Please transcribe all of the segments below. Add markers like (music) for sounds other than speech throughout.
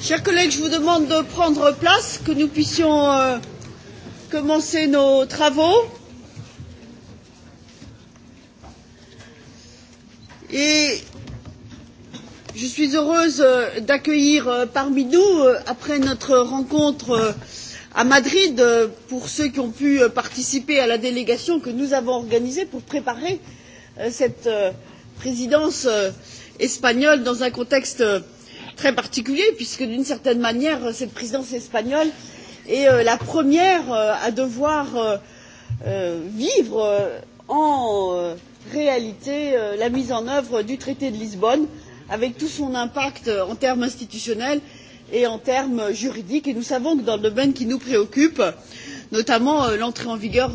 Chers collègues, je vous demande de prendre place, que nous puissions euh, commencer nos travaux. Et je suis heureuse euh, d'accueillir euh, parmi nous, euh, après notre rencontre à Madrid, pour ceux qui ont pu participer à la délégation que nous avons organisée pour préparer cette présidence espagnole dans un contexte très particulier puisque d'une certaine manière euh, cette présidence espagnole est euh, la première euh, à devoir vivre en réalité la mise en œuvre du traité de lisbonne avec tout son impact en termes institutionnels et en termes juridiques et nous savons que dans le domaine qui nous préoccupe notamment l'entrée en vigueur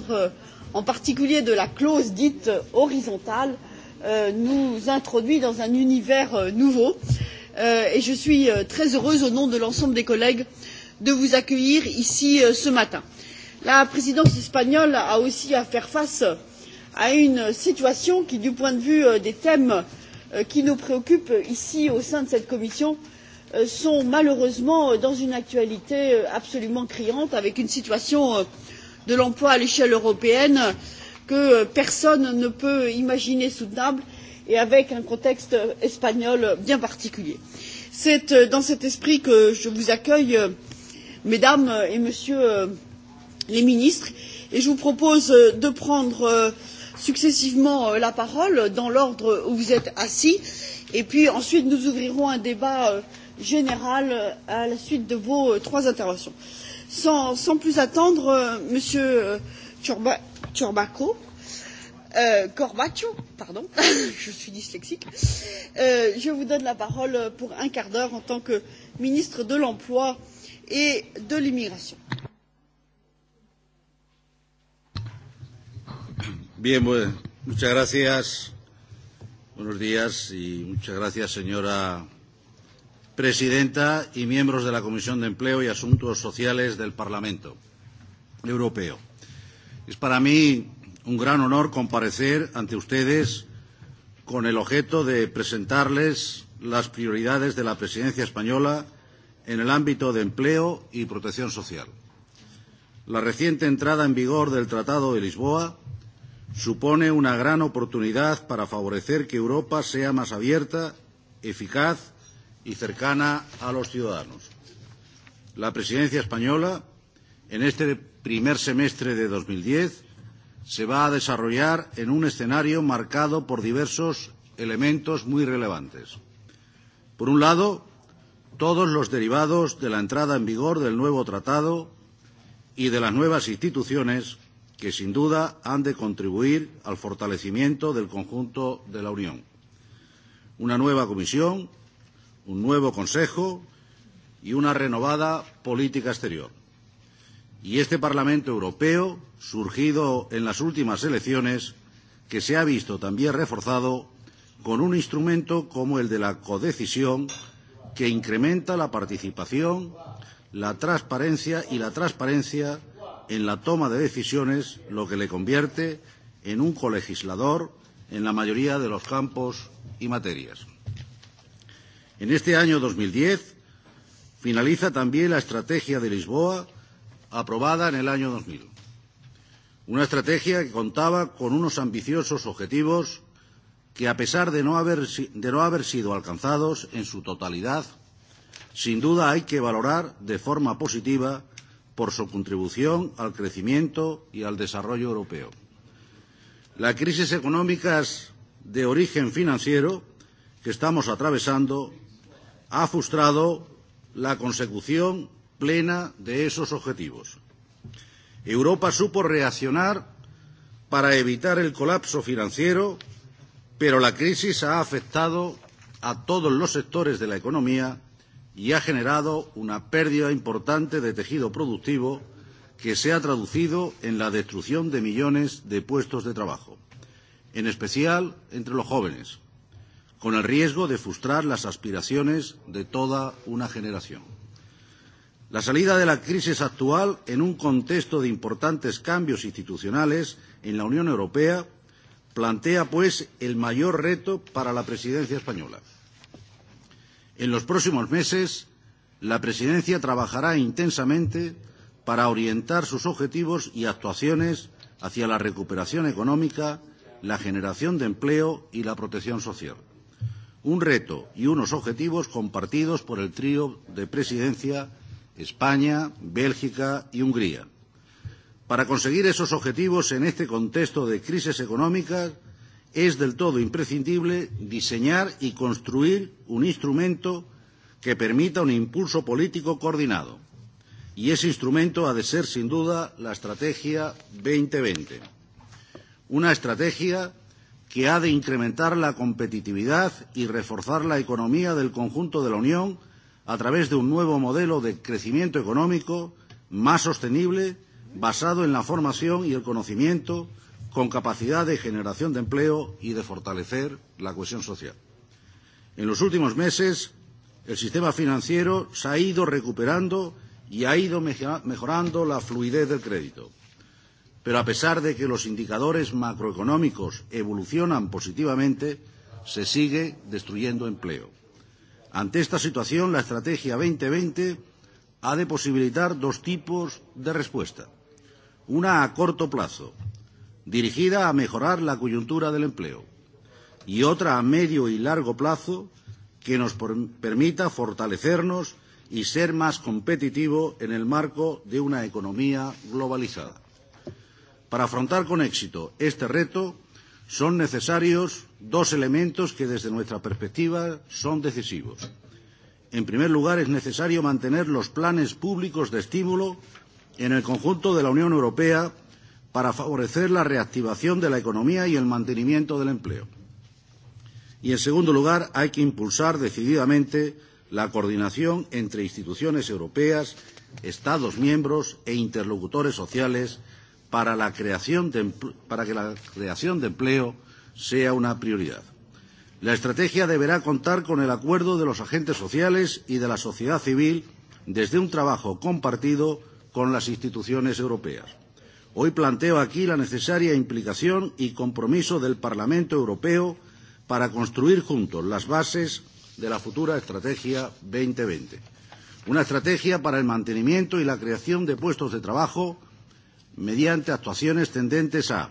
en particulier de la clause dite horizontale nous introduit dans un univers nouveau et Euh, et je suis euh, très heureuse au nom de l'ensemble des collègues de vous accueillir ici euh, ce matin. la présidence espagnole a aussi à faire face à une situation qui du point de vue des thèmes qui nous préoccupent ici au sein de cette commission sont malheureusement dans une actualité absolument criante avec une situation de l'emploi à l'échelle européenne que personne ne peut imaginer soutenable et avec un contexte espagnol bien particulier. C'est euh, dans cet esprit que je vous accueille, euh, mesdames euh, et messieurs les ministres, et je vous propose de prendre successivement la parole dans l'ordre où vous êtes assis, et puis ensuite nous ouvrirons un débat général à la suite de vos trois interventions. Sans, sans plus attendre, Monsieur Turba, Turbaco, euh, Corbaccio, pardon, (laughs) je suis dyslexique. Euh, je vous donne la parole pour un quart d'heure en tant que ministre de l'Emploi et de l'Immigration. Bien, bueno, muchas gracias. Buenos días y muchas gracias, señora presidenta y miembros de la Comisión de Empleo y Asuntos Sociales del Parlamento Europeo. Es para mí un gran honor comparecer ante ustedes con el objeto de presentarles las prioridades de la presidencia española en el ámbito de empleo y protección social. La reciente entrada en vigor del Tratado de Lisboa supone una gran oportunidad para favorecer que Europa sea más abierta, eficaz y cercana a los ciudadanos. La presidencia española, en este primer semestre de 2010, se va a desarrollar en un escenario marcado por diversos elementos muy relevantes. Por un lado, todos los derivados de la entrada en vigor del nuevo tratado y de las nuevas instituciones que sin duda han de contribuir al fortalecimiento del conjunto de la Unión. Una nueva Comisión, un nuevo Consejo y una renovada política exterior y este Parlamento Europeo, surgido en las últimas elecciones, que se ha visto también reforzado con un instrumento como el de la codecisión, que incrementa la participación, la transparencia y la transparencia en la toma de decisiones, lo que le convierte en un colegislador en la mayoría de los campos y materias. En este año 2010 finaliza también la estrategia de Lisboa aprobada en el año 2000. Una estrategia que contaba con unos ambiciosos objetivos que, a pesar de no haber, de no haber sido alcanzados en su totalidad, sin duda hay que valorar de forma positiva por su contribución al crecimiento y al desarrollo europeo. Las crisis económicas de origen financiero que estamos atravesando ha frustrado la consecución plena de esos objetivos. Europa supo reaccionar para evitar el colapso financiero, pero la crisis ha afectado a todos los sectores de la economía y ha generado una pérdida importante de tejido productivo que se ha traducido en la destrucción de millones de puestos de trabajo, en especial entre los jóvenes, con el riesgo de frustrar las aspiraciones de toda una generación. La salida de la crisis actual en un contexto de importantes cambios institucionales en la Unión Europea plantea, pues, el mayor reto para la presidencia española. En los próximos meses, la presidencia trabajará intensamente para orientar sus objetivos y actuaciones hacia la recuperación económica, la generación de empleo y la protección social. Un reto y unos objetivos compartidos por el trío de presidencia España, Bélgica y Hungría. Para conseguir esos objetivos en este contexto de crisis económicas es del todo imprescindible diseñar y construir un instrumento que permita un impulso político coordinado. Y ese instrumento ha de ser, sin duda, la Estrategia 2020. Una estrategia que ha de incrementar la competitividad y reforzar la economía del conjunto de la Unión a través de un nuevo modelo de crecimiento económico más sostenible, basado en la formación y el conocimiento, con capacidad de generación de empleo y de fortalecer la cohesión social. En los últimos meses, el sistema financiero se ha ido recuperando y ha ido mejorando la fluidez del crédito. Pero a pesar de que los indicadores macroeconómicos evolucionan positivamente, se sigue destruyendo empleo. Ante esta situación, la Estrategia 2020 ha de posibilitar dos tipos de respuesta. Una a corto plazo, dirigida a mejorar la coyuntura del empleo, y otra a medio y largo plazo, que nos permita fortalecernos y ser más competitivo en el marco de una economía globalizada. Para afrontar con éxito este reto, son necesarios dos elementos que desde nuestra perspectiva son decisivos. En primer lugar, es necesario mantener los planes públicos de estímulo en el conjunto de la Unión Europea para favorecer la reactivación de la economía y el mantenimiento del empleo. Y, en segundo lugar, hay que impulsar decididamente la coordinación entre instituciones europeas, Estados miembros e interlocutores sociales para, la creación de, para que la creación de empleo sea una prioridad. La estrategia deberá contar con el acuerdo de los agentes sociales y de la sociedad civil desde un trabajo compartido con las instituciones europeas. Hoy planteo aquí la necesaria implicación y compromiso del Parlamento Europeo para construir juntos las bases de la futura Estrategia 2020. Una estrategia para el mantenimiento y la creación de puestos de trabajo mediante actuaciones tendentes a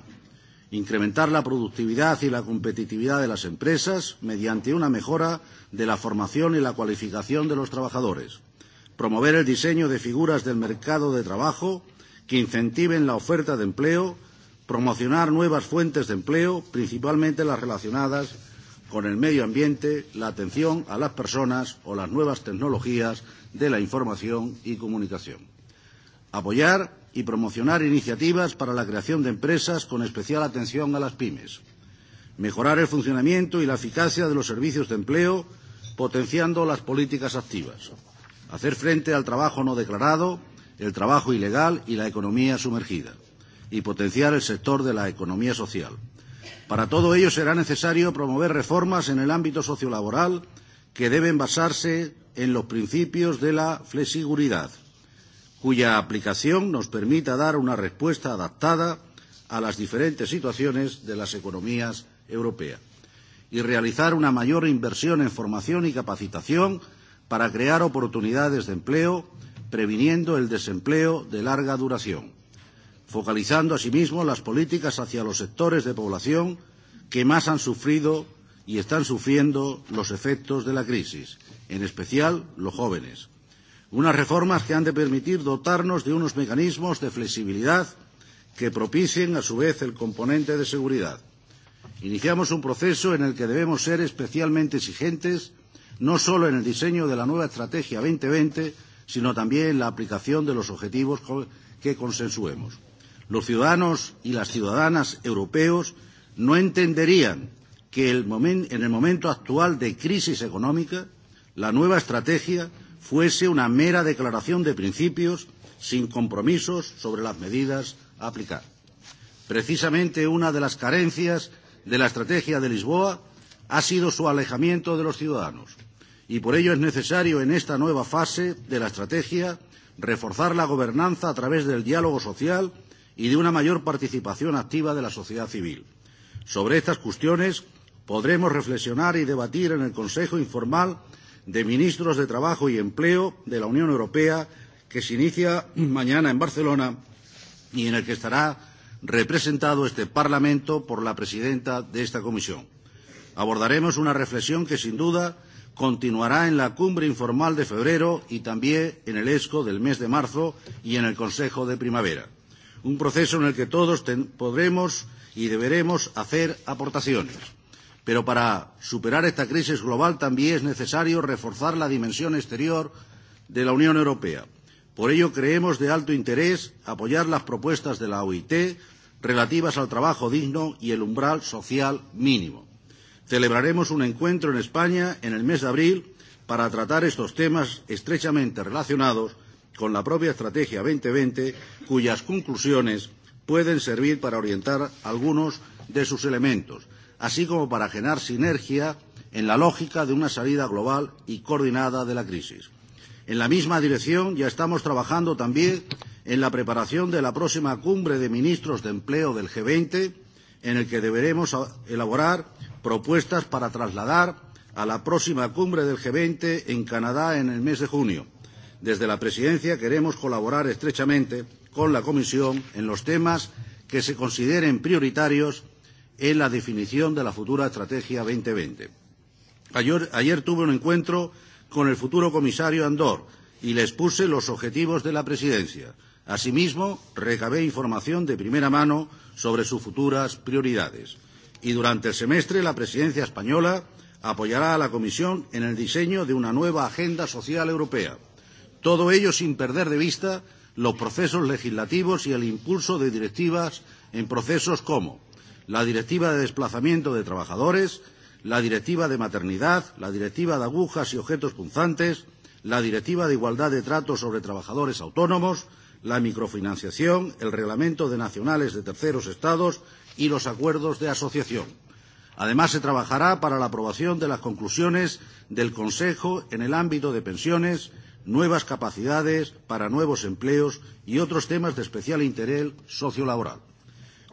incrementar la productividad y la competitividad de las empresas mediante una mejora de la formación y la cualificación de los trabajadores, promover el diseño de figuras del mercado de trabajo que incentiven la oferta de empleo, promocionar nuevas fuentes de empleo, principalmente las relacionadas con el medio ambiente, la atención a las personas o las nuevas tecnologías de la información y comunicación. Apoyar y promocionar iniciativas para la creación de empresas con especial atención a las pymes, mejorar el funcionamiento y la eficacia de los servicios de empleo, potenciando las políticas activas, hacer frente al trabajo no declarado, el trabajo ilegal y la economía sumergida, y potenciar el sector de la economía social. Para todo ello será necesario promover reformas en el ámbito sociolaboral que deben basarse en los principios de la flexibilidad, cuya aplicación nos permita dar una respuesta adaptada a las diferentes situaciones de las economías europeas y realizar una mayor inversión en formación y capacitación para crear oportunidades de empleo, previniendo el desempleo de larga duración, focalizando asimismo las políticas hacia los sectores de población que más han sufrido y están sufriendo los efectos de la crisis, en especial los jóvenes, Unas reformas que han de permitir dotarnos de unos mecanismos de flexibilidad que propicien, a su vez, el componente de seguridad. Iniciamos un proceso en el que debemos ser especialmente exigentes, no solo en el diseño de la nueva Estrategia 2020, sino también en la aplicación de los objetivos que consensuemos. Los ciudadanos y las ciudadanas europeos no entenderían que el momen, en el momento actual de crisis económica, la nueva estrategia fuese una mera declaración de principios sin compromisos sobre las medidas a aplicar. Precisamente una de las carencias de la estrategia de Lisboa ha sido su alejamiento de los ciudadanos y por ello es necesario en esta nueva fase de la estrategia reforzar la gobernanza a través del diálogo social y de una mayor participación activa de la sociedad civil. Sobre estas cuestiones podremos reflexionar y debatir en el Consejo Informal de Ministros de Trabajo y Empleo de la Unión Europea que se inicia mañana en Barcelona y en el que estará representado este Parlamento por la presidenta de esta comisión. Abordaremos una reflexión que sin duda continuará en la cumbre informal de febrero y también en el ESCO del mes de marzo y en el Consejo de primavera. Un proceso en el que todos podremos y deberemos hacer aportaciones. Pero para superar esta crisis global también es necesario reforzar la dimensión exterior de la Unión Europea. Por ello, creemos de alto interés apoyar las propuestas de la OIT relativas al trabajo digno y el umbral social mínimo. Celebraremos un encuentro en España en el mes de abril para tratar estos temas estrechamente relacionados con la propia Estrategia 2020, cuyas conclusiones pueden servir para orientar algunos de sus elementos, así como para generar sinergia en la lógica de una salida global y coordinada de la crisis. En la misma dirección ya estamos trabajando también en la preparación de la próxima cumbre de ministros de empleo del G20, en el que deberemos elaborar propuestas para trasladar a la próxima cumbre del G20 en Canadá en el mes de junio. Desde la Presidencia queremos colaborar estrechamente con la Comisión en los temas que se consideren prioritarios en la definición de la futura Estrategia 2020. Ayer, ayer tuve un encuentro con el futuro comisario Andor y le expuse los objetivos de la presidencia. Asimismo, recabé información de primera mano sobre sus futuras prioridades. Y durante el semestre, la presidencia española apoyará a la Comisión en el diseño de una nueva agenda social europea. Todo ello sin perder de vista los procesos legislativos y el impulso de directivas en procesos como la Directiva de Desplazamiento de Trabajadores, la Directiva de Maternidad, la Directiva de Agujas y Objetos Punzantes, la Directiva de Igualdad de Trato sobre Trabajadores Autónomos, la microfinanciación, el Reglamento de Nacionales de Terceros Estados y los acuerdos de asociación. Además, se trabajará para la aprobación de las conclusiones del Consejo en el ámbito de pensiones, nuevas capacidades para nuevos empleos y otros temas de especial interés sociolaboral.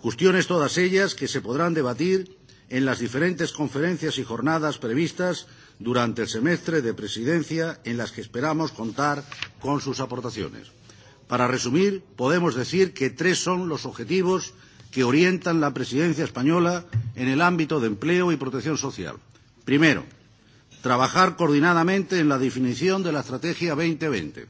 Cuestiones todas ellas que se podrán debatir en las diferentes conferencias y jornadas previstas durante el semestre de presidencia en las que esperamos contar con sus aportaciones. Para resumir, podemos decir que tres son los objetivos que orientan la presidencia española en el ámbito de empleo y protección social. Primero, trabajar coordinadamente en la definición de la Estrategia 2020.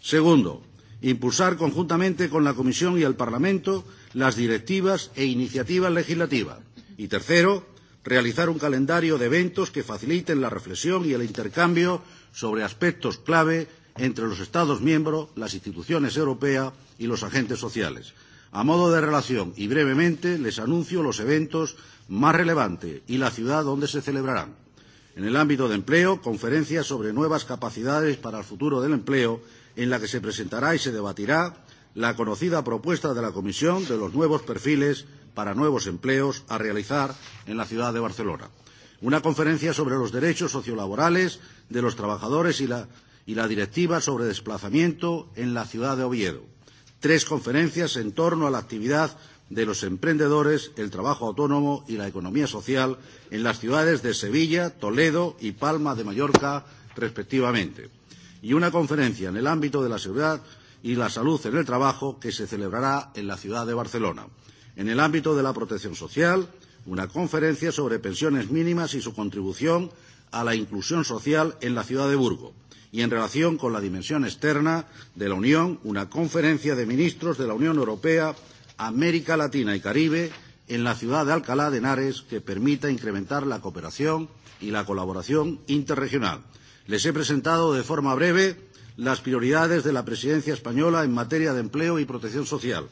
Segundo, impulsar conjuntamente con la Comisión y el Parlamento las directivas e iniciativas legislativas. Y tercero, realizar un calendario de eventos que faciliten la reflexión y el intercambio sobre aspectos clave entre los Estados miembros, las instituciones europeas y los agentes sociales. A modo de relación y brevemente les anuncio los eventos más relevantes y la ciudad donde se celebrarán. En el ámbito de empleo, conferencia sobre nuevas capacidades para el futuro del empleo, en la que se presentará y se debatirá la conocida propuesta de la Comisión de los nuevos perfiles para nuevos empleos a realizar en la ciudad de Barcelona. Una conferencia sobre los derechos sociolaborales de los trabajadores y la, y la directiva sobre desplazamiento en la ciudad de Oviedo. Tres conferencias en torno a la actividad de los emprendedores, el trabajo autónomo y la economía social en las ciudades de Sevilla, Toledo y Palma de Mallorca, respectivamente. Y una conferencia en el ámbito de la seguridad y la salud en el trabajo que se celebrará en la ciudad de Barcelona. En el ámbito de la protección social, una conferencia sobre pensiones mínimas y su contribución a la inclusión social en la ciudad de Burgo. Y en relación con la dimensión externa de la Unión, una conferencia de ministros de la Unión Europea, América Latina y Caribe en la ciudad de Alcalá de Henares que permita incrementar la cooperación y la colaboración interregional. Les he presentado de forma breve las prioridades de la presidencia española en materia de empleo y protección social.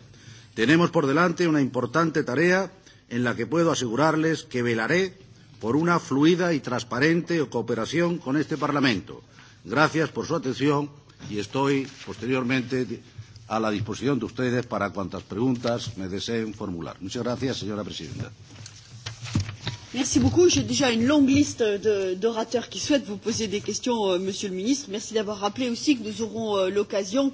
Tenemos por delante una importante tarea en la que puedo asegurarles que velaré por una fluida y transparente cooperación con este Parlamento. Gracias por su atención y estoy posteriormente a la disposición de ustedes para cuantas preguntas me deseen formular. Muchas gracias, señora presidenta. Merci beaucoup. J'ai déjà une longue liste d'orateurs qui souhaitent vous poser des questions, euh, Monsieur le ministre. Merci d'avoir rappelé aussi que nous aurons euh, l'occasion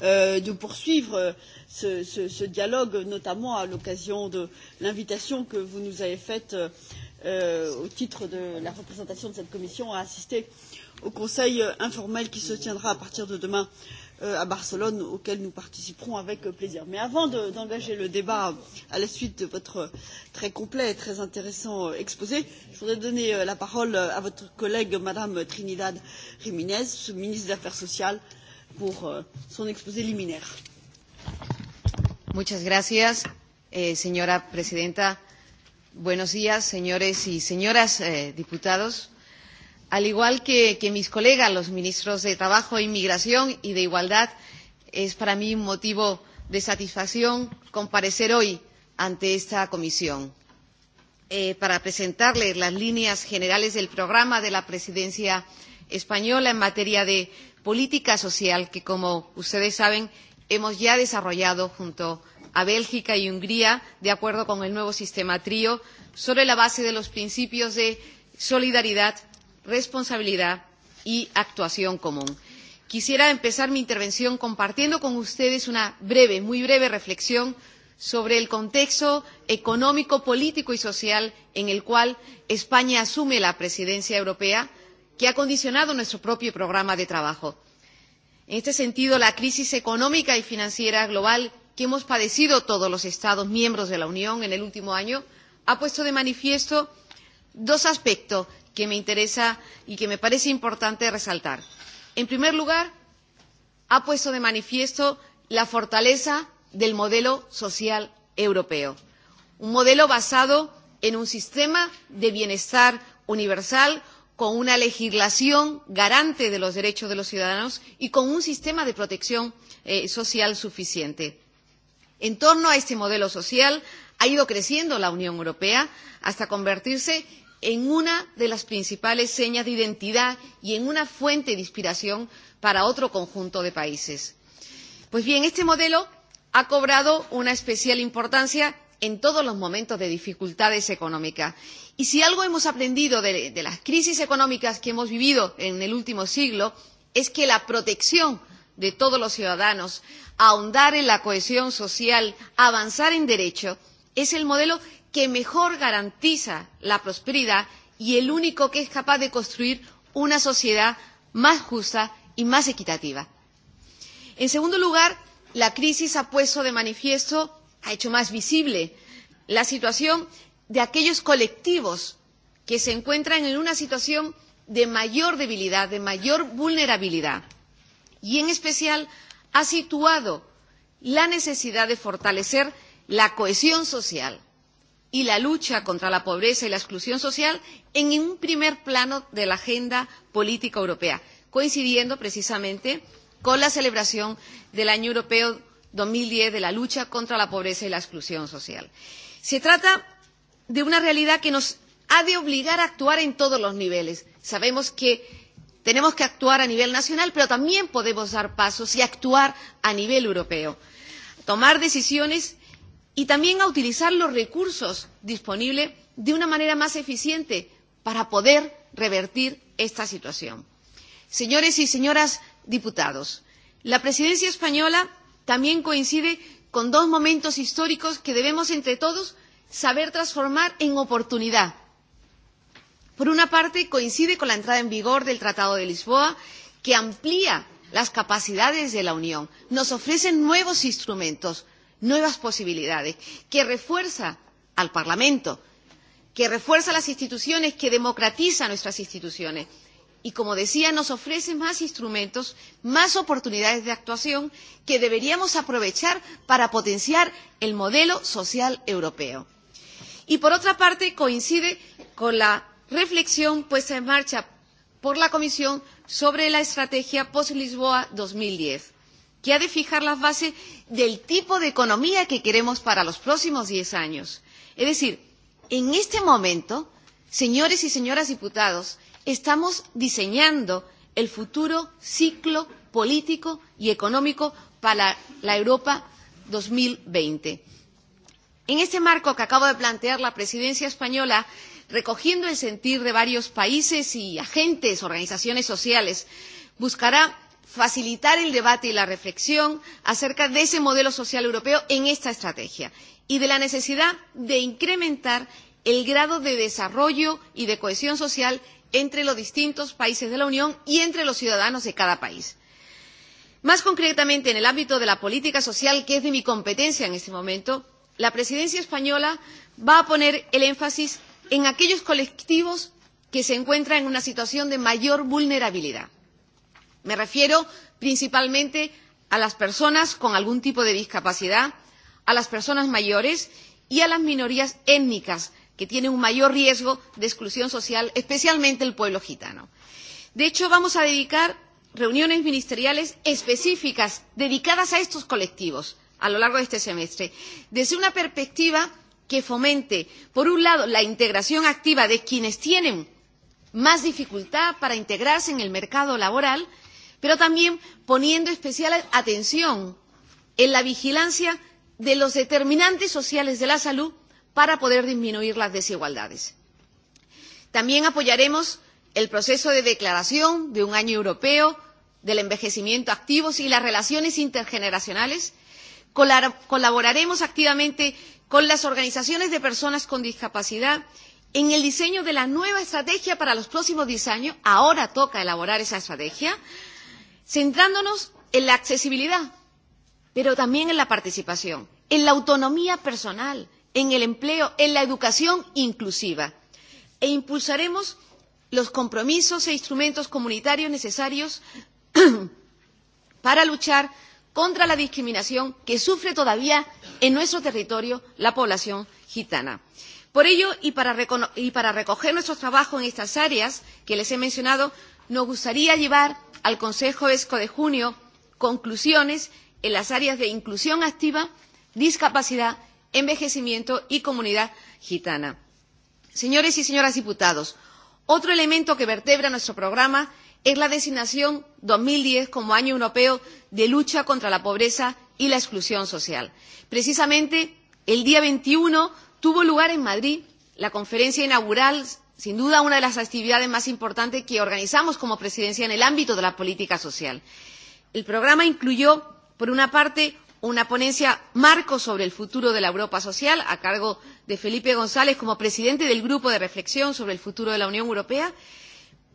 euh, de poursuivre euh, ce, ce, ce dialogue, notamment à l'occasion de l'invitation que vous nous avez faite euh, au titre de la représentation de cette commission à assister au Conseil euh, informel qui se tiendra à partir de demain euh, Euh, à Barcelone auquel nous participerons avec euh, plaisir. Mais avant d'engager de, le débat à la suite de votre très complet et très intéressant euh, exposé, je voudrais donner la parole à votre collègue Madame Trinidad Jiménez, ministre des Affaires sociales, pour son exposé liminaire. Muchas gracias, eh, señora presidenta. Buenos días, señores y señoras eh, diputados al igual que, que mis colegas, los ministros de Trabajo, Inmigración y de Igualdad, es para mí un motivo de satisfacción comparecer hoy ante esta comisión eh, para presentarles las líneas generales del programa de la presidencia española en materia de política social que, como ustedes saben, hemos ya desarrollado junto a Bélgica y Hungría, de acuerdo con el nuevo sistema TRIO, sobre la base de los principios de solidaridad, responsabilidad y actuación común. Quisiera empezar mi intervención compartiendo con ustedes una breve, muy breve reflexión sobre el contexto económico, político y social en el cual España asume la presidencia europea, que ha condicionado nuestro propio programa de trabajo. En este sentido, la crisis económica y financiera global que hemos padecido todos los Estados miembros de la Unión en el último año ha puesto de manifiesto dos aspectos que me interesa y que me parece importante resaltar. En primer lugar, ha puesto de manifiesto la fortaleza del modelo social europeo, un modelo basado en un sistema de bienestar universal con una legislación garante de los derechos de los ciudadanos y con un sistema de protección eh, social suficiente. En torno a este modelo social ha ido creciendo la Unión Europea hasta convertirse en una de las principales señas de identidad y en una fuente de inspiración para otro conjunto de países. Pues bien, este modelo ha cobrado una especial importancia en todos los momentos de dificultades económicas. Y si algo hemos aprendido de, de las crisis económicas que hemos vivido en el último siglo, es que la protección de todos los ciudadanos, ahondar en la cohesión social, avanzar en derecho, es el modelo que mejor garantiza la prosperidad y el único que es capaz de construir una sociedad más justa y más equitativa. En segundo lugar, la crisis ha puesto de manifiesto, ha hecho más visible la situación de aquellos colectivos que se encuentran en una situación de mayor debilidad, de mayor vulnerabilidad. Y en especial ha situado la necesidad de fortalecer la cohesión social, y la lucha contra la pobreza y la exclusión social en un primer plano de la agenda política europea, coincidiendo precisamente con la celebración del Año Europeo 2010 de la lucha contra la pobreza y la exclusión social. Se trata de una realidad que nos ha de obligar a actuar en todos los niveles. Sabemos que tenemos que actuar a nivel nacional, pero también podemos dar pasos y actuar a nivel europeo. Tomar decisiones y también a utilizar los recursos disponibles de una manera más eficiente para poder revertir esta situación. Señores y señoras diputados, la presidencia española también coincide con dos momentos históricos que debemos entre todos saber transformar en oportunidad. Por una parte, coincide con la entrada en vigor del Tratado de Lisboa, que amplía las capacidades de la Unión, nos ofrece nuevos instrumentos, nuevas posibilidades, que refuerza al Parlamento, que refuerza las instituciones, que democratiza nuestras instituciones y, como decía, nos ofrece más instrumentos, más oportunidades de actuación que deberíamos aprovechar para potenciar el modelo social europeo. Y, por otra parte, coincide con la reflexión puesta en marcha por la Comisión sobre la estrategia post-Lisboa 2010 que ha de fijar las bases del tipo de economía que queremos para los próximos 10 años. Es decir, en este momento, señores y señoras diputados, estamos diseñando el futuro ciclo político y económico para la Europa 2020. En este marco que acabo de plantear, la presidencia española, recogiendo el sentir de varios países y agentes, organizaciones sociales, buscará facilitar el debate y la reflexión acerca de ese modelo social europeo en esta estrategia y de la necesidad de incrementar el grado de desarrollo y de cohesión social entre los distintos países de la Unión y entre los ciudadanos de cada país. Más concretamente, en el ámbito de la política social, que es de mi competencia en este momento, la presidencia española va a poner el énfasis en aquellos colectivos que se encuentran en una situación de mayor vulnerabilidad. Me refiero principalmente a las personas con algún tipo de discapacidad, a las personas mayores y a las minorías étnicas, que tienen un mayor riesgo de exclusión social, especialmente el pueblo gitano. De hecho, vamos a dedicar reuniones ministeriales específicas dedicadas a estos colectivos a lo largo de este semestre, desde una perspectiva que fomente, por un lado, la integración activa de quienes tienen más dificultad para integrarse en el mercado laboral pero también poniendo especial atención en la vigilancia de los determinantes sociales de la salud para poder disminuir las desigualdades. También apoyaremos el proceso de declaración de un año europeo del envejecimiento activo y las relaciones intergeneracionales. Colaboraremos activamente con las organizaciones de personas con discapacidad en el diseño de la nueva estrategia para los próximos 10 años. Ahora toca elaborar esa estrategia centrándonos en la accesibilidad, pero también en la participación, en la autonomía personal, en el empleo, en la educación inclusiva. E impulsaremos los compromisos e instrumentos comunitarios necesarios (clears throat) para luchar contra la discriminación que sufre todavía en nuestro territorio la población gitana. Por ello, y para, y para recoger nuestro trabajo en estas áreas que les he mencionado, nos gustaría llevar al Consejo ESCO de junio conclusiones en las áreas de inclusión activa, discapacidad, envejecimiento y comunidad gitana. Señores y señoras diputados, otro elemento que vertebra nuestro programa es la designación 2010 como Año Europeo de Lucha contra la Pobreza y la Exclusión Social. Precisamente el día 21 tuvo lugar en Madrid la conferencia inaugural sin duda una de las actividades más importantes que organizamos como presidencia en el ámbito de la política social. El programa incluyó, por una parte, una ponencia marco sobre el futuro de la Europa social a cargo de Felipe González como presidente del grupo de reflexión sobre el futuro de la Unión Europea,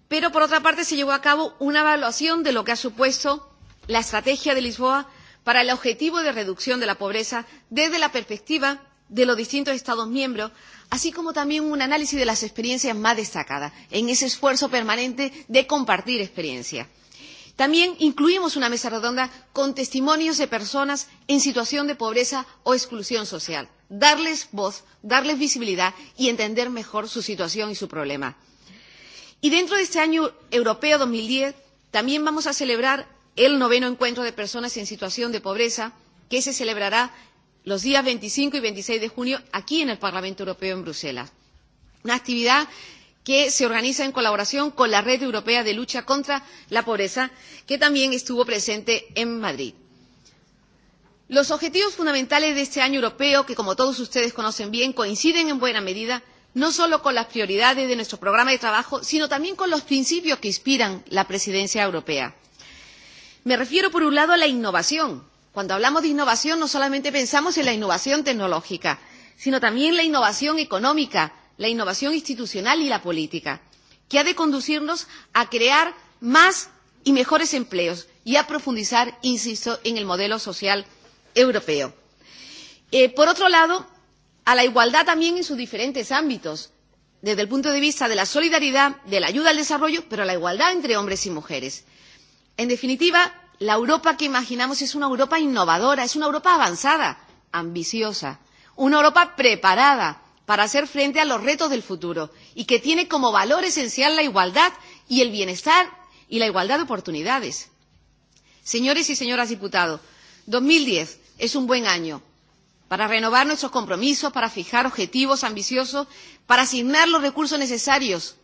pero por otra parte se llevó a cabo una evaluación de lo que ha supuesto la estrategia de Lisboa para el objetivo de reducción de la pobreza desde la perspectiva de los distintos Estados miembros así como también un análisis de las experiencias más destacadas, en ese esfuerzo permanente de compartir experiencias. También incluimos una mesa redonda con testimonios de personas en situación de pobreza o exclusión social. Darles voz, darles visibilidad y entender mejor su situación y su problema. Y dentro de este año europeo 2010 también vamos a celebrar el noveno encuentro de personas en situación de pobreza que se celebrará los días 25 y 26 de junio aquí en el Parlamento Europeo en Bruselas. Una actividad que se organiza en colaboración con la Red Europea de Lucha contra la Pobreza, que también estuvo presente en Madrid. Los objetivos fundamentales de este año europeo, que como todos ustedes conocen bien, coinciden en buena medida no solo con las prioridades de nuestro programa de trabajo, sino también con los principios que inspiran la presidencia europea. Me refiero, por un lado, a la innovación, Cuando hablamos de innovación no solamente pensamos en la innovación tecnológica, sino también la innovación económica, la innovación institucional y la política, que ha de conducirnos a crear más y mejores empleos y a profundizar, insisto, en el modelo social europeo. Eh, por otro lado, a la igualdad también en sus diferentes ámbitos, desde el punto de vista de la solidaridad, de la ayuda al desarrollo, pero a la igualdad entre hombres y mujeres. En definitiva, la Europa que imaginamos es una Europa innovadora, es una Europa avanzada, ambiciosa, una Europa preparada para hacer frente a los retos del futuro y que tiene como valor esencial la igualdad y el bienestar y la igualdad de oportunidades. Señores y señoras diputados, 2010 es un buen año para renovar nuestros compromisos, para fijar objetivos ambiciosos, para asignar los recursos necesarios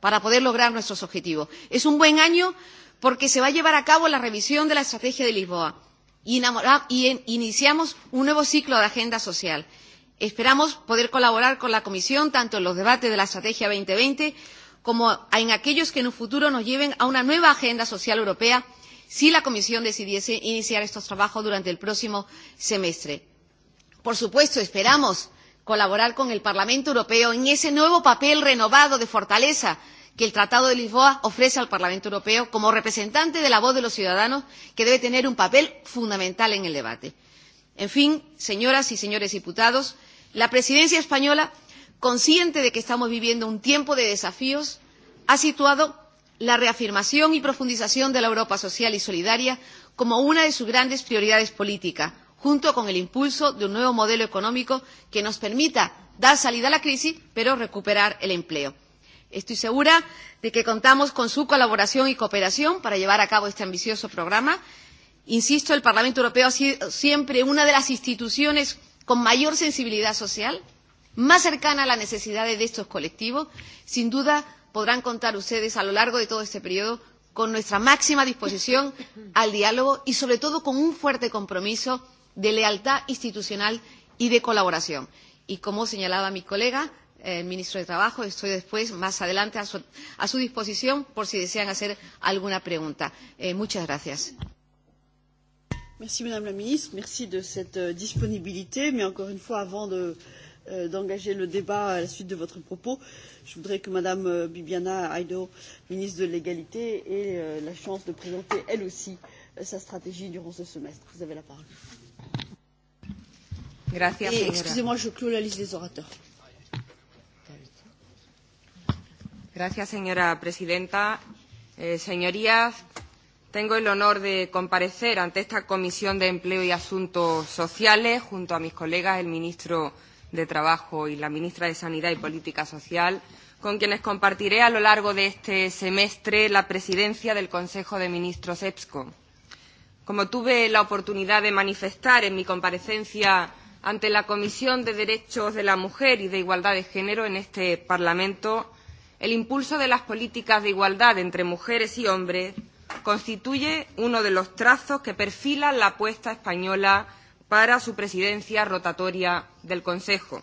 para poder lograr nuestros objetivos. Es un buen año porque se va a llevar a cabo la revisión de la Estrategia de Lisboa y, y iniciamos un nuevo ciclo de agenda social. Esperamos poder colaborar con la Comisión tanto en los debates de la Estrategia 2020 como en aquellos que en un futuro nos lleven a una nueva agenda social europea si la Comisión decidiese iniciar estos trabajos durante el próximo semestre. Por supuesto, esperamos colaborar con el Parlamento Europeo en ese nuevo papel renovado de fortaleza que el Tratado de Lisboa ofrece al Parlamento Europeo como representante de la voz de los ciudadanos, que debe tener un papel fundamental en el debate. En fin, señoras y señores diputados, la presidencia española, consciente de que estamos viviendo un tiempo de desafíos, ha situado la reafirmación y profundización de la Europa social y solidaria como una de sus grandes prioridades políticas, junto con el impulso de un nuevo modelo económico que nos permita dar salida a la crisis, pero recuperar el empleo. Estoy segura de que contamos con su colaboración y cooperación para llevar a cabo este ambicioso programa. Insisto, el Parlamento Europeo ha sido siempre una de las instituciones con mayor sensibilidad social, más cercana a las necesidades de estos colectivos. Sin duda, podrán contar ustedes a lo largo de todo este periodo con nuestra máxima disposición al diálogo y, sobre todo, con un fuerte compromiso de lealtad institucional y de colaboración. Y, como señalaba mi colega, el eh, ministro de Trabajo. Estoy después, más adelante, a su, a su disposición por si desean hacer alguna pregunta. Eh, muchas gracias. Merci Madame la Ministre, merci de cette euh, disponibilité. Mais encore une fois, avant de, euh, d'engager le débat à la suite de votre propos, je voudrais que Madame euh, Bibiana Aido, ministre de l'Égalité, ait euh, la chance de présenter elle aussi euh, sa stratégie durant ce semestre. Vous avez la parole. Merci. excusez-moi, je clôt la liste des orateurs. Gracias, señora presidenta. Eh, señorías, tengo el honor de comparecer ante esta Comisión de Empleo y Asuntos Sociales junto a mis colegas, el ministro de Trabajo y la ministra de Sanidad y Política Social, con quienes compartiré a lo largo de este semestre la presidencia del Consejo de Ministros EPSCO. Como tuve la oportunidad de manifestar en mi comparecencia ante la Comisión de Derechos de la Mujer y de Igualdad de Género en este Parlamento, el impulso de las políticas de igualdad entre mujeres y hombres constituye uno de los trazos que perfilan la apuesta española para su presidencia rotatoria del Consejo.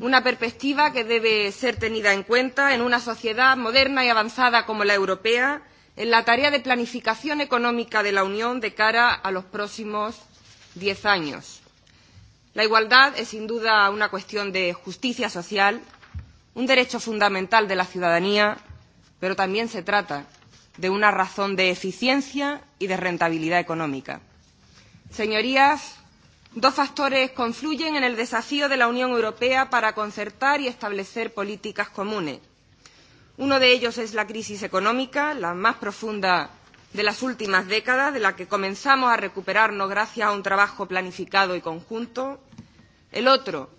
Una perspectiva que debe ser tenida en cuenta en una sociedad moderna y avanzada como la europea, en la tarea de planificación económica de la Unión de cara a los próximos diez años. La igualdad es sin duda una cuestión de justicia social un derecho fundamental de la ciudadanía, pero también se trata de una razón de eficiencia y de rentabilidad económica. Señorías, dos factores confluyen en el desafío de la Unión Europea para concertar y establecer políticas comunes. Uno de ellos es la crisis económica, la más profunda de las últimas décadas, de la que comenzamos a recuperarnos gracias a un trabajo planificado y conjunto. El otro,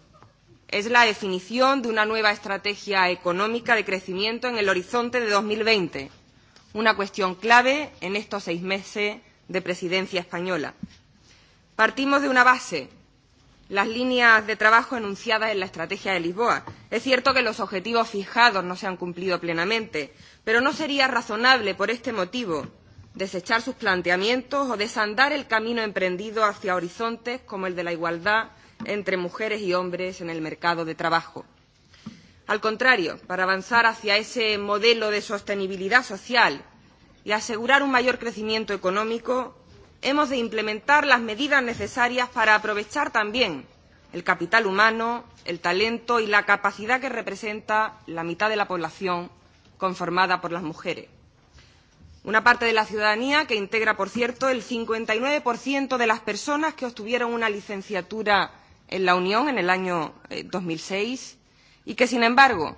es la definición de una nueva estrategia económica de crecimiento en el horizonte de 2020, una cuestión clave en estos seis meses de presidencia española. Partimos de una base, las líneas de trabajo enunciadas en la Estrategia de Lisboa. Es cierto que los objetivos fijados no se han cumplido plenamente, pero no sería razonable, por este motivo, desechar sus planteamientos o desandar el camino emprendido hacia horizontes como el de la igualdad entre mujeres y hombres en el mercado de trabajo. Al contrario, para avanzar hacia ese modelo de sostenibilidad social y asegurar un mayor crecimiento económico, hemos de implementar las medidas necesarias para aprovechar también el capital humano, el talento y la capacidad que representa la mitad de la población conformada por las mujeres. Una parte de la ciudadanía que integra, por cierto, el 59% de las personas que obtuvieron una licenciatura en la Unión en el año 2006 eh, y que, sin embargo,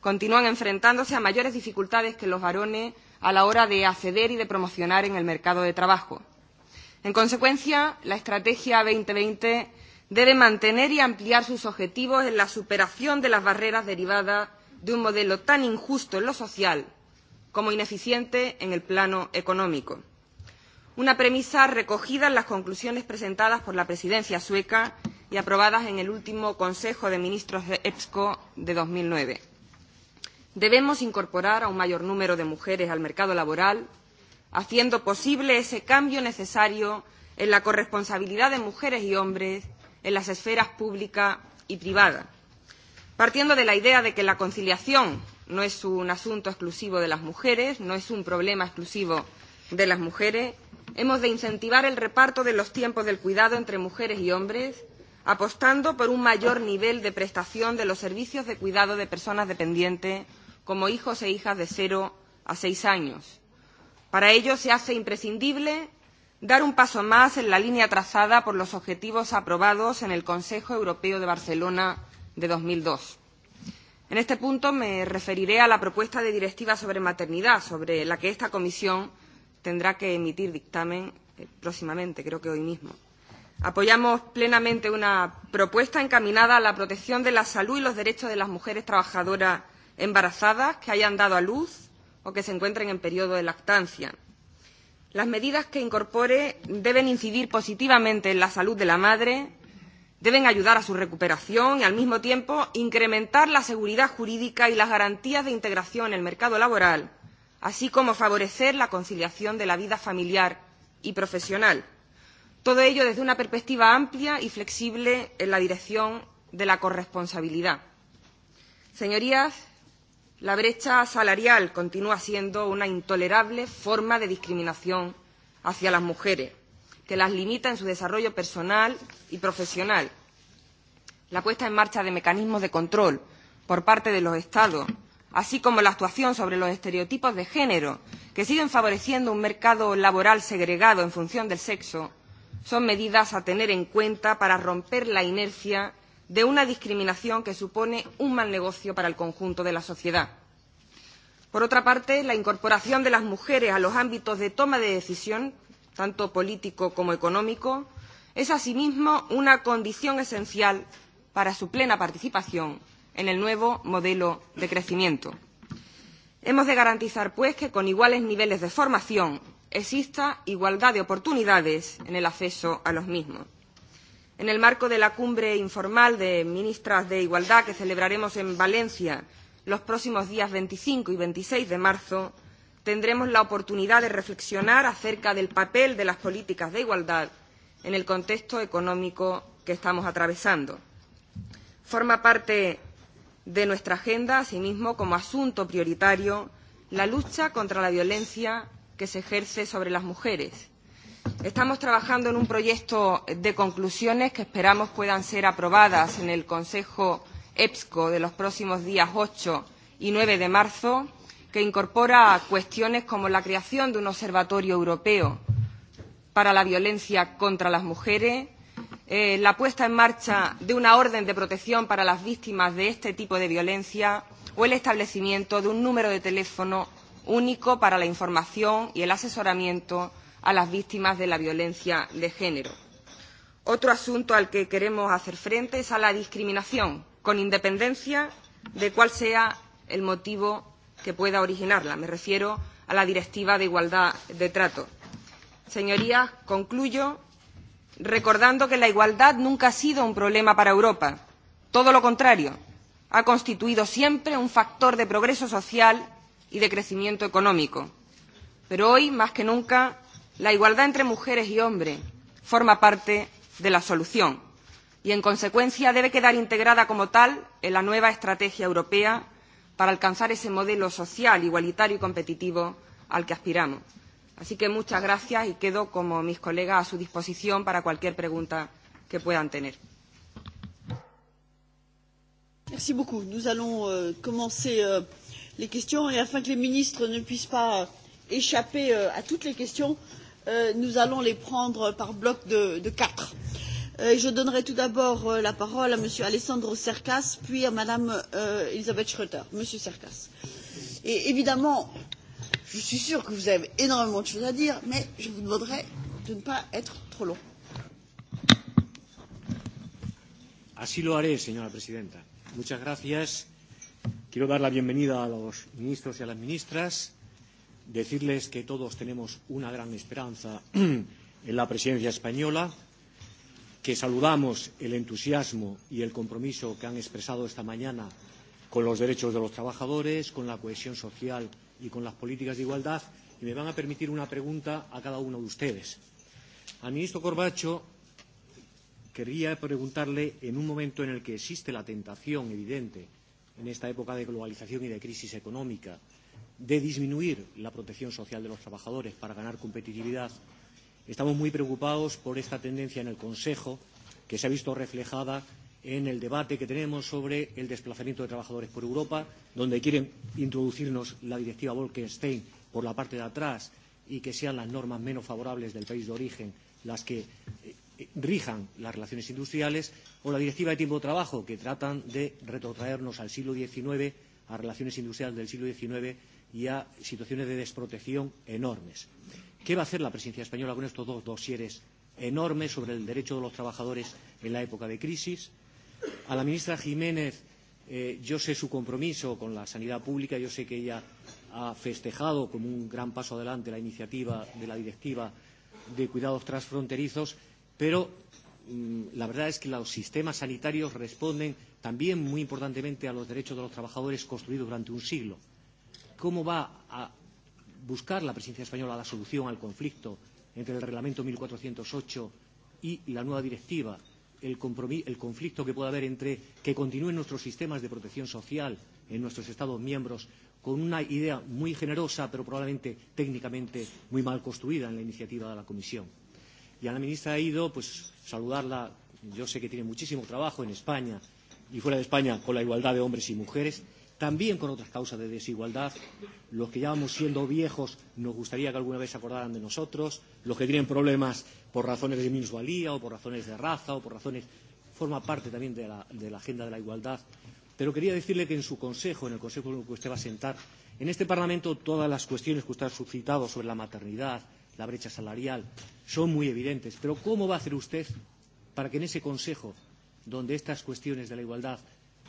continúan enfrentándose a mayores dificultades que los varones a la hora de acceder y de promocionar en el mercado de trabajo. En consecuencia, la Estrategia 2020 debe mantener y ampliar sus objetivos en la superación de las barreras derivadas de un modelo tan injusto en lo social como ineficiente en el plano económico. Una premisa recogida en las conclusiones presentadas por la presidencia sueca y aprobadas en el último Consejo de Ministros de EPSCO de 2009. Debemos incorporar a un mayor número de mujeres al mercado laboral, haciendo posible ese cambio necesario en la corresponsabilidad de mujeres y hombres en las esferas pública y privada, partiendo de la idea de que la conciliación no es un asunto exclusivo de las mujeres, no es un problema exclusivo de las mujeres. Hemos de incentivar el reparto de los tiempos del cuidado entre mujeres y hombres apostando por un mayor nivel de prestación de los servicios de cuidado de personas dependientes como hijos e hijas de 0 a 6 años. Para ello se hace imprescindible dar un paso más en la línea trazada por los objetivos aprobados en el Consejo Europeo de Barcelona de 2002. En este punto me referiré a la propuesta de directiva sobre maternidad, sobre la que esta comisión tendrá que emitir dictamen eh, próximamente, creo que hoy mismo. Apoyamos plenamente una propuesta encaminada a la protección de la salud y los derechos de las mujeres trabajadoras embarazadas que hayan dado a luz o que se encuentren en periodo de lactancia. Las medidas que incorpore deben incidir positivamente en la salud de la madre, deben ayudar a su recuperación y, al mismo tiempo, incrementar la seguridad jurídica y las garantías de integración en el mercado laboral, así como favorecer la conciliación de la vida familiar y profesional. Todo ello desde una perspectiva amplia y flexible en la dirección de la corresponsabilidad. Señorías, la brecha salarial continúa siendo una intolerable forma de discriminación hacia las mujeres, que las limita en su desarrollo personal y profesional. La puesta en marcha de mecanismos de control por parte de los Estados, así como la actuación sobre los estereotipos de género, que siguen favoreciendo un mercado laboral segregado en función del sexo, son medidas a tener en cuenta para romper la inercia de una discriminación que supone un mal negocio para el conjunto de la sociedad. Por otra parte, la incorporación de las mujeres a los ámbitos de toma de decisión, tanto político como económico, es asimismo una condición esencial para su plena participación en el nuevo modelo de crecimiento. Hemos de garantizar, pues, que con iguales niveles de formación exista igualdad de oportunidades en el acceso a los mismos. En el marco de la cumbre informal de ministras de Igualdad que celebraremos en Valencia los próximos días 25 y 26 de marzo, tendremos la oportunidad de reflexionar acerca del papel de las políticas de igualdad en el contexto económico que estamos atravesando. Forma parte de nuestra agenda, asimismo, como asunto prioritario, la lucha contra la violencia que se ejerce sobre las mujeres. Estamos trabajando en un proyecto de conclusiones que esperamos puedan ser aprobadas en el Consejo EPSCO de los próximos días 8 y 9 de marzo, que incorpora cuestiones como la creación de un observatorio europeo para la violencia contra las mujeres, eh, la puesta en marcha de una orden de protección para las víctimas de este tipo de violencia o el establecimiento de un número de teléfono único para la información y el asesoramiento a las víctimas de la violencia de género. Otro asunto al que queremos hacer frente es a la discriminación, con independencia de cuál sea el motivo que pueda originarla. Me refiero a la Directiva de Igualdad de Trato. Señorías, concluyo recordando que la igualdad nunca ha sido un problema para Europa. Todo lo contrario, ha constituido siempre un factor de progreso social y de crecimiento económico. Pero hoy, más que nunca, la igualdad entre mujeres y hombres forma parte de la solución y, en consecuencia, debe quedar integrada como tal en la nueva estrategia europea para alcanzar ese modelo social, igualitario y competitivo al que aspiramos. Así que muchas gracias y quedo, como mis colegas, a su disposición para cualquier pregunta que puedan tener. Merci beaucoup. Nous allons euh, commencer euh, les questions et afin que les ministres ne puissent pas euh, échapper euh, à toutes les questions euh, nous allons les prendre par bloc de, quatre. je donnerai tout d'abord la parole à m. alessandro cercas puis à mme elisabeth schroedter. monsieur cercas évidemment je suis sûre que vous avez énormément de choses à dire mais je vous demanderai de ne pas être trop long. así lo haré señora presidenta. muchas gracias Quiero dar la bienvenida a los ministros y a las ministras, decirles que todos tenemos una gran esperanza (clears throat) en la presidencia española, que saludamos el entusiasmo y el compromiso que han expresado esta mañana con los derechos de los trabajadores, con la cohesión social y con las políticas de igualdad. Y me van a permitir una pregunta a cada uno de ustedes. Al ministro Corbacho quería preguntarle, en un momento en el que existe la tentación evidente en esta época de globalización y de crisis económica, de disminuir la protección social de los trabajadores para ganar competitividad, estamos muy preocupados por esta tendencia en el Consejo que se ha visto reflejada en el debate que tenemos sobre el desplazamiento de trabajadores por Europa, donde quieren introducirnos la directiva Bolkestein por la parte de atrás y que sean las normas menos favorables del país de origen las que eh, rijan las relaciones industriales, o la Directiva de Tiempo de Trabajo, que tratan de retrotraernos al siglo XIX, a relaciones industriales del siglo XIX y a situaciones de desprotección enormes. ¿Qué va a hacer la presidencia española con estos dos dosieres enormes sobre el derecho de los trabajadores en la época de crisis? A la ministra Jiménez, eh, yo sé su compromiso con la sanidad pública, yo sé que ella ha festejado como un gran paso adelante la iniciativa de la directiva de cuidados transfronterizos Pero mm, la verdad es que los sistemas sanitarios responden también muy importantemente a los derechos de los trabajadores construidos durante un siglo. ¿Cómo va a buscar la presidencia española la solución al conflicto entre el reglamento 1408 y la nueva directiva? El, el conflicto que pueda haber entre que continúen nuestros sistemas de protección social en nuestros Estados miembros con una idea muy generosa pero probablemente técnicamente muy mal construida en la iniciativa de la Comisión y a la ministra ha ido, pues saludarla. Yo sé que tiene muchísimo trabajo en España y fuera de España con la igualdad de hombres y mujeres, también con otras causas de desigualdad. Los que ya vamos siendo viejos nos gustaría que alguna vez se acordaran de nosotros. Los que tienen problemas por razones de minusvalía o por razones de raza o por razones. forma parte también de la, de la agenda de la igualdad. Pero quería decirle que en su consejo, en el consejo en el que usted va a sentar, en este Parlamento todas las cuestiones que usted ha suscitado sobre la maternidad, la brecha salarial, son muy evidentes. Pero ¿cómo va a hacer usted para que en ese Consejo, donde estas cuestiones de la igualdad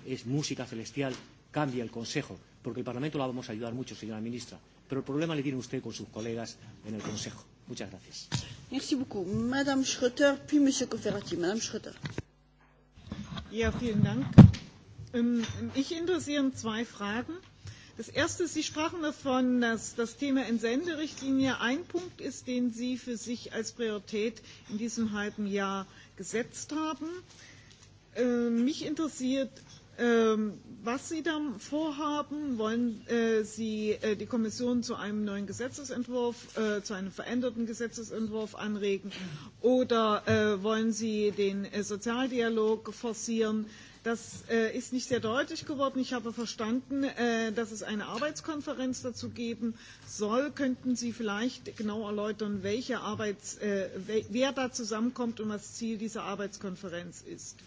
es música celestial, cambie el Consejo? Porque el Parlamento la vamos a ayudar mucho, señora ministra. Pero el problema le tiene usted con sus colegas en el Consejo. Muchas gracias. Merci beaucoup. Madame Schroeter, puis Monsieur Cofferati. Madame Schroeter. Ja, vielen Dank. Ähm, ähm, ich mich interessieren zwei Fragen. Das erste, Sie sprachen davon, dass das Thema Entsenderichtlinie ein Punkt ist, den Sie für sich als Priorität in diesem halben Jahr gesetzt haben. Ähm, mich interessiert, ähm, was Sie da vorhaben. Wollen äh, Sie äh, die Kommission zu einem neuen Gesetzesentwurf, äh, zu einem veränderten Gesetzesentwurf anregen? Oder wollen Sie den Sozialdialog forcieren? Das äh, ist nicht sehr deutlich geworden. Ich habe verstanden, äh, dass es eine Arbeitskonferenz dazu geben soll. Könnten Sie vielleicht genau erläutern, welche Arbeits, äh, wer da zusammenkommt und was Ziel dieser Arbeitskonferenz ist?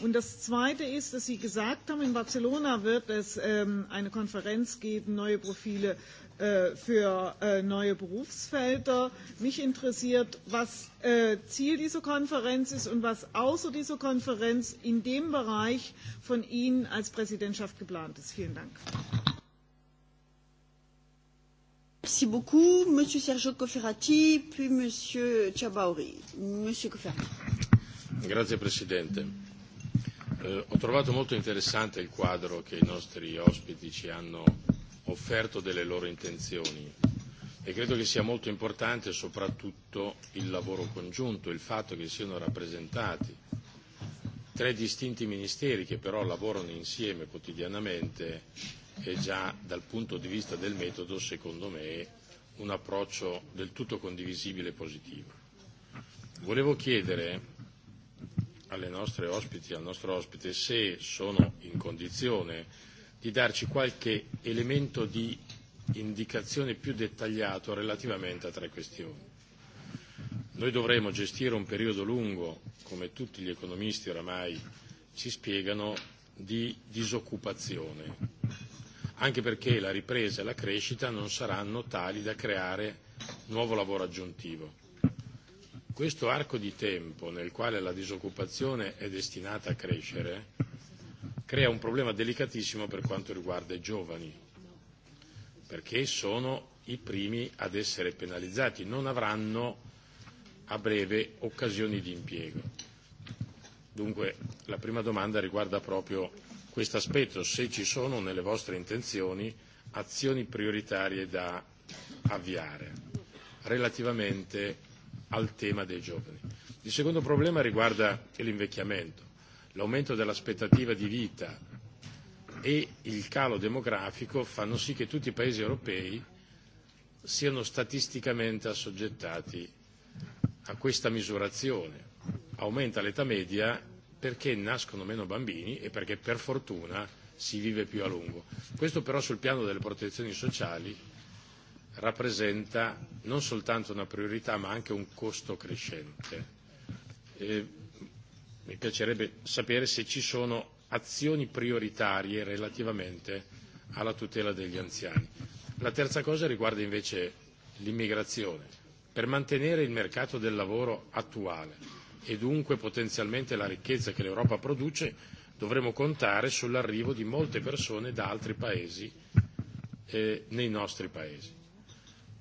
Und das Zweite ist, dass Sie gesagt haben, in Barcelona wird es ähm, eine Konferenz geben, neue Profile äh, Äh, für äh, neue Berufsfelder. Mich interessiert, was äh, Ziel dieser Konferenz ist und was außer dieser Konferenz in dem Bereich von Ihnen als Präsidentschaft geplant ist. Vielen Dank. Merci beaucoup, Monsieur Sergio Cofferati, puis Monsieur Ciabauri. Monsieur Cofferati. Grazie Presidente. Eh, ho trovato molto interessante il quadro che i nostri ospiti ci hanno offerto delle loro intenzioni e credo che sia molto importante soprattutto il lavoro congiunto, il fatto che siano rappresentati tre distinti ministeri che però lavorano insieme quotidianamente è già dal punto di vista del metodo secondo me un approccio del tutto condivisibile e positivo. Volevo chiedere alle nostre ospiti, al nostro ospite, se sono in condizione di darci qualche elemento di indicazione più dettagliato relativamente a tre questioni. Noi dovremo gestire un periodo lungo, come tutti gli economisti oramai ci spiegano, di disoccupazione, anche perché la ripresa e la crescita non saranno tali da creare nuovo lavoro aggiuntivo. Questo arco di tempo nel quale la disoccupazione è destinata a crescere crea un problema delicatissimo per quanto riguarda i giovani, perché sono i primi ad essere penalizzati, non avranno a breve occasioni di impiego. Dunque la prima domanda riguarda proprio questo aspetto, se ci sono nelle vostre intenzioni azioni prioritarie da avviare relativamente al tema dei giovani. Il secondo problema riguarda l'invecchiamento l'aumento dell'aspettativa di vita e il calo demografico fanno sì che tutti i paesi europei siano statisticamente assoggettati a questa misurazione. Aumenta l'età media perché nascono meno bambini e perché per fortuna si vive più a lungo. Questo però sul piano delle protezioni sociali rappresenta non soltanto una priorità ma anche un costo crescente. Eh, mi piacerebbe sapere se ci sono azioni prioritarie relativamente alla tutela degli anziani. La terza cosa riguarda invece l'immigrazione. Per mantenere il mercato del lavoro attuale e dunque potenzialmente la ricchezza che l'Europa produce, dovremo contare sull'arrivo di molte persone da altri paesi eh, nei nostri paesi.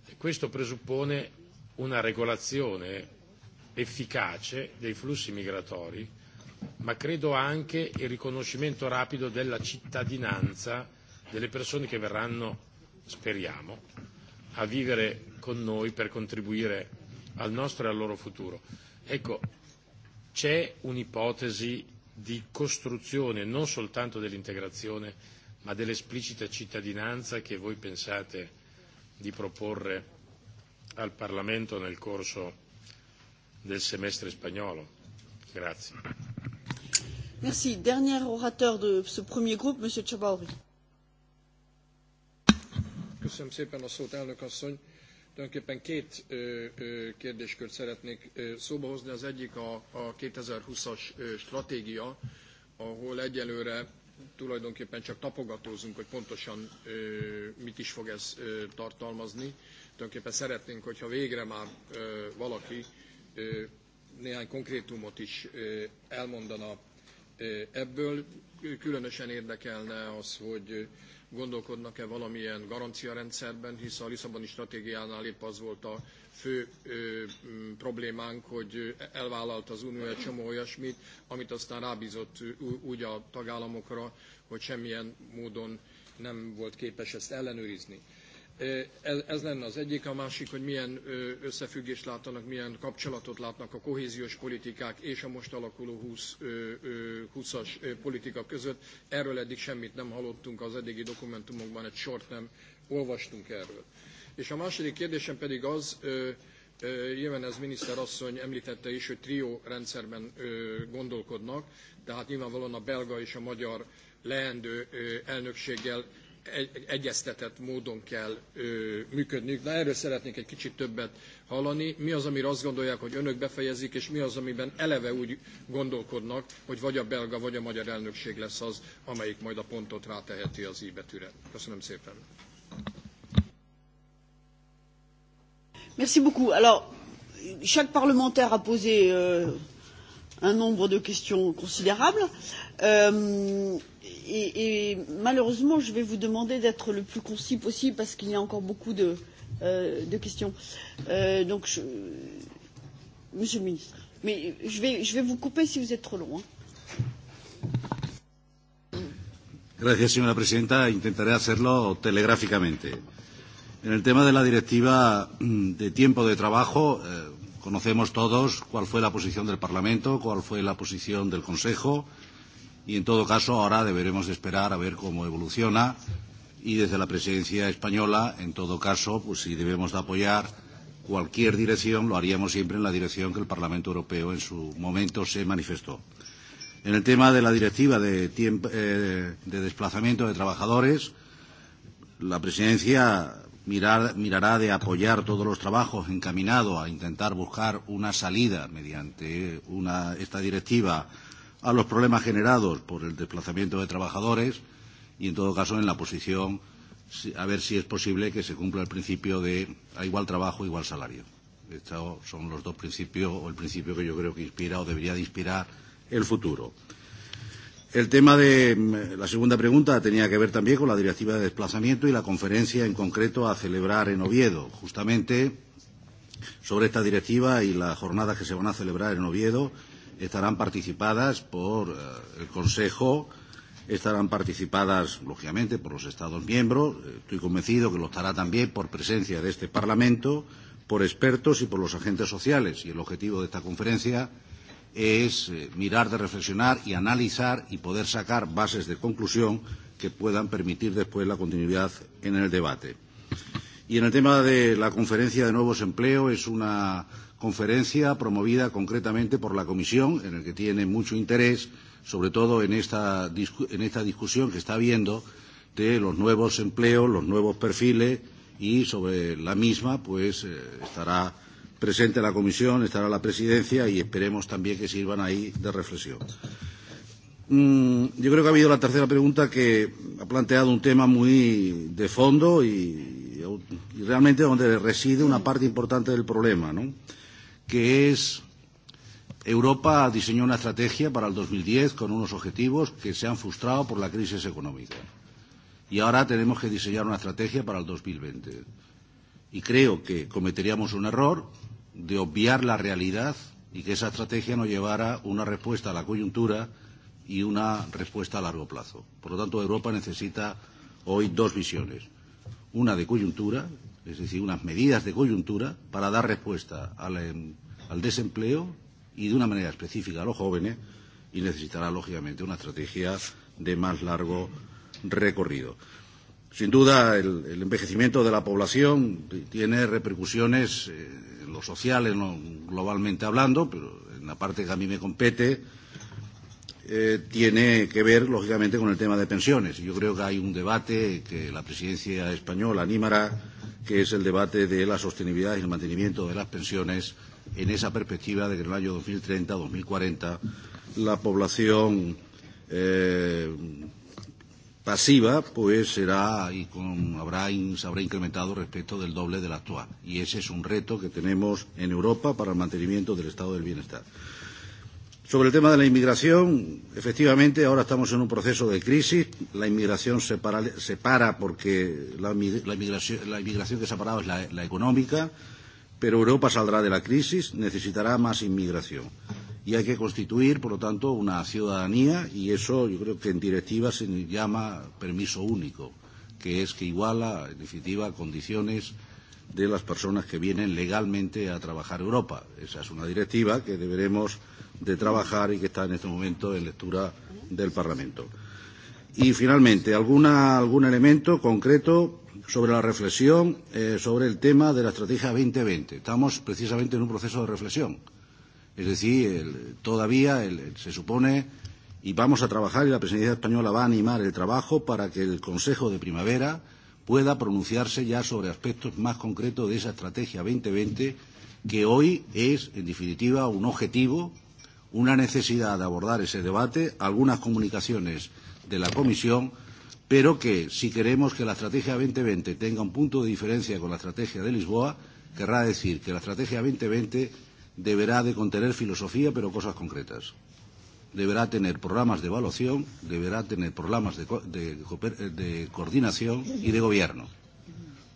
E questo presuppone una regolazione efficace dei flussi migratori, ma credo anche il riconoscimento rapido della cittadinanza delle persone che verranno, speriamo, a vivere con noi per contribuire al nostro e al loro futuro. Ecco, c'è un'ipotesi di costruzione non soltanto dell'integrazione, ma dell'esplicita cittadinanza che voi pensate di proporre al Parlamento nel corso del semestre spagnolo. Grazie. Merci. Dernier orateur de ce premier groupe, Monsieur Csabauri. Köszönöm szépen a szót, elnök asszony. Tulajdonképpen két ö, ö, kérdéskört szeretnék ö, szóba hozni. Az egyik a, a 2020-as stratégia, ahol egyelőre tulajdonképpen csak tapogatózunk, hogy pontosan ö, mit is fog ez ö, tartalmazni. Tulajdonképpen szeretnénk, hogyha végre már ö, valaki ö, néhány konkrétumot is elmondana ebből. Különösen érdekelne az, hogy gondolkodnak-e valamilyen garanciarendszerben, hiszen a Lisszaboni stratégiánál épp az volt a fő problémánk, hogy elvállalt az Unió egy csomó olyasmit, amit aztán rábízott úgy a tagállamokra, hogy semmilyen módon nem volt képes ezt ellenőrizni. Ez, lenne az egyik, a másik, hogy milyen összefüggést látnak, milyen kapcsolatot látnak a kohéziós politikák és a most alakuló 20, 20-as politika között. Erről eddig semmit nem hallottunk az eddigi dokumentumokban, egy sort nem olvastunk erről. És a második kérdésem pedig az, ez miniszter asszony említette is, hogy trió rendszerben gondolkodnak, tehát nyilvánvalóan a belga és a magyar leendő elnökséggel egy, egyeztetett módon kell ö, működniük. Na erről szeretnék egy kicsit többet hallani. Mi az, amire azt gondolják, hogy önök befejezik, és mi az, amiben eleve úgy gondolkodnak, hogy vagy a belga, vagy a magyar elnökség lesz az, amelyik majd a pontot ráteheti az i betűre. Köszönöm szépen. Merci beaucoup. Alors, chaque parlementaire a posé euh, un nombre de questions considérables. Euh, et, et malheureusement, je vais vous demander d'être le plus concis possible parce qu'il y a encore beaucoup de, euh, de questions. Euh, donc, je, Monsieur le Ministre, mais je vais, je vais vous couper si vous êtes trop long. Hein. Gracias, señora presidenta. Intentaré hacerlo telegráficamente. En el tema de la directiva mm, de tiempo de trabajo, eh, conocemos todos cuál fue la posición del Parlamento, cuál fue la posición del Consejo. Eh, y en todo caso ahora deberemos esperar a ver cómo evoluciona y desde la presidencia española, en todo caso, pues si debemos de apoyar cualquier dirección, lo haríamos siempre en la dirección que el Parlamento Europeo en su momento se manifestó. En el tema de la directiva de, tiempo, eh, de desplazamiento de trabajadores, la presidencia mirar, mirará de apoyar todos los trabajos encaminados a intentar buscar una salida mediante una, esta directiva a los problemas generados por el desplazamiento de trabajadores y, en todo caso, en la posición a ver si es posible que se cumpla el principio de a igual trabajo, igual salario. Estos son los dos principios, o el principio que yo creo que inspira o debería de inspirar el futuro. El tema de mm, la segunda pregunta tenía que ver también con la directiva de desplazamiento y la conferencia en concreto a celebrar en Oviedo. Justamente sobre esta directiva y las jornadas que se van a celebrar en Oviedo, estarán participadas por eh, el Consejo, estarán participadas, lógicamente, por los Estados miembros, eh, estoy convencido que lo estará también por presencia de este Parlamento, por expertos y por los agentes sociales. Y el objetivo de esta conferencia es eh, mirar de reflexionar y analizar y poder sacar bases de conclusión que puedan permitir después la continuidad en el debate. Y en el tema de la conferencia de nuevos empleos es una conferencia promovida concretamente por la Comisión, en el que tiene mucho interés, sobre todo en esta, en esta discusión que está habiendo de los nuevos empleos, los nuevos perfiles y sobre la misma pues eh, estará presente la Comisión, estará la Presidencia y esperemos también que sirvan ahí de reflexión. Mm, yo creo que ha habido la tercera pregunta que ha planteado un tema muy de fondo y, y realmente donde reside una parte importante del problema, ¿no? Eh, que es Europa diseñó una estrategia para el 2010 con unos objetivos que se han frustrado por la crisis económica. Y ahora tenemos que diseñar una estrategia para el 2020. Y creo que cometeríamos un error de obviar la realidad y que esa estrategia no llevara una respuesta a la coyuntura y una respuesta a largo plazo. Por lo tanto, Europa necesita hoy dos visiones. Una de coyuntura, es decir, unas medidas de coyuntura para dar respuesta al, al desempleo y de una manera específica a los jóvenes y necesitará, lógicamente, una estrategia de más largo recorrido. Sin duda, el, el envejecimiento de la población tiene repercusiones eh, en lo social, en lo, globalmente hablando, pero en la parte que a mí me compete, eh, tiene que ver, lógicamente, con el tema de pensiones. Yo creo que hay un debate que la presidencia española animará que es el debate de la sostenibilidad y el mantenimiento de las pensiones en esa perspectiva de que en el año 2030-2040 la población eh, pasiva pues será y con, habrá in, se habrá incrementado respecto del doble de la actual y ese es un reto que tenemos en Europa para el mantenimiento del estado del bienestar. Sobre el tema de la inmigración, efectivamente ahora estamos en un proceso de crisis. La inmigración se para, se para porque la, la, inmigración, la inmigración que se ha parado es la, la económica, pero Europa saldrá de la crisis, necesitará más inmigración. Y hay que constituir, por lo tanto, una ciudadanía y eso yo creo que en directiva se llama permiso único, que es que iguala, en definitiva, condiciones de las personas que vienen legalmente a trabajar a Europa. Esa es una directiva que deberemos de trabajar y que está en este momento en lectura del Parlamento. Y finalmente, alguna, algún elemento concreto sobre la reflexión eh, sobre el tema de la Estrategia 2020. Estamos precisamente en un proceso de reflexión. Es decir, el, todavía el, el, se supone y vamos a trabajar y la presidencia española va a animar el trabajo para que el Consejo de Primavera pueda pronunciarse ya sobre aspectos más concretos de esa Estrategia 2020 que hoy es, en definitiva, un objetivo una necesidad de abordar ese debate, algunas comunicaciones de la Comisión, pero que si queremos que la Estrategia 2020 tenga un punto de diferencia con la Estrategia de Lisboa, querrá decir que la Estrategia 2020 deberá de contener filosofía, pero cosas concretas. Deberá tener programas de evaluación, deberá tener programas de, de, eh, de coordinación y de gobierno.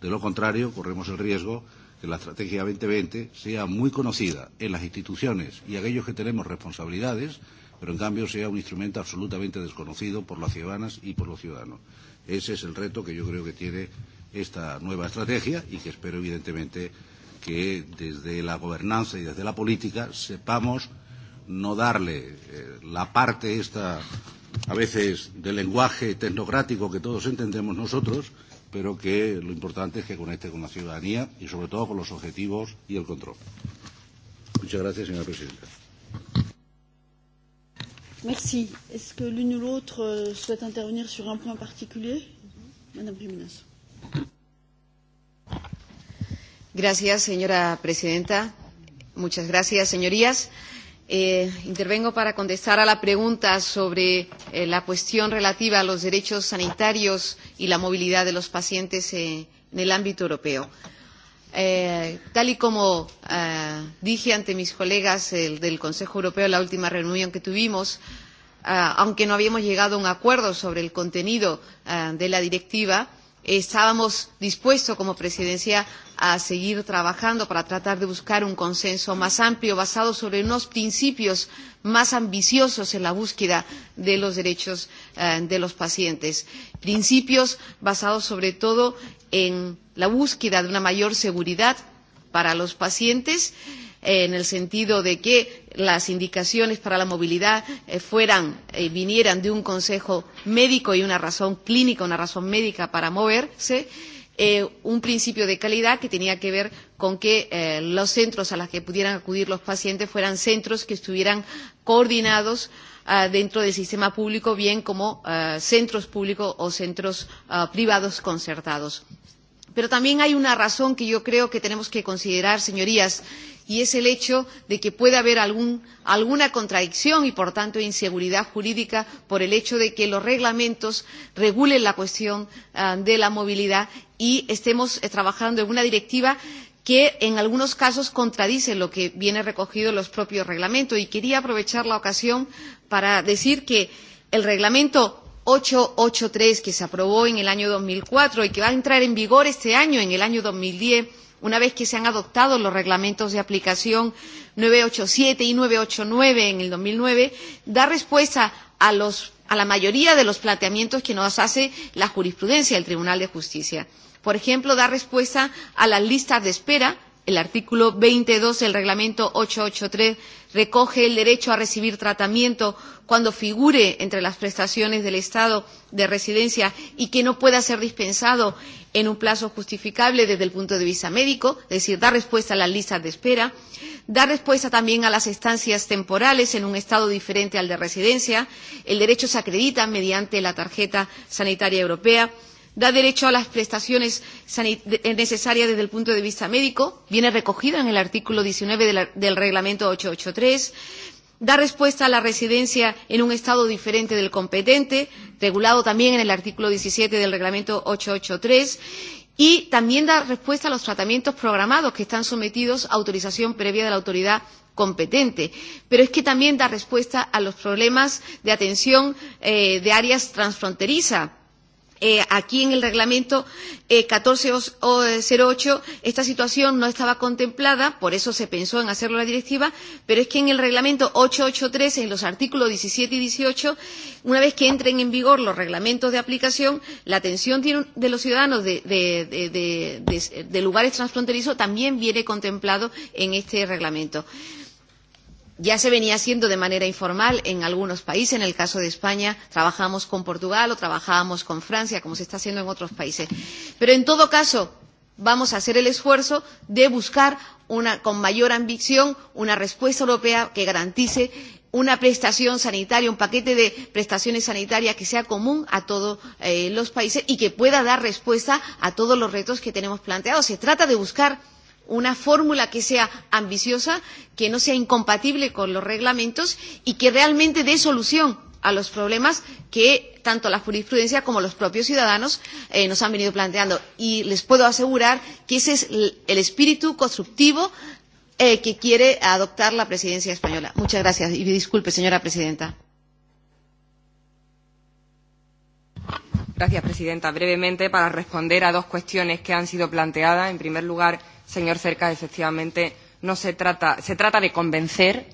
De lo contrario, corremos el riesgo que la Estrategia 2020 sea muy conocida en las instituciones y aquellos que tenemos responsabilidades, pero en cambio sea un instrumento absolutamente desconocido por las ciudadanas y por los ciudadanos. Ese es el reto que yo creo que tiene esta nueva estrategia y que espero evidentemente que desde la gobernanza y desde la política sepamos no darle eh, la parte esta a veces del lenguaje tecnocrático que todos entendemos nosotros, pero que lo importante es que conecte con la ciudadanía y sobre todo con los objetivos y el control. Muchas gracias, señora presidenta. Merci. Est-ce que l'une ou l'autre euh, souhaite intervenir sur un point particulier Madame Jiménez. Gracias, señora presidenta. Muchas gracias, señorías. Eh, intervengo para contestar a la pregunta sobre eh, la cuestión relativa a los derechos sanitarios y la movilidad de los pacientes eh, en el ámbito europeo. Eh, tal y como eh, dije ante mis colegas eh, del Consejo Europeo en la última reunión que tuvimos, eh, aunque no habíamos llegado a un acuerdo sobre el contenido eh, de la directiva, eh, estábamos dispuestos como presidencia a seguir trabajando para tratar de buscar un consenso más amplio basado sobre unos principios más ambiciosos en la búsqueda de los derechos eh, de los pacientes. Principios basados sobre todo en la búsqueda de una mayor seguridad para los pacientes, eh, en el sentido de que las indicaciones para la movilidad eh, fueran, eh, vinieran de un consejo médico y una razón clínica, una razón médica para moverse, eh, eh, un principio de calidad que tenía que ver con que eh, los centros a los que pudieran acudir los pacientes fueran centros que estuvieran coordinados uh, dentro del sistema público, bien como uh, centros públicos o centros uh, privados concertados. Pero también hay una razón que yo creo que tenemos que considerar, señorías, y es el hecho de que pueda haber algún, alguna contradicción y, por tanto, inseguridad jurídica por el hecho de que los reglamentos regulen la cuestión uh, de la movilidad y estemos eh, trabajando en una directiva que en algunos casos contradice lo que viene recogido en los propios reglamentos. Y quería aprovechar la ocasión para decir que el reglamento 883 que se aprobó en el año 2004 y que va a entrar en vigor este año, en el año 2010, una vez que se han adoptado los reglamentos de aplicación 987 y 989 en el 2009, da respuesta a, los, a la mayoría de los planteamientos que nos hace la jurisprudencia del Tribunal de Justicia. Por ejemplo, da respuesta a las listas de espera el artículo 22 del reglamento 883 recoge el derecho a recibir tratamiento cuando figure entre las prestaciones del Estado de residencia y que no pueda ser dispensado en un plazo justificable desde el punto de vista médico, es decir, dar respuesta a las listas de espera, dar respuesta también a las estancias temporales en un estado diferente al de residencia, el derecho se acredita mediante la tarjeta sanitaria europea, da derecho a las prestaciones eh, necesarias desde el punto de vista médico, viene recogida en el artículo 19 de la, del reglamento 883, da respuesta a la residencia en un estado diferente del competente, regulado también en el artículo 17 del reglamento 883, y también da respuesta a los tratamientos programados que están sometidos a autorización previa de la autoridad competente, pero es que también da respuesta a los problemas de atención eh, de áreas transfronterizas Eh, aquí en el reglamento eh, 1408 eh, esta situación no estaba contemplada, por eso se pensó en hacerlo la directiva, pero es que en el reglamento 883, en los artículos 17 y 18, una vez que entren en vigor los reglamentos de aplicación, la atención de los ciudadanos de, de, de, de, de, de lugares transfronterizos también viene contemplado en este reglamento ya se venía haciendo de manera informal en algunos países. En el caso de España, trabajábamos con Portugal o trabajábamos con Francia, como se está haciendo en otros países. Pero en todo caso, vamos a hacer el esfuerzo de buscar una, con mayor ambición una respuesta europea que garantice una prestación sanitaria, un paquete de prestaciones sanitarias que sea común a todos eh, los países y que pueda dar respuesta a todos los retos que tenemos planteados. Se trata de buscar una fórmula que sea ambiciosa, que no sea incompatible con los reglamentos y que realmente dé solución a los problemas que tanto la jurisprudencia como los propios ciudadanos eh, nos han venido planteando. Y les puedo asegurar que ese es el espíritu constructivo eh, que quiere adoptar la presidencia española. Muchas gracias y disculpe, señora presidenta. Gracias, presidenta. Brevemente, para responder a dos cuestiones que han sido planteadas. En primer lugar, señor Cercas, efectivamente, no se trata, se trata de convencer,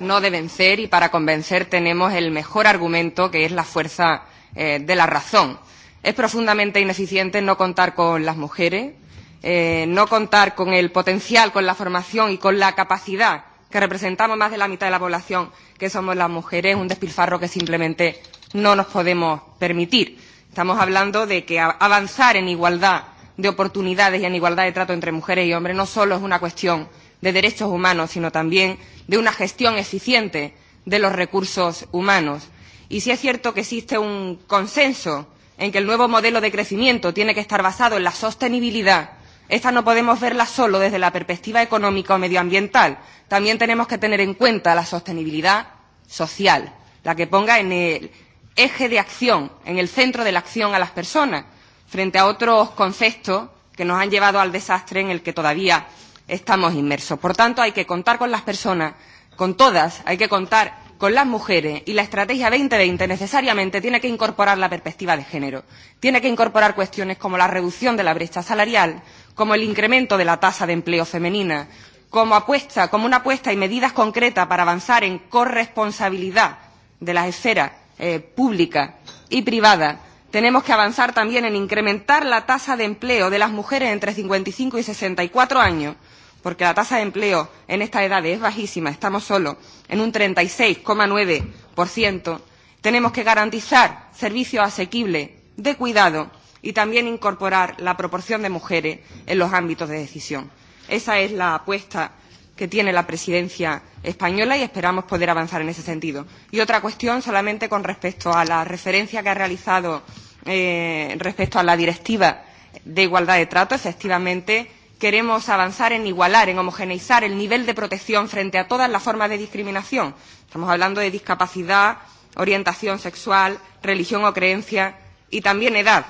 no de vencer, y para convencer tenemos el mejor argumento, que es la fuerza eh, de la razón. Es profundamente ineficiente no contar con las mujeres, eh, no contar con el potencial, con la formación y con la capacidad que representamos más de la mitad de la población, que somos las mujeres, un despilfarro que simplemente no nos podemos permitir. Estamos hablando de que avanzar en igualdad de oportunidades y en igualdad de trato entre mujeres y hombres no solo es una cuestión de derechos humanos, sino también de una gestión eficiente de los recursos humanos. Y sí es cierto que existe un consenso en que el nuevo modelo de crecimiento tiene que estar basado en la sostenibilidad, esta no podemos verla solo desde la perspectiva económica o medioambiental. También tenemos que tener en cuenta la sostenibilidad social, la que ponga en el eje de acción, en el centro de la acción a las personas frente a otros conceptos que nos han llevado al desastre en el que todavía estamos inmersos. Por tanto, hay que contar con las personas, con todas, hay que contar con las mujeres y la Estrategia 2020 necesariamente tiene que incorporar la perspectiva de género. Tiene que incorporar cuestiones como la reducción de la brecha salarial, como el incremento de la tasa de empleo femenina, como apuesta, como una apuesta y medidas concretas para avanzar en corresponsabilidad de las esferas eh, públicas y privadas Tenemos que avanzar también en incrementar la tasa de empleo de las mujeres entre 55 y 64 años, porque la tasa de empleo en esta edad es bajísima, estamos solo en un 36,9%. Tenemos que garantizar servicios asequibles de cuidado y también incorporar la proporción de mujeres en los ámbitos de decisión. Esa es la apuesta que tiene la presidencia española y esperamos poder avanzar en ese sentido. Y otra cuestión solamente con respecto a la referencia que ha realizado eh, respecto a la directiva de igualdad de trato, efectivamente queremos avanzar en igualar, en homogeneizar el nivel de protección frente a todas las formas de discriminación. Estamos hablando de discapacidad, orientación sexual, religión o creencia y también edad.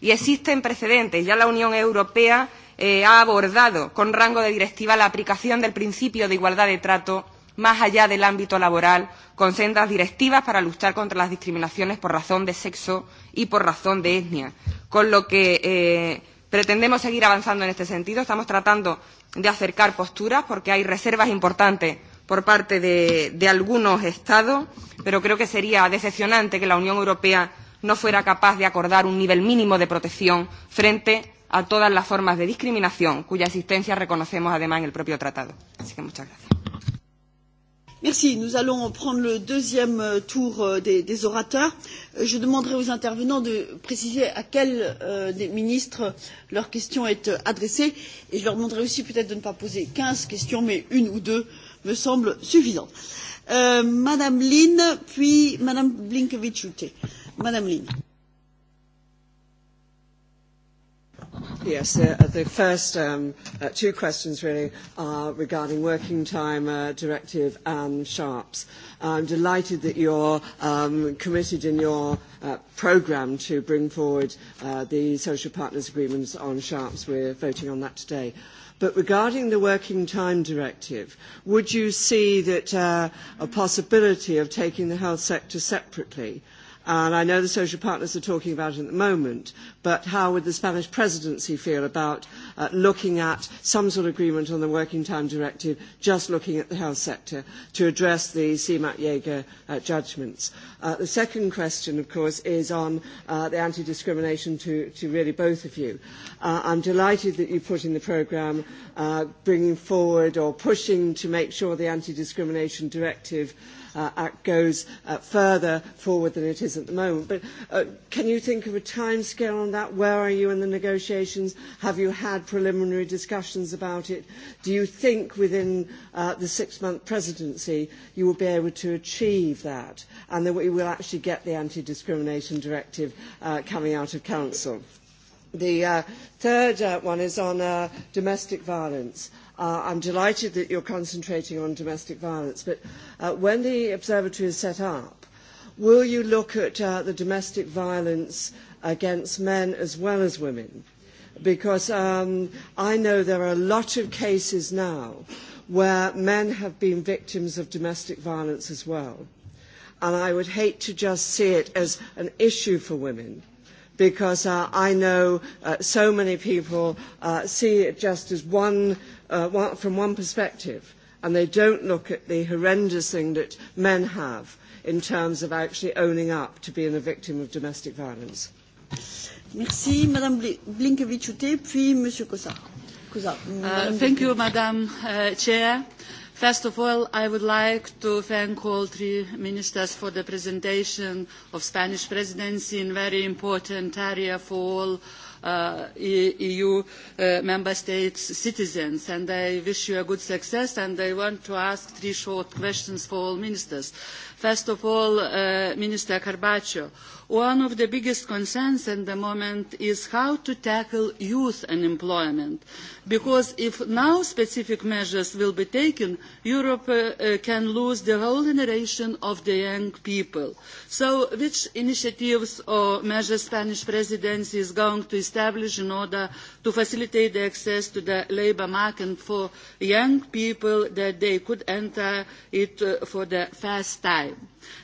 Y existen precedentes. Ya la Unión Europea eh, ha abordado con rango de directiva la aplicación del principio de igualdad de trato más allá del ámbito laboral, con sendas directivas para luchar contra las discriminaciones por razón de sexo y por razón de etnia. Con lo que eh, pretendemos seguir avanzando en este sentido. Estamos tratando de acercar posturas porque hay reservas importantes por parte de, de algunos Estados, pero creo que sería decepcionante que la Unión Europea no fuera capaz de acordar un nivel mínimo de protección frente a todas las formas de discriminación cuya existencia reconocemos además en el propio tratado. Así que muchas gracias. Merci. Nous allons prendre le deuxième euh, tour euh, des, des orateurs. Euh, je demanderai aux intervenants de préciser à quel euh, des ministres leur question est adressée et je leur demanderai aussi peut-être de ne pas poser 15 questions, mais une ou deux me semble suffisante. Euh, Madame Lynn, puis Madame blinkevich Madame Lynn. Yes, uh, the first um, uh, two questions really are regarding working time uh, directive and sharps. I'm delighted that you're um, committed in your uh, programme to bring forward uh, the social partners agreements on sharps. We're voting on that today. But regarding the working time directive, would you see that uh, a possibility of taking the health sector separately And I know the social partners are talking about it at the moment, but how would the Spanish presidency feel about uh, looking at some sort of agreement on the working time directive, just looking at the health sector, to address the CMAT Jaeger uh, judgments? Uh, the second question, of course, is on uh, the anti-discrimination to, to, really both of you. Uh, I'm delighted that you put in the programme uh, bringing forward or pushing to make sure the anti-discrimination directive Uh, act goes uh, further forward than it is at the moment. But uh, can you think of a timescale on that? Where are you in the negotiations? Have you had preliminary discussions about it? Do you think within the six-month presidency you will be able to achieve that and that we will actually get the anti-discrimination directive coming out of Council? The uh, third uh, one is on uh, domestic violence. Uh, I'm delighted that you're concentrating on domestic violence, but uh, when the observatory is set up, will you look at uh, the domestic violence against men as well as women? Because um, I know there are a lot of cases now where men have been victims of domestic violence as well. And I would hate to just see it as an issue for women because uh, I know uh, so many people uh, see it just as one, uh, one, from one perspective, and they don't look at the horrendous thing that men have in terms of actually owning up to being a victim of domestic violence. Merci, Madame Blinkevich-Ute, puis Monsieur Cossard. Cossard Madame uh, thank you, Madame uh, Chair. First of all, I would like to thank all three ministers for the presentation of Spanish presidency in very important area for all uh, EU uh, member states citizens. And I wish you a good success and I want to ask three short questions for all ministers. First of all, uh, Minister Carbacho, one of the biggest concerns at the moment is how to tackle youth unemployment because if now specific measures will be taken europe uh, can lose the whole generation of the young people so which initiatives or measures spanish presidency is going to establish in order to facilitate the access to the labour market for young people that they could enter it uh, for the first time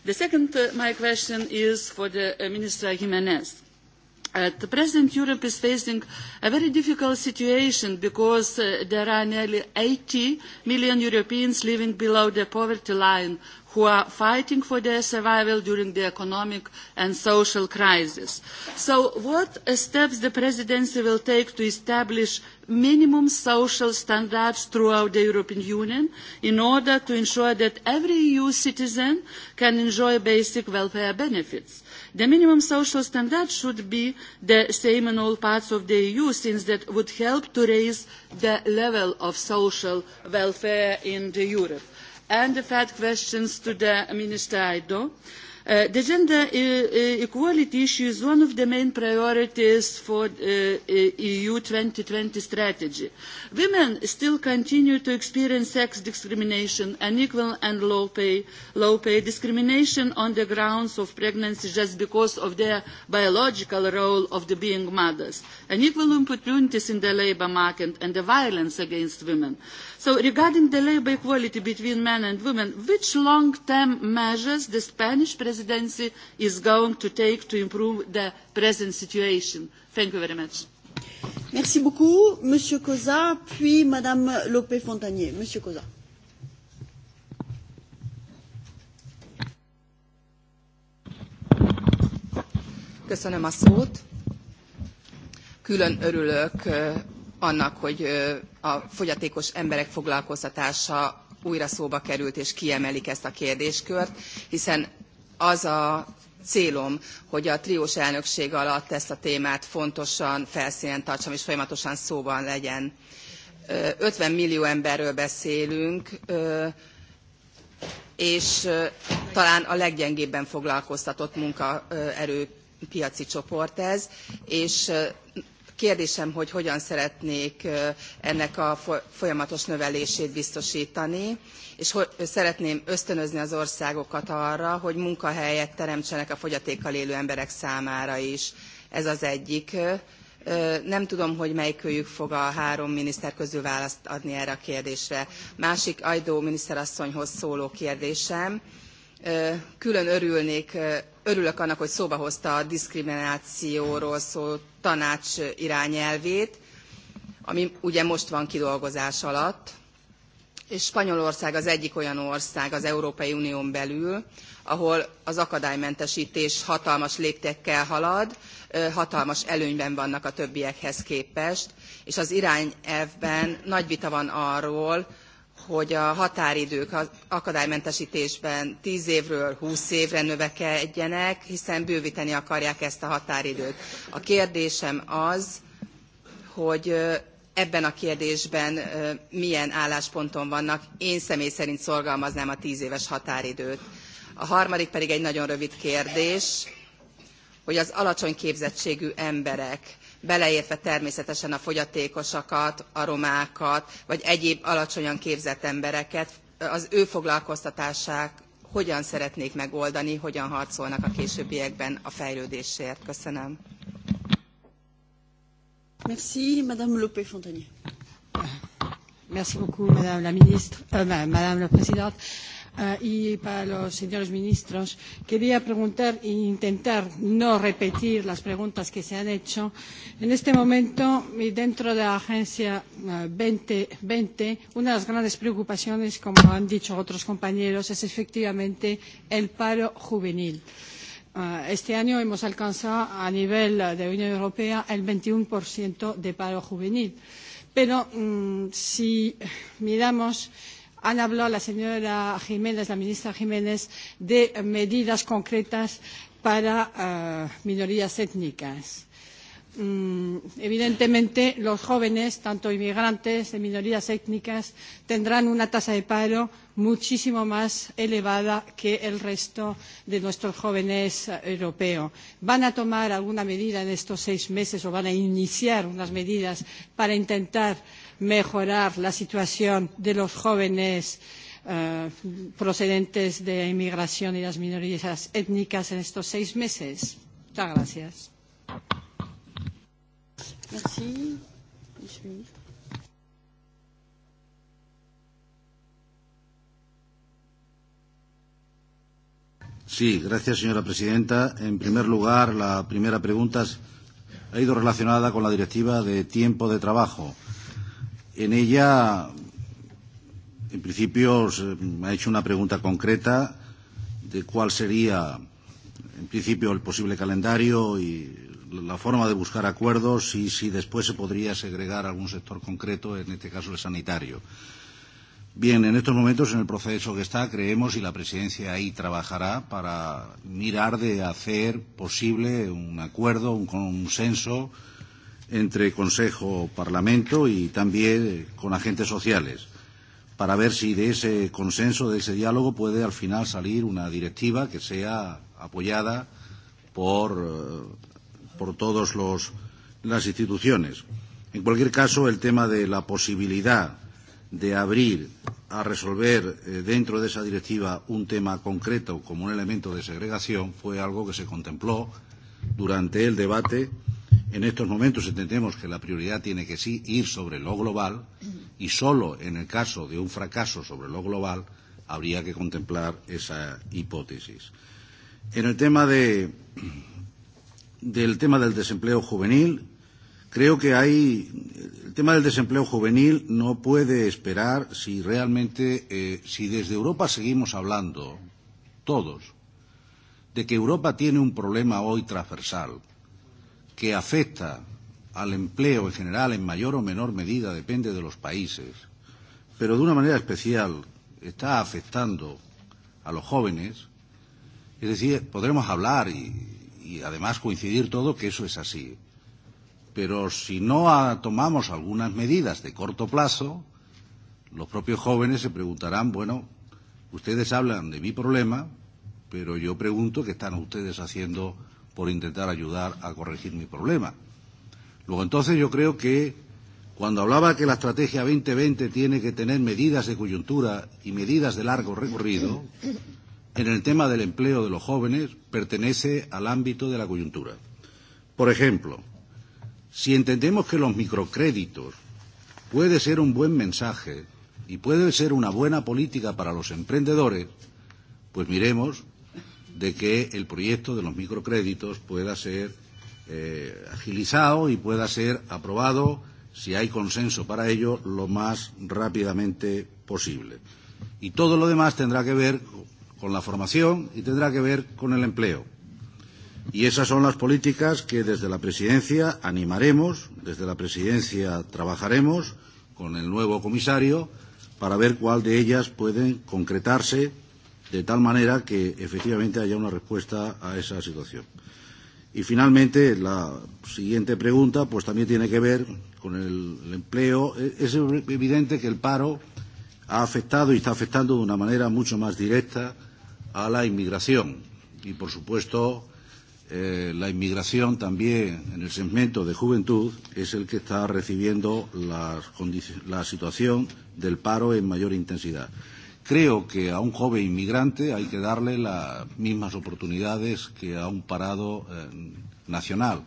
The second, uh, my question is for the uh, Minister Jimenez. At uh, the present, Europe is facing a very difficult situation because uh, there are nearly 80 million Europeans living below the poverty line who are fighting for their survival during the economic and social crisis. So what steps the presidency will take to establish minimum social standards throughout the European Union in order to ensure that every EU citizen can enjoy basic welfare benefits. The minimum social standard should be the same in all parts of the EU since that would help to raise the level of social welfare in Europe and the third questions to the Minister Aido. Uh, the gender equality issue is one of the main priorities for uh, EU 2020 strategy. Women still continue to experience sex discrimination, unequal and low pay, low pay discrimination on the grounds of pregnancy just because of their biological role of the being mothers, unequal opportunities in the labour market and the violence against women. So regarding the labour equality between men and women, which long-term measures the Spanish presidency is going to take to improve the present situation? Thank you very much. Merci beaucoup, Monsieur Cosa, puis Madame Lopé Fontanier. Monsieur Cosa. Köszönöm a szót. Külön örülök eh, annak, hogy a fogyatékos emberek foglalkoztatása újra szóba került, és kiemelik ezt a kérdéskört, hiszen az a célom, hogy a triós elnökség alatt ezt a témát fontosan felszínen tartsam, és folyamatosan szóban legyen. 50 millió emberről beszélünk, és talán a leggyengébben foglalkoztatott munkaerő piaci csoport ez, és Kérdésem, hogy hogyan szeretnék ennek a folyamatos növelését biztosítani, és szeretném ösztönözni az országokat arra, hogy munkahelyet teremtsenek a fogyatékkal élő emberek számára is. Ez az egyik. Nem tudom, hogy melyikőjük fog a három miniszter közül választ adni erre a kérdésre. Másik Ajdó miniszterasszonyhoz szóló kérdésem, külön örülnék, örülök annak, hogy szóba hozta a diszkriminációról szó tanács irányelvét, ami ugye most van kidolgozás alatt, és Spanyolország az egyik olyan ország az Európai Unión belül, ahol az akadálymentesítés hatalmas léptekkel halad, hatalmas előnyben vannak a többiekhez képest, és az irányelvben nagy vita van arról, hogy a határidők az akadálymentesítésben 10 évről 20 évre növekedjenek, hiszen bővíteni akarják ezt a határidőt. A kérdésem az, hogy ebben a kérdésben milyen állásponton vannak. Én személy szerint szorgalmaznám a 10 éves határidőt. A harmadik pedig egy nagyon rövid kérdés, hogy az alacsony képzettségű emberek beleértve természetesen a fogyatékosakat, a romákat, vagy egyéb alacsonyan képzett embereket, az ő foglalkoztatását hogyan szeretnék megoldani, hogyan harcolnak a későbbiekben a fejlődésért. Köszönöm. Merci, Madame Lopé Fontanier. Merci beaucoup, Madame la Ministre, euh, Madame la Présidente uh, y para los señores ministros, quería preguntar e intentar no repetir las preguntas que se han hecho. En este momento, y dentro de la Agencia uh, eh, 2020, una de las grandes preocupaciones, como han dicho otros compañeros, es efectivamente el paro juvenil. Eh, este año hemos alcanzado a nivel de Unión Europea el 21% de paro juvenil. Pero mmm, si miramos Han hablado la señora Jiménez, la ministra Jiménez, de medidas concretas para uh, minorías étnicas. Mm, evidentemente, los jóvenes, tanto inmigrantes de minorías étnicas, tendrán una tasa de paro muchísimo más elevada que el resto de nuestros jóvenes eh, europeos. ¿Van a tomar alguna medida en estos seis meses o van a iniciar unas medidas para intentar uh, mejorar la situación de los jóvenes eh, procedentes de inmigración y las minorías étnicas en estos seis meses? Muchas gracias. Merci. Sí, gracias, señora presidenta. En primer lugar, la primera pregunta ha ido relacionada con la directiva de tiempo de trabajo. En ella, en principio, me ha hecho una pregunta concreta de cuál sería, en principio, el posible calendario y la forma de buscar acuerdos y si después se podría segregar algún sector concreto, en este caso el sanitario. Bien, en estos momentos, en el proceso que está, creemos y la presidencia ahí trabajará para mirar de hacer posible un acuerdo, un consenso entre Consejo, Parlamento y también eh, con agentes sociales, para ver si de ese consenso, de ese diálogo, puede al final salir una directiva que sea apoyada por, eh, por todas las instituciones. En cualquier caso, el tema de la posibilidad de abrir a resolver eh, dentro de esa directiva un tema concreto como un elemento de segregación fue algo que se contempló durante el debate En estos momentos entendemos que la prioridad tiene que sí ir sobre lo global y solo en el caso de un fracaso sobre lo global habría que contemplar esa hipótesis. En el tema de, del tema del desempleo juvenil, creo que hay el tema del desempleo juvenil no puede esperar si realmente eh, si desde Europa seguimos hablando todos de que Europa tiene un problema hoy transversal que afecta al empleo en general en mayor o menor medida, depende de los países, pero de una manera especial está afectando a los jóvenes, es decir, podremos hablar y, y además coincidir todo que eso es así. Pero si no a, tomamos algunas medidas de corto plazo, los propios jóvenes se preguntarán, bueno, ustedes hablan de mi problema, pero yo pregunto qué están ustedes haciendo por intentar ayudar a corregir mi problema. Luego, entonces, yo creo que cuando hablaba que la estrategia 2020 tiene que tener medidas de coyuntura y medidas de largo recorrido, en el tema del empleo de los jóvenes pertenece al ámbito de la coyuntura. Por ejemplo, si entendemos que los microcréditos puede ser un buen mensaje y puede ser una buena política para los emprendedores, pues miremos de que el proyecto de los microcréditos pueda ser eh, agilizado y pueda ser aprobado, si hay consenso para ello, lo más rápidamente posible. Y todo lo demás tendrá que ver con la formación y tendrá que ver con el empleo. Y esas son las políticas que desde la Presidencia animaremos, desde la Presidencia trabajaremos con el nuevo comisario para ver cuál de ellas pueden concretarse de tal manera que efectivamente haya una respuesta a esa situación. Y finalmente, la siguiente pregunta pues también tiene que ver con el, el empleo. Es evidente que el paro ha afectado y está afectando de una manera mucho más directa a la inmigración. Y, por supuesto, eh, la inmigración también en el segmento de juventud es el que está recibiendo la, la situación del paro en mayor intensidad. Creo que a un joven inmigrante hay que darle las mismas oportunidades que a un parado eh, nacional.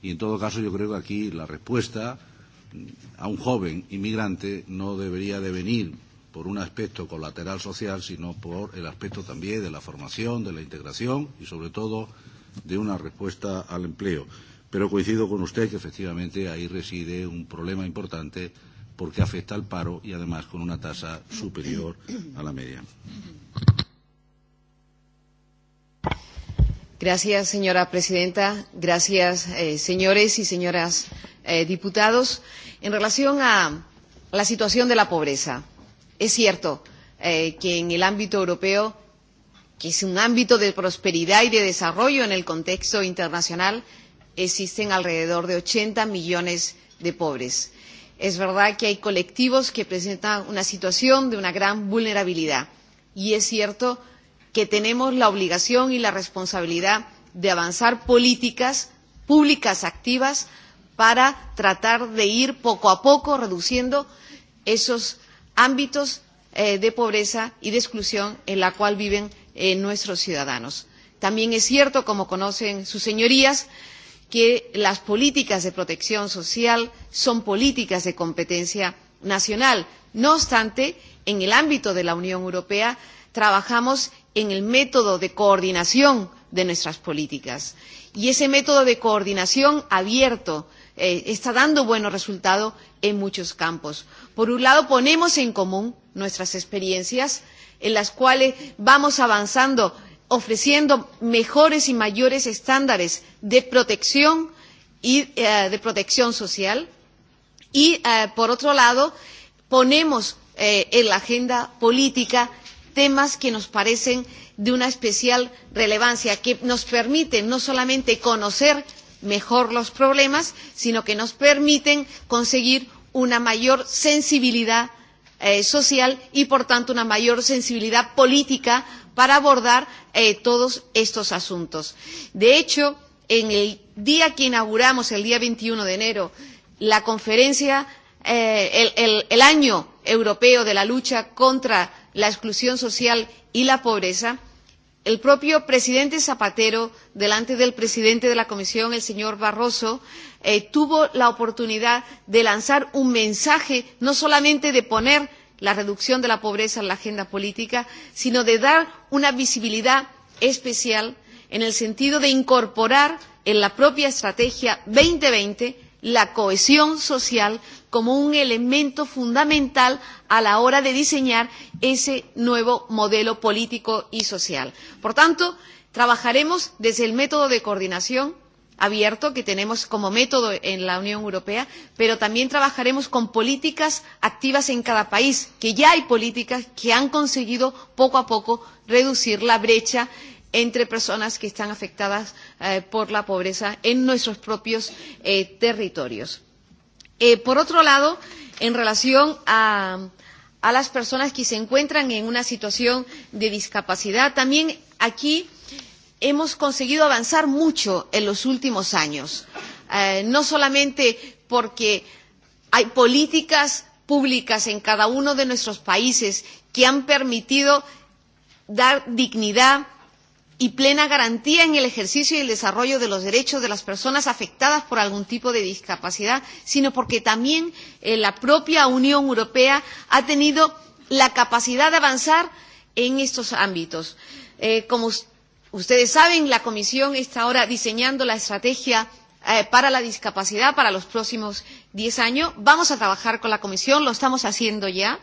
Y en todo caso yo creo que aquí la respuesta mm, a un joven inmigrante no debería de venir por un aspecto colateral social, sino por el aspecto también de la formación, de la integración y sobre todo de una respuesta al empleo. Pero coincido con usted que efectivamente ahí reside un problema importante porque afecta al paro y además con una tasa superior a la media. Gracias, señora presidenta. Gracias, eh, señores y señoras eh, diputados. En relación a la situación de la pobreza, es cierto eh, que en el ámbito europeo, que es un ámbito de prosperidad y de desarrollo en el contexto internacional, existen alrededor de 80 millones de pobres Es verdad que hay colectivos que presentan una situación de una gran vulnerabilidad y es cierto que tenemos la obligación y la responsabilidad de avanzar políticas públicas activas para tratar de ir poco a poco reduciendo esos ámbitos eh, de pobreza y de exclusión en la cual viven eh, nuestros ciudadanos. También es cierto, como conocen sus señorías, que las políticas de protección social son políticas de competencia nacional. No obstante, en el ámbito de la Unión Europea trabajamos en el método de coordinación de nuestras políticas. Y ese método de coordinación abierto eh, está dando buenos resultados en muchos campos. Por un lado, ponemos en común nuestras experiencias en las cuales vamos avanzando ofreciendo mejores y mayores estándares de protección y eh, de protección social y eh, por otro lado ponemos eh, en la agenda política temas que nos parecen de una especial relevancia que nos permiten no solamente conocer mejor los problemas sino que nos permiten conseguir una mayor sensibilidad eh, social y por tanto una mayor sensibilidad política para abordar eh, todos estos asuntos. De hecho, en el día que inauguramos, el día 21 de enero, la conferencia, eh, el, el, el año europeo de la lucha contra la exclusión social y la pobreza, el propio presidente Zapatero, delante del presidente de la Comisión, el señor Barroso, eh, tuvo la oportunidad de lanzar un mensaje no solamente de poner la reducción de la pobreza en la agenda política, sino de dar una visibilidad especial en el sentido de incorporar en la propia Estrategia 2020 la cohesión social como un elemento fundamental a la hora de diseñar ese nuevo modelo político y social. Por tanto, trabajaremos desde el método de coordinación abierto que tenemos como método en la Unión Europea, pero también trabajaremos con políticas activas en cada país, que ya hay políticas que han conseguido poco a poco reducir la brecha entre personas que están afectadas eh, por la pobreza en nuestros propios eh, territorios. Eh, por otro lado, en relación a, a las personas que se encuentran en una situación de discapacidad, también aquí eh, hemos conseguido avanzar mucho en los últimos años, eh, no solamente porque hay políticas públicas en cada uno de nuestros países que han permitido dar dignidad y plena garantía en el ejercicio y el desarrollo de los derechos de las personas afectadas por algún tipo de discapacidad, sino porque también eh, la propia Unión Europea ha tenido la capacidad de avanzar en estos ámbitos. Eh, como Ustedes saben, la Comisión está ahora diseñando la estrategia eh, para la discapacidad para los próximos 10 años. Vamos a trabajar con la Comisión, lo estamos haciendo ya,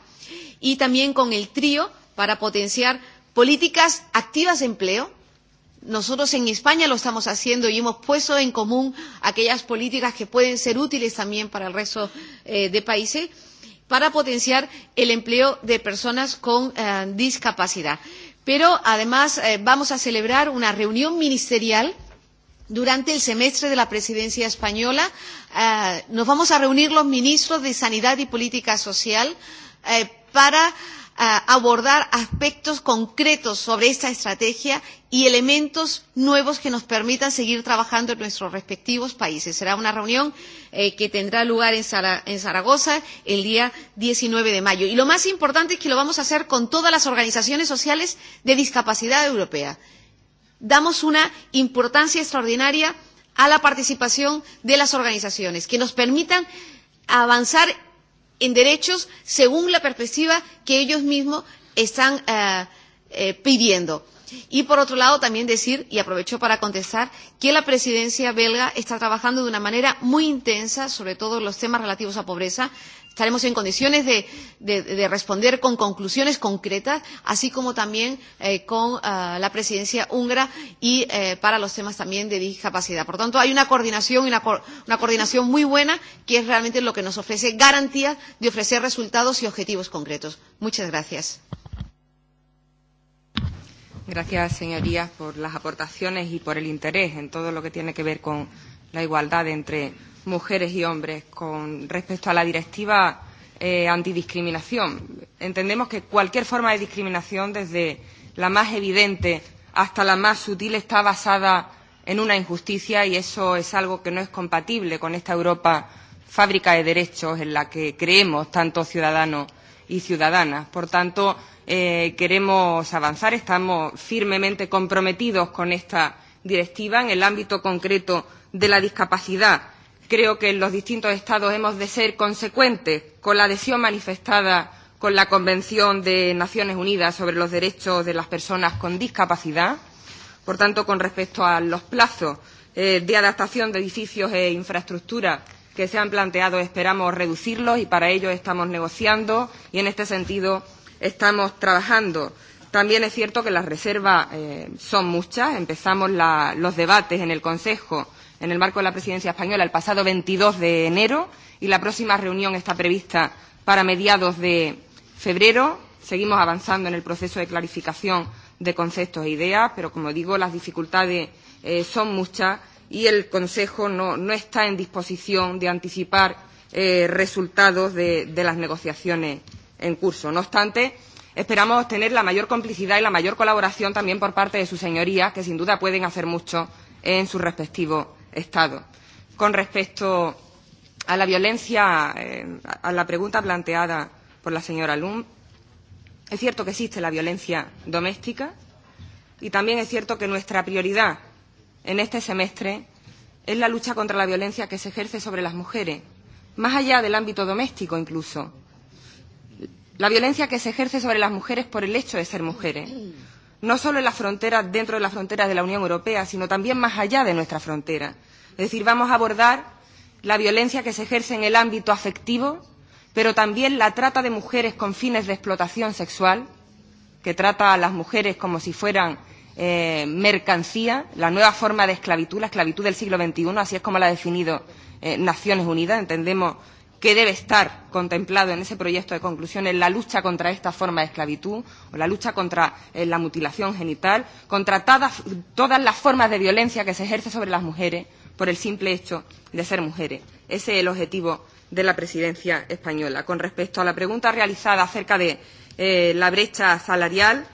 y también con el trío para potenciar políticas activas de empleo. Nosotros en España lo estamos haciendo y hemos puesto en común aquellas políticas que pueden ser útiles también para el resto eh, de países para potenciar el empleo de personas con eh, discapacidad. Pero además eh, vamos a celebrar una reunión ministerial durante el semestre de la presidencia española. Eh, nos vamos a reunir los ministros de Sanidad y Política Social eh, para abordar aspectos concretos sobre esta estrategia y elementos nuevos que nos permitan seguir trabajando en nuestros respectivos países. Será una reunión eh, que tendrá lugar en, Zara en Zaragoza el día 19 de mayo. Y lo más importante es que lo vamos a hacer con todas las organizaciones sociales de discapacidad europea. Damos una importancia extraordinaria a la participación de las organizaciones que nos permitan avanzar en derechos según la perspectiva que ellos mismos están eh, eh, pidiendo. Y por otro lado, también decir, y aprovecho para contestar, que la presidencia belga está trabajando de una manera muy intensa sobre todos los temas relativos a pobreza estaremos en condiciones de, de, de responder con conclusiones concretas, así como también eh, con uh, la presidencia húngara y eh, para los temas también de discapacidad. Por tanto, hay una coordinación, una, co una coordinación muy buena que es realmente lo que nos ofrece garantía de ofrecer resultados y objetivos concretos. Muchas gracias. Gracias, señorías, por las aportaciones y por el interés en todo lo que tiene que ver con la igualdad entre mujeres y hombres con respecto a la directiva eh, antidiscriminación. Entendemos que cualquier forma de discriminación, desde la más evidente hasta la más sutil, está basada en una injusticia y eso es algo que no es compatible con esta Europa fábrica de derechos en la que creemos tanto ciudadanos y ciudadanas. Por tanto, eh, queremos avanzar, estamos firmemente comprometidos con esta directiva en el ámbito concreto de la discapacidad. Creo que en los distintos Estados hemos de ser consecuentes con la adhesión manifestada con la Convención de Naciones Unidas sobre los Derechos de las Personas con Discapacidad. Por tanto, con respecto a los plazos eh, de adaptación de edificios e infraestructuras que se han planteado, esperamos reducirlos y para ello estamos negociando y en este sentido estamos trabajando. También es cierto que las reservas eh, son muchas. Empezamos la, los debates en el Consejo en el marco de la presidencia española el pasado 22 de enero y la próxima reunión está prevista para mediados de febrero. Seguimos avanzando en el proceso de clarificación de conceptos e ideas, pero como digo, las dificultades eh, son muchas y el Consejo no, no está en disposición de anticipar eh, resultados de, de las negociaciones en curso. No obstante, esperamos obtener la mayor complicidad y la mayor colaboración también por parte de sus señorías, que sin duda pueden hacer mucho en sus respectivos Estado. Con respecto a la violencia, eh, a la pregunta planteada por la señora Lum, es cierto que existe la violencia doméstica y también es cierto que nuestra prioridad en este semestre es la lucha contra la violencia que se ejerce sobre las mujeres, más allá del ámbito doméstico incluso. La violencia que se ejerce sobre las mujeres por el hecho de ser mujeres, no solo en la frontera, dentro de las fronteras de la Unión Europea, sino también más allá de nuestra frontera. Es decir, vamos a abordar la violencia que se ejerce en el ámbito afectivo, pero también la trata de mujeres con fines de explotación sexual, que trata a las mujeres como si fueran eh, mercancía, la nueva forma de esclavitud, la esclavitud del siglo XXI, así es como la ha definido eh, Naciones Unidas, entendemos que debe estar contemplado en ese proyecto de conclusión en la lucha contra esta forma de esclavitud o la lucha contra eh, la mutilación genital, contra todas, todas las formas de violencia que se ejerce sobre las mujeres por el simple hecho de ser mujeres. Ese es el objetivo de la presidencia española. Con respecto a la pregunta realizada acerca de eh, la brecha salarial,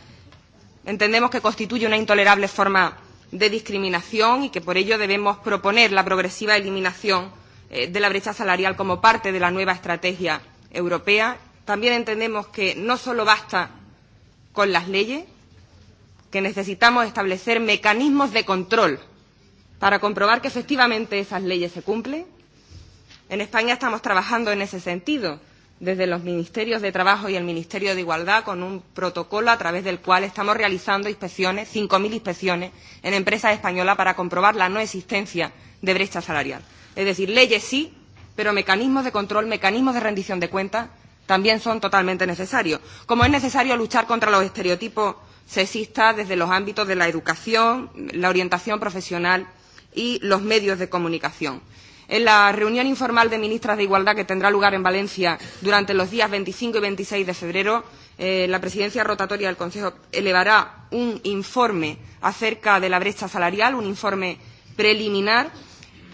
entendemos que constituye una intolerable forma de discriminación y que por ello debemos proponer la progresiva eliminación Eh, de la brecha salarial como parte de la nueva estrategia europea. También entendemos que no solo basta con las leyes, que necesitamos establecer mecanismos de control para comprobar que efectivamente esas leyes se cumplen. En España estamos trabajando en ese sentido desde los Ministerios de Trabajo y el Ministerio de Igualdad con un protocolo a través del cual estamos realizando inspecciones, 5.000 inspecciones en empresas españolas para comprobar la no existencia de brecha salarial. Es decir, leyes sí, pero mecanismos de control, mecanismos de rendición de cuentas también son totalmente necesarios. Como es necesario luchar contra los estereotipos sexistas desde los ámbitos de la educación, la orientación profesional y los medios de comunicación. En la reunión informal de ministras de Igualdad que tendrá lugar en Valencia durante los días 25 y 26 de febrero, eh, la presidencia rotatoria del Consejo elevará un informe acerca de la brecha salarial, un informe preliminar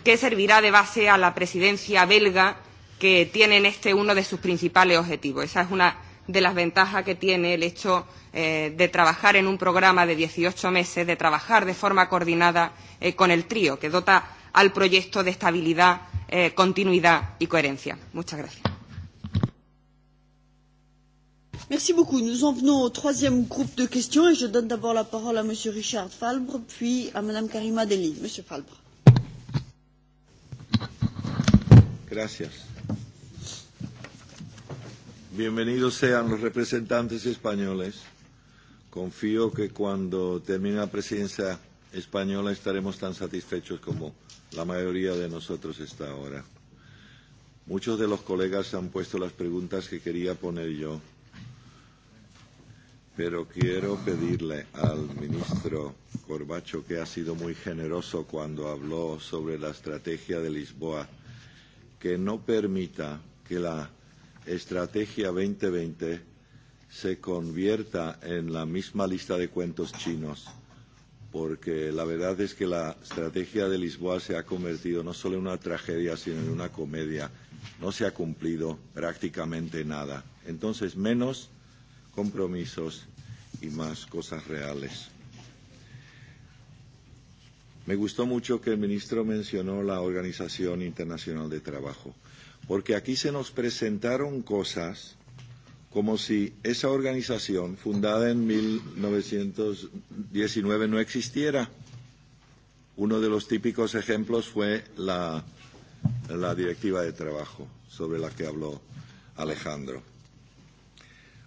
que servirá de base a la presidencia belga que tiene en este uno de sus principales objetivos. Esa es una de las ventajas que tiene el hecho eh, de trabajar en un programa de 18 meses, de trabajar de forma coordinada eh, con el trío, que dota al proyecto de estabilidad, eh, continuidad y coherencia. Muchas gracias. Merci beaucoup. Nous en venons au troisième groupe de questions et je donne d'abord la parole à Monsieur Richard Falbre, puis à Madame Karima Deli. Monsieur Falbre. Gracias. Bienvenidos sean los representantes españoles. Confío que cuando termine la presidencia española estaremos tan satisfechos como la mayoría de nosotros está ahora. Muchos de los colegas han puesto las preguntas que quería poner yo, pero quiero pedirle al ministro Corbacho, que ha sido muy generoso cuando habló sobre la estrategia de Lisboa, que no permita que la estrategia 2020 se convierta en la misma lista de cuentos chinos porque la verdad es que la estrategia de Lisboa se ha convertido no solo en una tragedia, sino en una comedia. No se ha cumplido prácticamente nada. Entonces, menos compromisos y más cosas reales. Me gustó mucho que el ministro mencionó la Organización Internacional de Trabajo, porque aquí se nos presentaron cosas como si esa organización fundada en 1919 no existiera. Uno de los típicos ejemplos fue la, la directiva de trabajo sobre la que habló Alejandro.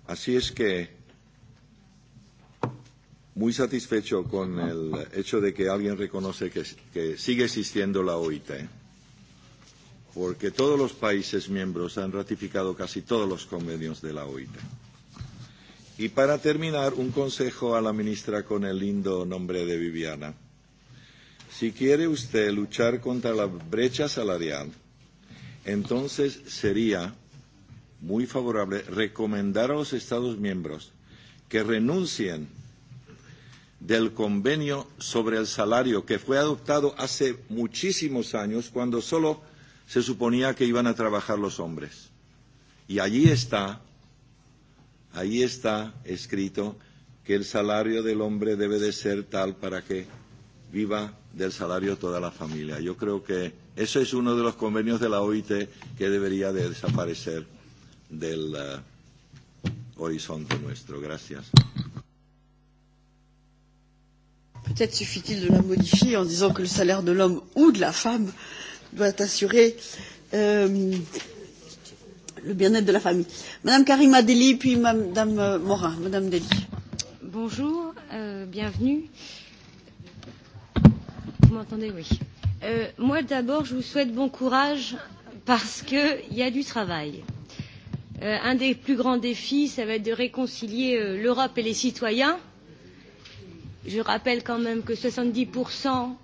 Así es que muy satisfecho con el hecho de que alguien reconoce que, que sigue existiendo la OIT porque todos los países miembros han ratificado casi todos los convenios de la OIT. Y para terminar, un consejo a la ministra con el lindo nombre de Viviana. Si quiere usted luchar contra la brecha salarial, entonces sería muy favorable recomendar a los Estados miembros que renuncien del convenio sobre el salario que fue adoptado hace muchísimos años cuando solo se suponía que iban a trabajar los hombres. Y allí está, allí está escrito que el salario del hombre debe de ser tal para que viva del salario toda la familia. Yo creo que eso es uno de los convenios de la OIT que debería de desaparecer del uh, horizonte nuestro. Gracias. Peut-être suffit-il de la modifier en disant que le salaire de l'homme ou de la femme doit assurer euh, le bien-être de la famille. Madame Karima Deli, puis Madame euh, Morin. Madame Deli. Bonjour, euh, bienvenue. Vous m'entendez, oui. Euh, moi, d'abord, je vous souhaite bon courage parce qu'il y a du travail. Euh, un des plus grands défis, ça va être de réconcilier euh, l'Europe et les citoyens. Je rappelle quand même que 70%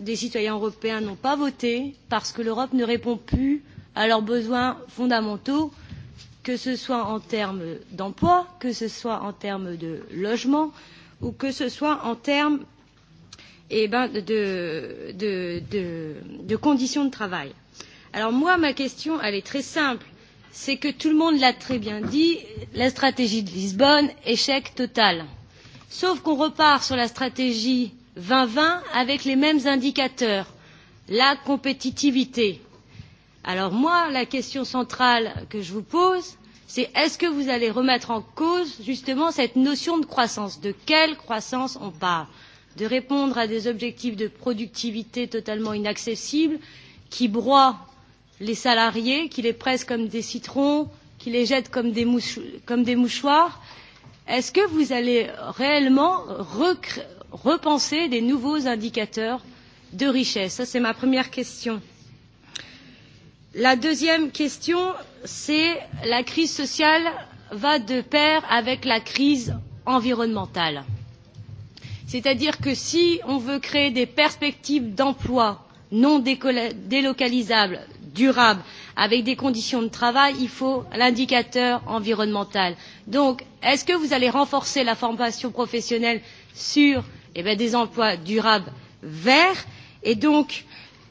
des citoyens européens n'ont pas voté parce que l'Europe ne répond plus à leurs besoins fondamentaux, que ce soit en termes d'emploi, que ce soit en termes de logement ou que ce soit en termes eh ben, de, de, de, de conditions de travail. Alors moi, ma question, elle est très simple. C'est que tout le monde l'a très bien dit, la stratégie de Lisbonne, échec total. Sauf qu'on repart sur la stratégie 2020 avec les mêmes indicateurs. La compétitivité. Alors moi, la question centrale que je vous pose, c'est est-ce que vous allez remettre en cause justement cette notion de croissance De quelle croissance on parle De répondre à des objectifs de productivité totalement inaccessibles qui broient les salariés, qui les pressent comme des citrons, qui les jettent comme des, mouchou comme des mouchoirs Est-ce que vous allez réellement recréer repenser des nouveaux indicateurs de richesse Ça, c'est ma première question. La deuxième question, c'est la crise sociale va de pair avec la crise environnementale. C'est-à-dire que si on veut créer des perspectives d'emploi non délocalisables, durables, avec des conditions de travail, il faut l'indicateur environnemental. Donc, est-ce que vous allez renforcer la formation professionnelle sur euh, eh bien, des emplois durables verts et donc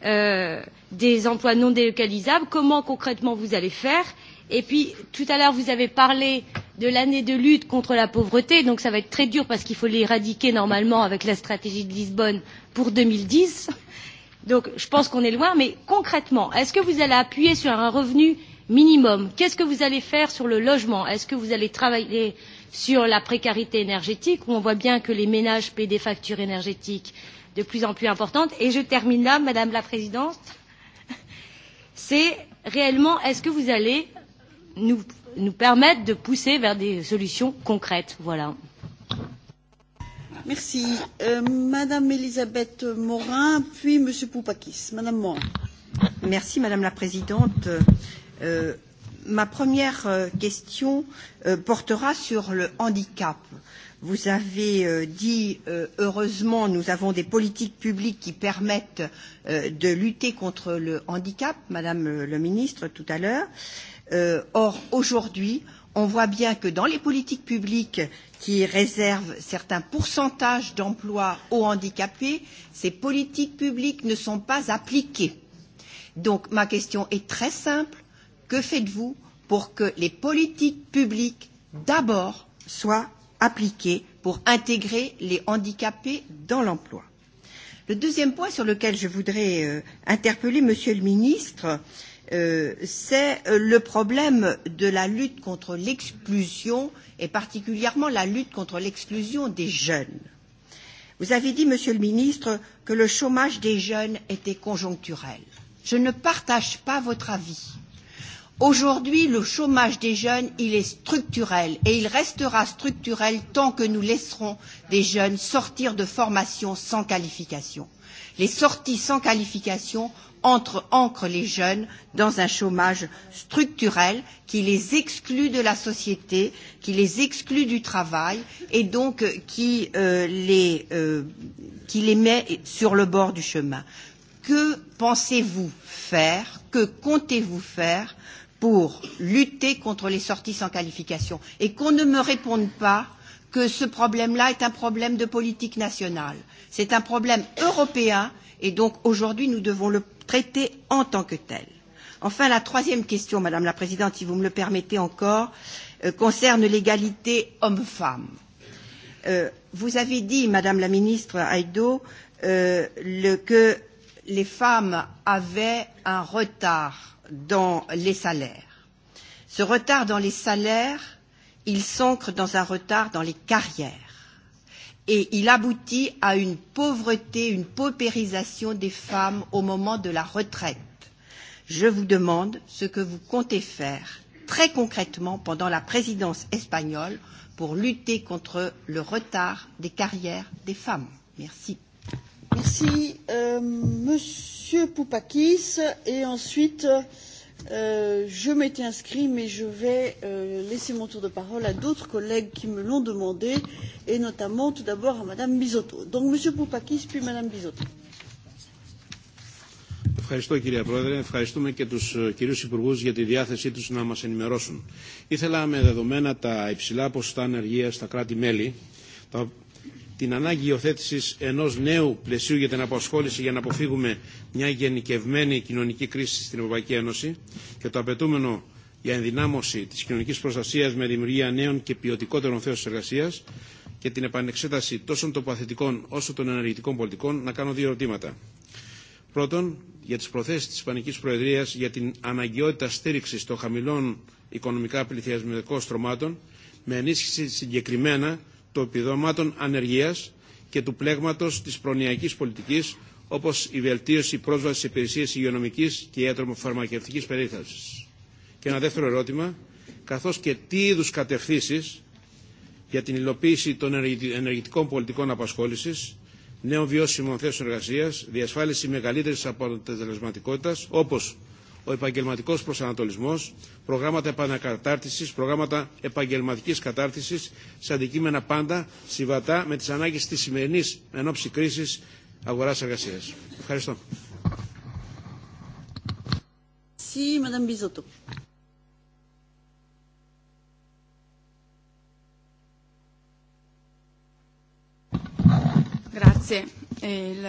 euh, des emplois non délocalisables. Comment concrètement vous allez faire Et puis, tout à l'heure, vous avez parlé de l'année de lutte contre la pauvreté, donc ça va être très dur parce qu'il faut l'éradiquer normalement avec la stratégie de Lisbonne pour 2010. Donc, je pense qu'on est loin, mais concrètement, est-ce que vous allez appuyer sur un revenu minimum Qu'est-ce que vous allez faire sur le logement Est-ce que vous allez travailler euh, sur la précarité énergétique, où on voit bien que les ménages paient des factures énergétiques de plus en plus importantes. Et je termine là, Madame la Présidente. C'est réellement, est-ce que vous allez nous, nous permettre de pousser vers des solutions concrètes Voilà. Merci. Euh, Madame Elisabeth Morin, puis Monsieur Poupakis. Madame Morin. Merci, Madame la Présidente. Euh, ma première euh, question euh, portera sur le handicap. Vous avez euh, dit, heureusement, nous avons des politiques publiques qui permettent de lutter contre le handicap, Madame euh, le Ministre, tout à l'heure. or, aujourd'hui, on voit bien que dans les politiques publiques qui réservent certains pourcentages d'emplois aux handicapés, ces politiques publiques ne sont pas appliquées. Donc, ma question est très simple que faites-vous pour que les politiques publiques d'abord soient appliquées pour intégrer les handicapés dans l'emploi Le deuxième point sur lequel je voudrais euh, interpeller Monsieur le ministre, euh, c'est euh, le problème de la lutte contre l'exclusion et particulièrement la lutte contre l'exclusion des jeunes. Vous avez dit, Monsieur le ministre, que le chômage des jeunes était conjoncturel. Je ne partage pas votre avis Aujourd'hui, le chômage des jeunes, il est structurel et il restera structurel tant que nous laisserons des jeunes sortir de formation sans qualification. Les sorties sans qualification entre, ancrent les jeunes dans un chômage structurel qui les exclut de la société, qui les exclut du travail et donc euh, qui, euh, les, euh, qui les met sur le bord du chemin. Que pensez-vous faire Que comptez-vous faire pour lutter contre les sorties sans qualification et qu'on ne me réponde pas que ce problème-là est un problème de politique nationale. C'est un problème européen et donc aujourd'hui nous devons le traiter en tant que tel. Enfin, la troisième question, Madame la Présidente, si vous me le permettez encore, euh, concerne l'égalité homme-femme. Euh, vous avez dit, Madame la Ministre Aido, euh, le, que les femmes avaient un retard dans les salaires. Ce retard dans les salaires, il s'ancre dans un retard dans les carrières et il aboutit à une pauvreté, une paupérisation des femmes au moment de la retraite. Je vous demande ce que vous comptez faire très concrètement pendant la présidence espagnole pour lutter contre le retard des carrières des femmes. Merci. Merci. Euh, Monsieur Poupakis, et ensuite, euh, je m'étais inscrit, mais je vais euh, laisser mon tour de parole à d'autres collègues qui me l'ont demandé, et notamment tout d'abord à Madame Bisotto. Donc Monsieur Poupakis, puis Madame Bisotto. Ευχαριστώ κύριε Πρόεδρε. Ευχαριστούμε και τους κυρίους Υπουργούς για τη διάθεσή τους να μας ενημερώσουν. Ήθελα με δεδομένα τα υψηλά ποσοστά ανεργία στα κράτη-μέλη, τα την ανάγκη υιοθέτηση ενό νέου πλαισίου για την απασχόληση για να αποφύγουμε μια γενικευμένη κοινωνική κρίση στην Ευρωπαϊκή Ένωση και το απαιτούμενο για ενδυνάμωση τη κοινωνική προστασία με δημιουργία νέων και ποιοτικότερων θέσεων εργασία και την επανεξέταση τόσο των τοποθετικών όσο των ενεργητικών πολιτικών, να κάνω δύο ερωτήματα. Πρώτον, για τι προθέσει τη Ισπανική Προεδρία για την αναγκαιότητα στήριξη των χαμηλών οικονομικά πληθυσμικών στρωμάτων με ενίσχυση συγκεκριμένα των επιδομάτων ανεργίας και του πλέγματος της προνοιακής πολιτικής, όπως η βελτίωση πρόσβασης σε υπηρεσίες υγειονομικής και ιατρομοφαρμακευτικής περίθαλψης. Και ένα δεύτερο ερώτημα, καθώς και τι είδους κατευθύνσεις για την υλοποίηση των ενεργητικών πολιτικών απασχόλησης, νέων βιώσιμων θέσεων εργασίας, διασφάλιση μεγαλύτερης αποτελεσματικότητας, όπως ο επαγγελματικό προσανατολισμό, προγράμματα επανακατάρτισης, προγράμματα επαγγελματικής κατάρτισης σε αντικείμενα πάντα συμβατά με τις ανάγκες της σημερινής ώψη κρίσης αγοράς εργασίας. Ευχαριστώ. Merci, Madame Bisotto. Grazie. Il,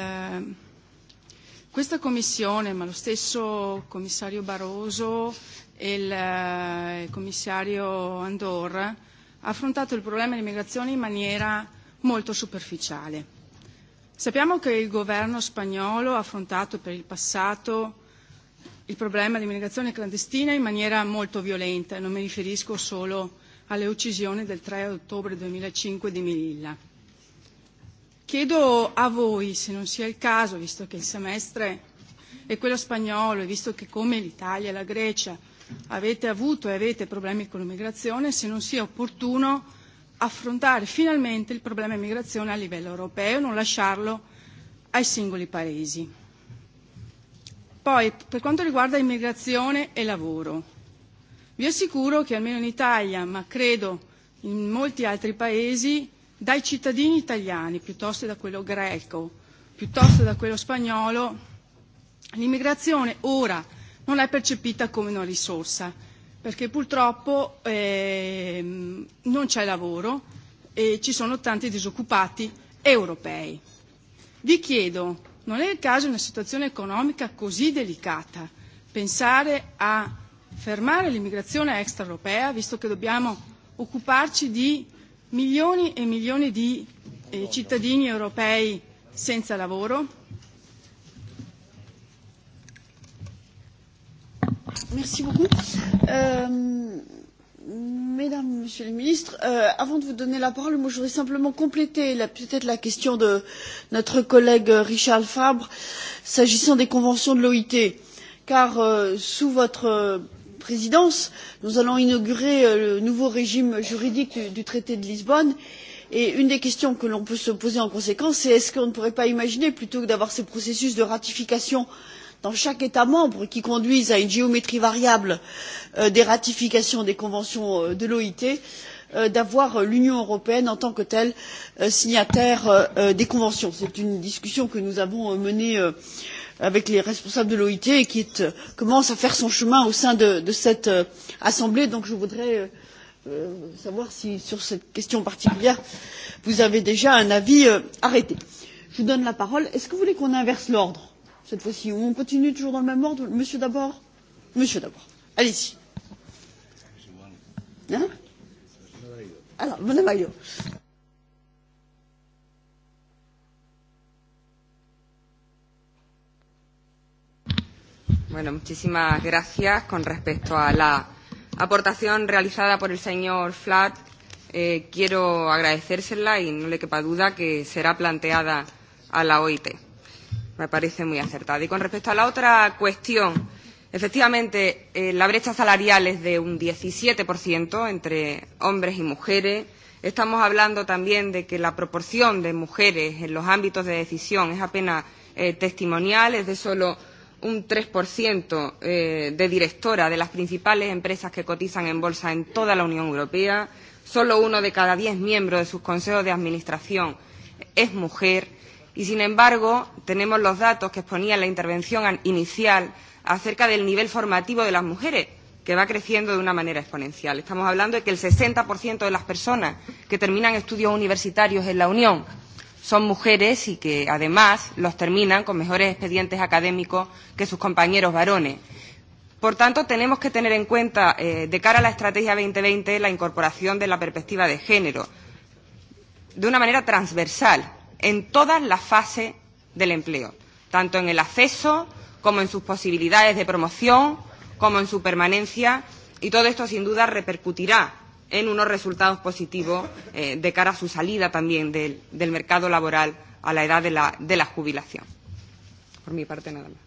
Questa Commissione, ma lo stesso Commissario Barroso e eh, il Commissario Andor, ha affrontato il problema dell'immigrazione in maniera molto superficiale. Sappiamo che il governo spagnolo ha affrontato per il passato il problema dell'immigrazione clandestina in maniera molto violenta, non mi riferisco solo alle uccisioni del 3 ottobre 2005 di Melilla. Chiedo a voi se non sia il caso, visto che il semestre è quello spagnolo e visto che come l'Italia e la Grecia avete avuto e avete problemi con l'immigrazione, se non sia opportuno affrontare finalmente il problema immigrazione a livello europeo, non lasciarlo ai singoli paesi. Poi, per quanto riguarda immigrazione e lavoro, vi assicuro che almeno in Italia, ma credo in molti altri paesi, dai cittadini italiani piuttosto da quello greco, piuttosto da quello spagnolo, l'immigrazione ora non è percepita come una risorsa, perché purtroppo eh, non c'è lavoro e ci sono tanti disoccupati europei. Vi chiedo, non è il caso in una situazione economica così delicata pensare a fermare l'immigrazione extraeuropea, visto che dobbiamo occuparci di milioni e milioni di eh, cittadini europei senza lavoro. Merci beaucoup. Euh, mesdames, Messieurs les ministres, euh, avant de vous donner la parole, moi, je voudrais simplement compléter peut-être la question de notre collègue Richard Fabre s'agissant des conventions de l'OIT. Car euh, sous votre présidence nous allons inaugurer euh, le nouveau régime juridique du, traité de lisbonne et une des questions que l'on peut se poser en conséquence c'est est ce qu'on ne pourrait pas imaginer plutôt que d'avoir ces processus de ratification dans chaque état membre qui conduisent à une géométrie variable euh, des ratifications des conventions euh, de l'oit d'avoir l'union européenne en tant que telle signataire des conventions. c'est une discussion que nous avons menée avec les responsables de l'oit et qui est, commence à faire son chemin au sein de, de cette euh, assemblée. donc je voudrais euh, euh, savoir si sur cette question particulière vous avez déjà un avis arrêté. je vous donne la parole. est ce que vous voulez qu'on inverse l'ordre cette fois ci ou on continue toujours dans le même ordre? monsieur d'abord monsieur d'abord allez y. Hein? Alors, madame Bueno, muchísimas gracias. Con respecto a la aportación realizada por el señor Flat, eh, quiero agradecérsela y no le quepa duda que será planteada a la OIT. Me parece muy acertada. Y con respecto a la otra cuestión, efectivamente, eh, la brecha salarial es de un 17% entre hombres y mujeres. Estamos hablando también de que la proporción de mujeres en los ámbitos de decisión es apenas eh, testimonial, es de solo un 3% eh, de directora de las principales empresas que cotizan en bolsa en toda la Unión Europea. Solo uno de cada diez miembros de sus consejos de administración es mujer. Y, sin embargo, tenemos los datos que exponía en la intervención inicial acerca del nivel formativo de las mujeres, que va creciendo de una manera exponencial. Estamos hablando de que el 60% de las personas que terminan estudios universitarios en la Unión son mujeres y que además los terminan con mejores expedientes académicos que sus compañeros varones. Por tanto, tenemos que tener en cuenta, eh, de cara a la Estrategia 2020, la incorporación de la perspectiva de género de una manera transversal en todas las fases del empleo, tanto en el acceso como en sus posibilidades de promoción, como en su permanencia, y todo esto sin duda repercutirá en unos resultados positivos eh, de cara a su salida también del, del mercado laboral a la edad de la, de la jubilación. Por mi parte, nada más.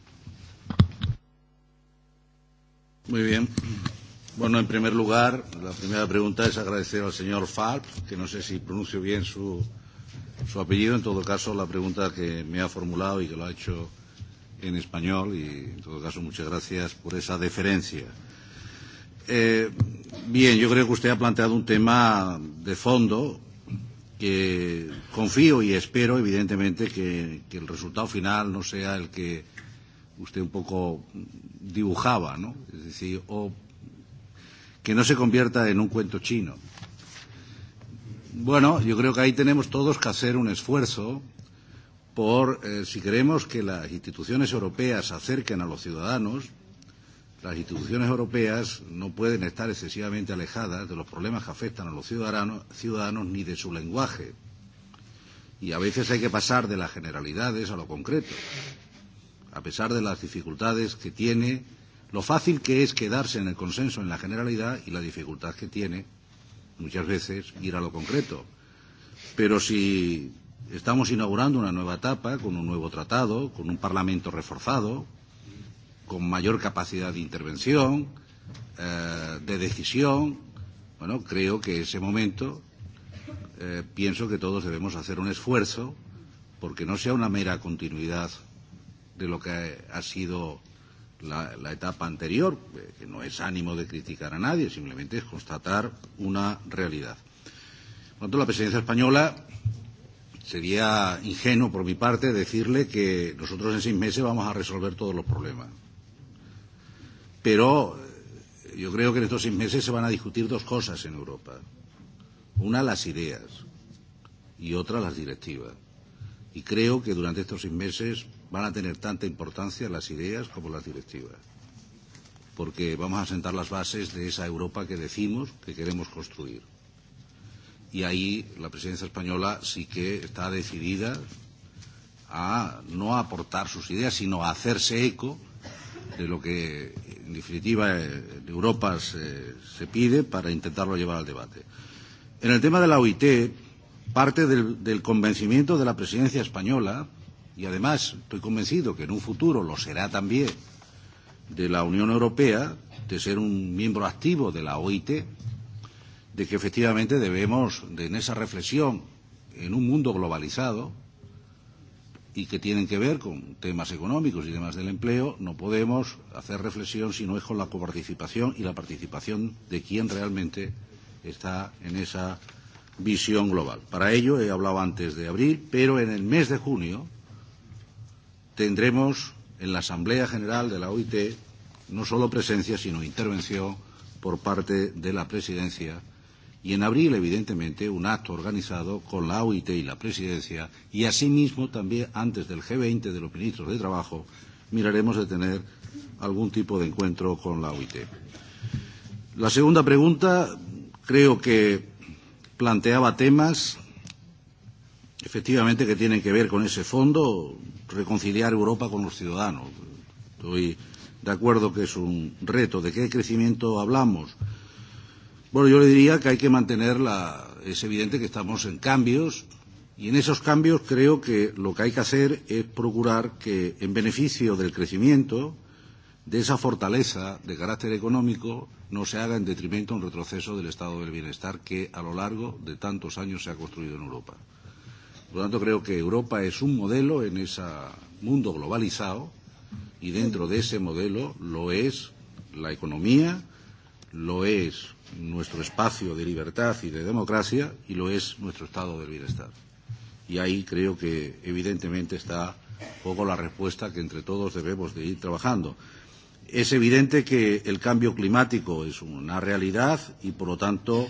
Muy bien. Bueno, en primer lugar, la primera pregunta es agradecer al señor Falp, que no sé si pronuncio bien su, su apellido. En todo caso, la pregunta que me ha formulado y que lo ha hecho en español. Y, en todo caso, muchas gracias por esa deferencia. Eh, Bien, yo creo que usted ha planteado un tema de fondo que confío y espero, evidentemente, que, que el resultado final no sea el que usted un poco dibujaba, ¿no? Es decir, o que no se convierta en un cuento chino. Bueno, yo creo que ahí tenemos todos que hacer un esfuerzo por, eh, si queremos que las instituciones europeas se acerquen a los ciudadanos, las instituciones europeas no pueden estar excesivamente alejadas de los problemas que afectan a los ciudadanos, ciudadanos ni de su lenguaje. Y a veces hay que pasar de las generalidades a lo concreto. A pesar de las dificultades que tiene, lo fácil que es quedarse en el consenso en la generalidad y la dificultad que tiene muchas veces ir a lo concreto. Pero si estamos inaugurando una nueva etapa con un nuevo tratado, con un Parlamento reforzado, con mayor capacidad de intervención, eh, de decisión. Bueno, creo que ese momento eh, pienso que todos debemos hacer un esfuerzo porque no sea una mera continuidad de lo que ha sido la, la etapa anterior, eh, que no es ánimo de criticar a nadie, simplemente es constatar una realidad. Por tanto, la presidencia española sería ingenuo por mi parte decirle que nosotros en seis meses vamos a resolver todos los problemas. Pero eh, yo creo que en estos seis meses se van a discutir dos cosas en Europa. Una, las ideas y otra, las directivas. Y creo que durante estos seis meses van a tener tanta importancia las ideas como las directivas. Porque vamos a sentar las bases de esa Europa que decimos que queremos construir. Y ahí la presidencia española sí que está decidida a no aportar sus ideas, sino a hacerse eco de lo que en definitiva, en eh, Europa se, se pide para intentarlo llevar al debate. En el tema de la OIT, parte del, del convencimiento de la presidencia española, y además estoy convencido que en un futuro lo será también, de la Unión Europea, de ser un miembro activo de la OIT, de que efectivamente debemos, de, en esa reflexión, en un mundo globalizado, y que tienen que ver con temas económicos y temas del empleo, no podemos hacer reflexión si no es con la coparticipación y la participación de quien realmente está en esa visión global. Para ello he hablado antes de abril, pero en el mes de junio tendremos en la Asamblea General de la OIT no solo presencia, sino intervención por parte de la Presidencia y en abril, evidentemente, un acto organizado con la OIT y la Presidencia y, asimismo, también antes del G20 de los ministros de Trabajo, miraremos de tener algún tipo de encuentro con la OIT. La segunda pregunta creo que planteaba temas efectivamente que tienen que ver con ese fondo, reconciliar Europa con los ciudadanos. Estoy de acuerdo que es un reto. ¿De qué crecimiento hablamos? Bueno, yo le diría que hay que mantener la. Es evidente que estamos en cambios y en esos cambios creo que lo que hay que hacer es procurar que, en beneficio del crecimiento, de esa fortaleza de carácter económico, no se haga en detrimento un retroceso del estado del bienestar que a lo largo de tantos años se ha construido en Europa. Por lo tanto, creo que Europa es un modelo en ese mundo globalizado y dentro de ese modelo lo es la economía, lo es nuestro espacio de libertad y de democracia y lo es nuestro estado del bienestar. Y ahí creo que evidentemente está poco la respuesta que entre todos debemos de ir trabajando. Es evidente que el cambio climático es una realidad y por lo tanto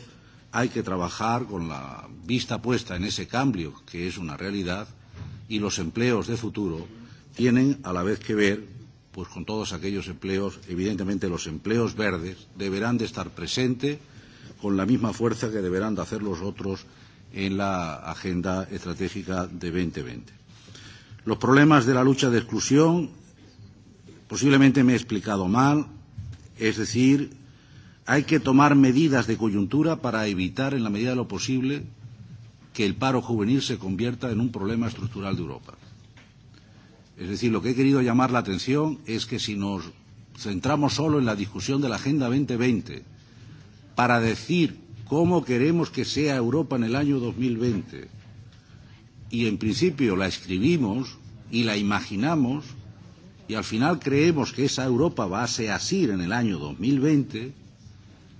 hay que trabajar con la vista puesta en ese cambio que es una realidad y los empleos de futuro tienen a la vez que ver pues con todos aquellos empleos, evidentemente los empleos verdes deberán de estar presentes con la misma fuerza que deberán de hacer los otros en la agenda estratégica de 2020. Los problemas de la lucha de exclusión, posiblemente me he explicado mal, es decir, hay que tomar medidas de coyuntura para evitar, en la medida de lo posible, que el paro juvenil se convierta en un problema estructural de Europa. Es decir, lo que he querido llamar la atención es que si nos centramos solo en la discusión de la Agenda 2020 para decir cómo queremos que sea Europa en el año 2020 y en principio la escribimos y la imaginamos y al final creemos que esa Europa va a ser así en el año 2020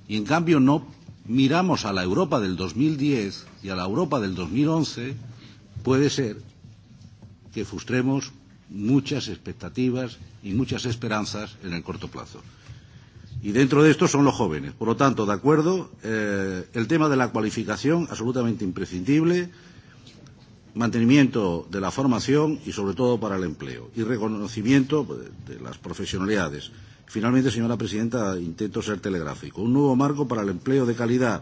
y en cambio no miramos a la Europa del 2010 y a la Europa del 2011, puede ser que frustremos muchas expectativas y muchas esperanzas en el corto plazo. Y dentro de esto son los jóvenes. Por lo tanto, de acuerdo, eh, el tema de la cualificación, absolutamente imprescindible, mantenimiento de la formación y sobre todo para el empleo y reconocimiento de las profesionalidades. Finalmente, señora presidenta, intento ser telegráfico. Un nuevo marco para el empleo de calidad,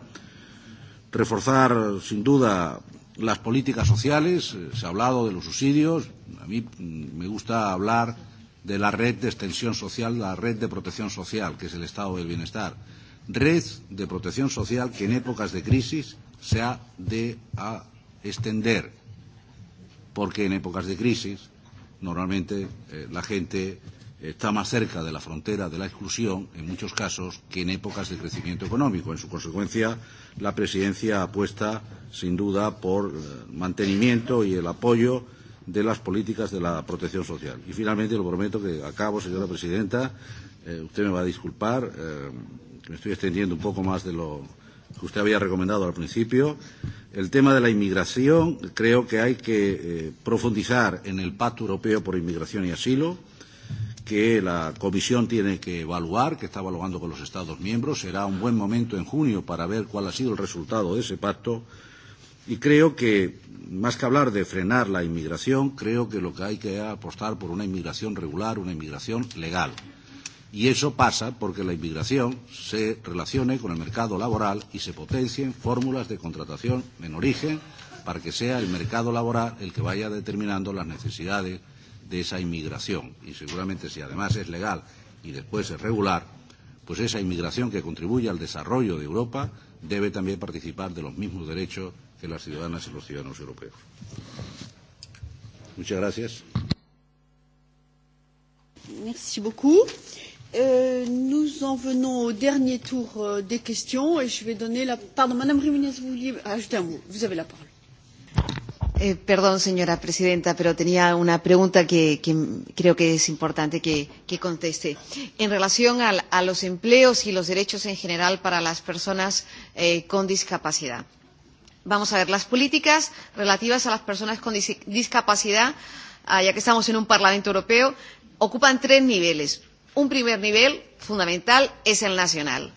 reforzar sin duda las políticas sociales, eh, se ha hablado de los subsidios, a mí me gusta hablar de la red de extensión social, la red de protección social, que es el estado del bienestar. Red de protección social que en épocas de crisis se ha de a extender, porque en épocas de crisis normalmente eh, la gente está más cerca de la frontera de la exclusión, en muchos casos, que en épocas de crecimiento económico. En su consecuencia, la Presidencia apuesta, sin duda, por el eh, mantenimiento y el apoyo de las políticas de la protección social. Y finalmente, lo prometo que acabo, señora Presidenta, eh, usted me va a disculpar, eh, me estoy extendiendo un poco más de lo que usted había recomendado al principio. El tema de la inmigración, creo que hay que eh, profundizar en el Pacto Europeo por Inmigración y Asilo que la Comisión tiene que evaluar, que está evaluando con los Estados miembros. Será un buen momento en junio para ver cuál ha sido el resultado de ese pacto. Y creo que, más que hablar de frenar la inmigración, creo que lo que hay que apostar por una inmigración regular, una inmigración legal. Y eso pasa porque la inmigración se relacione con el mercado laboral y se potencien fórmulas de contratación en origen para que sea el mercado laboral el que vaya determinando las necesidades de esa inmigración. Y seguramente si además es legal y después es regular, pues esa inmigración que contribuye al desarrollo de Europa debe también participar de los mismos derechos que las ciudadanas y los ciudadanos europeos. Muchas gracias. Merci beaucoup. Euh, nous en venons au dernier tour euh, des questions et je vais donner la pardon Madame Rimunez, vous vouliez ajouter un mot. Vous avez la parole. Eh, perdón, señora presidenta, pero tenía una pregunta que, que creo que es importante que, que conteste. En relación al, a los empleos y los derechos en general para las personas eh, con discapacidad. Vamos a ver, las políticas relativas a las personas con dis discapacidad, ah, ya que estamos en un Parlamento Europeo, ocupan tres niveles. Un primer nivel fundamental es el nacional.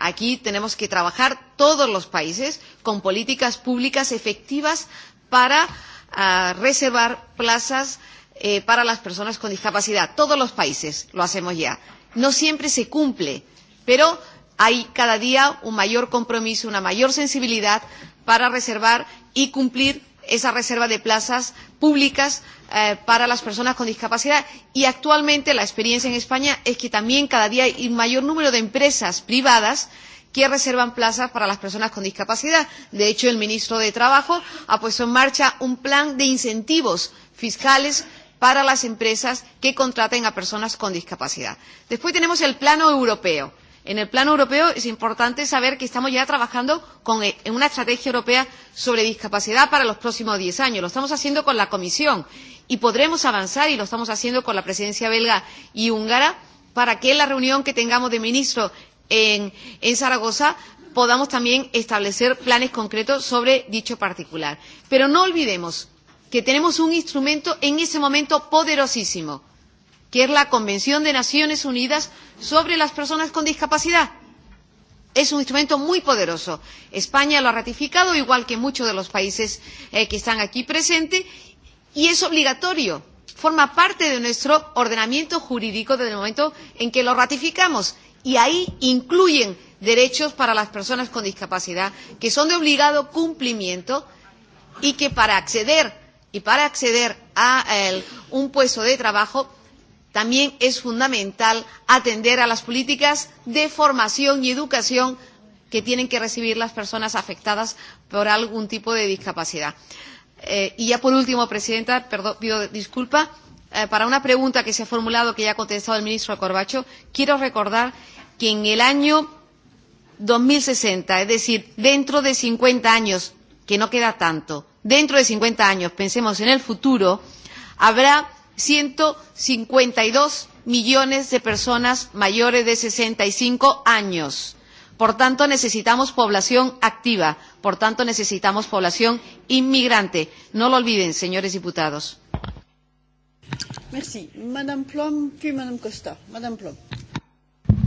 Aquí tenemos que trabajar todos los países con políticas públicas efectivas para uh, reservar plazas eh, para las personas con discapacidad. Todos los países lo hacemos ya. No siempre se cumple, pero hay cada día un mayor compromiso, una mayor sensibilidad para reservar y cumplir esa reserva de plazas públicas eh, para las personas con discapacidad. Y actualmente la experiencia en España es que también cada día hay un mayor número de empresas privadas que reservan plazas para las personas con discapacidad. De hecho, el ministro de Trabajo ha puesto en marcha un plan de incentivos fiscales para las empresas que contraten a personas con discapacidad. Después tenemos el plano europeo. En el plano europeo es importante saber que estamos ya trabajando con, eh, en una estrategia europea sobre discapacidad para los próximos diez años. Lo estamos haciendo con la Comisión y podremos avanzar, y lo estamos haciendo con la presidencia belga y húngara, para que en la reunión que tengamos de ministro en, en Zaragoza podamos también establecer planes concretos sobre dicho particular. Pero no olvidemos que tenemos un instrumento en ese momento poderosísimo, que es la Convención de Naciones Unidas sobre las personas con discapacidad. Es un instrumento muy poderoso. España lo ha ratificado, igual que muchos de los países eh, que están aquí presentes, y es obligatorio. Forma parte de nuestro ordenamiento jurídico desde el momento en que lo ratificamos y ahí incluyen derechos para las personas con discapacidad que son de obligado cumplimiento y que para acceder y para acceder a el, un puesto de trabajo también es fundamental atender a las políticas de formación y educación que tienen que recibir las personas afectadas por algún tipo de discapacidad. Eh, y ya por último, Presidenta, perdón, pido disculpa eh, para una pregunta que se ha formulado, que ya ha contestado el ministro Corbacho, quiero recordar que en el año 2060, es decir, dentro de 50 años, que no queda tanto, dentro de 50 años, pensemos en el futuro, habrá 152 millones de personas mayores de 65 años. Por tanto, necesitamos población activa, por tanto, necesitamos población inmigrante. No lo olviden, señores diputados.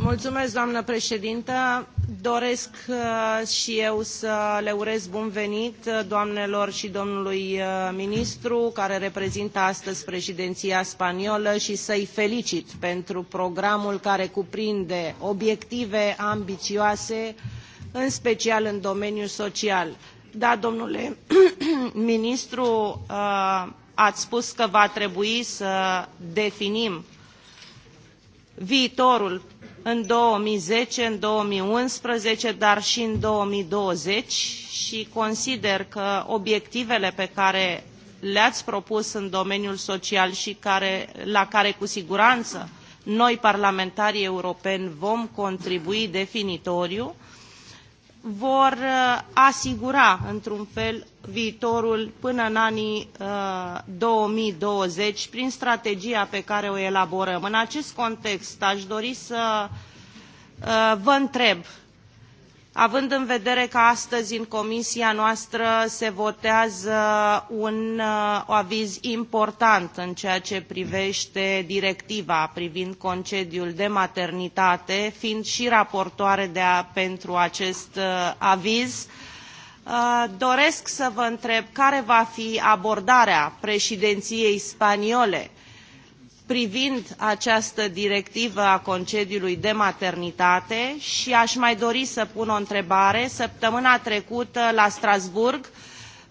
Mulțumesc, doamnă președintă. Doresc uh, și eu să le urez bun venit uh, doamnelor și domnului uh, ministru care reprezintă astăzi președinția spaniolă și să-i felicit pentru programul care cuprinde obiective ambițioase, în special în domeniul social. Da, domnule (clears throat) ministru, ați spus că va trebui să definim viitorul în 2010, în 2011, dar și în 2020 și consider că obiectivele pe care le-ați propus în domeniul social și care, la care cu siguranță noi, parlamentarii europeni, vom contribui definitoriu, uh, vor uh, asigura, într-un fel, viitorul până în anii uh, 2020 prin strategia pe care o elaborăm. În acest context, aș dori să uh, vă întreb având în vedere că astăzi în comisia noastră se votează un uh, aviz important în ceea ce privește directiva privind concediul de maternitate, fiind și raportoare de a, pentru acest uh, aviz, uh, doresc să vă întreb care va fi abordarea președinției spaniole privind această directivă a concediului de maternitate și aș mai dori să pun o întrebare. Săptămâna trecută la Strasbourg,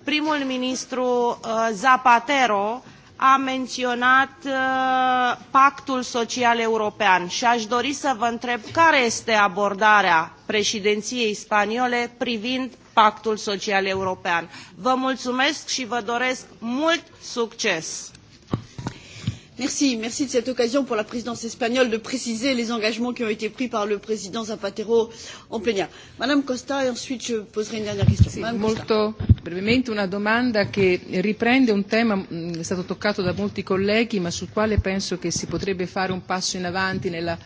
primul ministru uh, Zapatero a menționat uh, pactul social european și aș dori să vă întreb care este abordarea președinției spaniole privind pactul social european. Vă mulțumesc și vă doresc mult succes! merci, de cette occasion pour la présidence espagnole de préciser les engagements qui ont été pris par le président Zapatero en plénière. Madame Costa, et ensuite je poserai une dernière question. molto brevemente una domanda che riprende un tema mh, mm, è stato toccato da molti colleghi, ma sul quale penso che si potrebbe fare un passo in avanti nella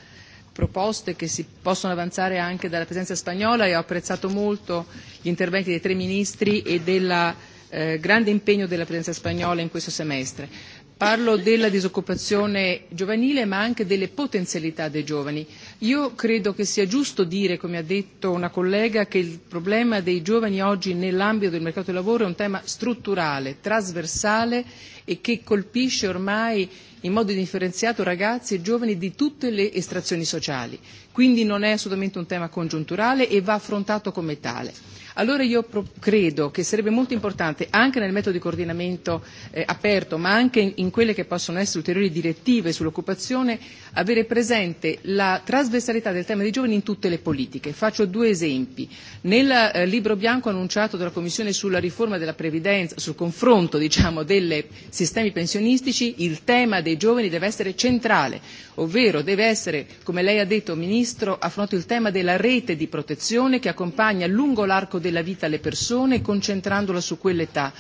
proposte che si possono avanzare anche dalla presenza spagnola e ho apprezzato molto gli interventi dei tre ministri e della eh, grande impegno della presenza spagnola in questo semestre. Parlo della disoccupazione giovanile ma anche delle potenzialità dei giovani. Io credo che sia giusto dire, come ha detto una collega, che il problema dei giovani oggi nell'ambito del mercato del lavoro è un tema strutturale, trasversale e che colpisce ormai in modo differenziato ragazzi e giovani di tutte le estrazioni sociali. Quindi non è assolutamente un tema congiunturale e va affrontato come tale Allora io credo che sarebbe molto importante anche nel metodo di coordinamento eh, aperto, ma anche in, in quelle che possono essere ulteriori direttive sull'occupazione, avere presente la trasversalità del tema dei giovani in tutte le politiche. Faccio due esempi. Nel eh, libro bianco annunciato dalla Commissione sulla riforma della previdenza, sul confronto diciamo, dei sistemi pensionistici, il tema dei giovani deve essere centrale, ovvero deve essere, come lei ha detto Ministro, affrontato il tema della rete di protezione che accompagna lungo l'arco della vita alle persone concentrandola su quell'età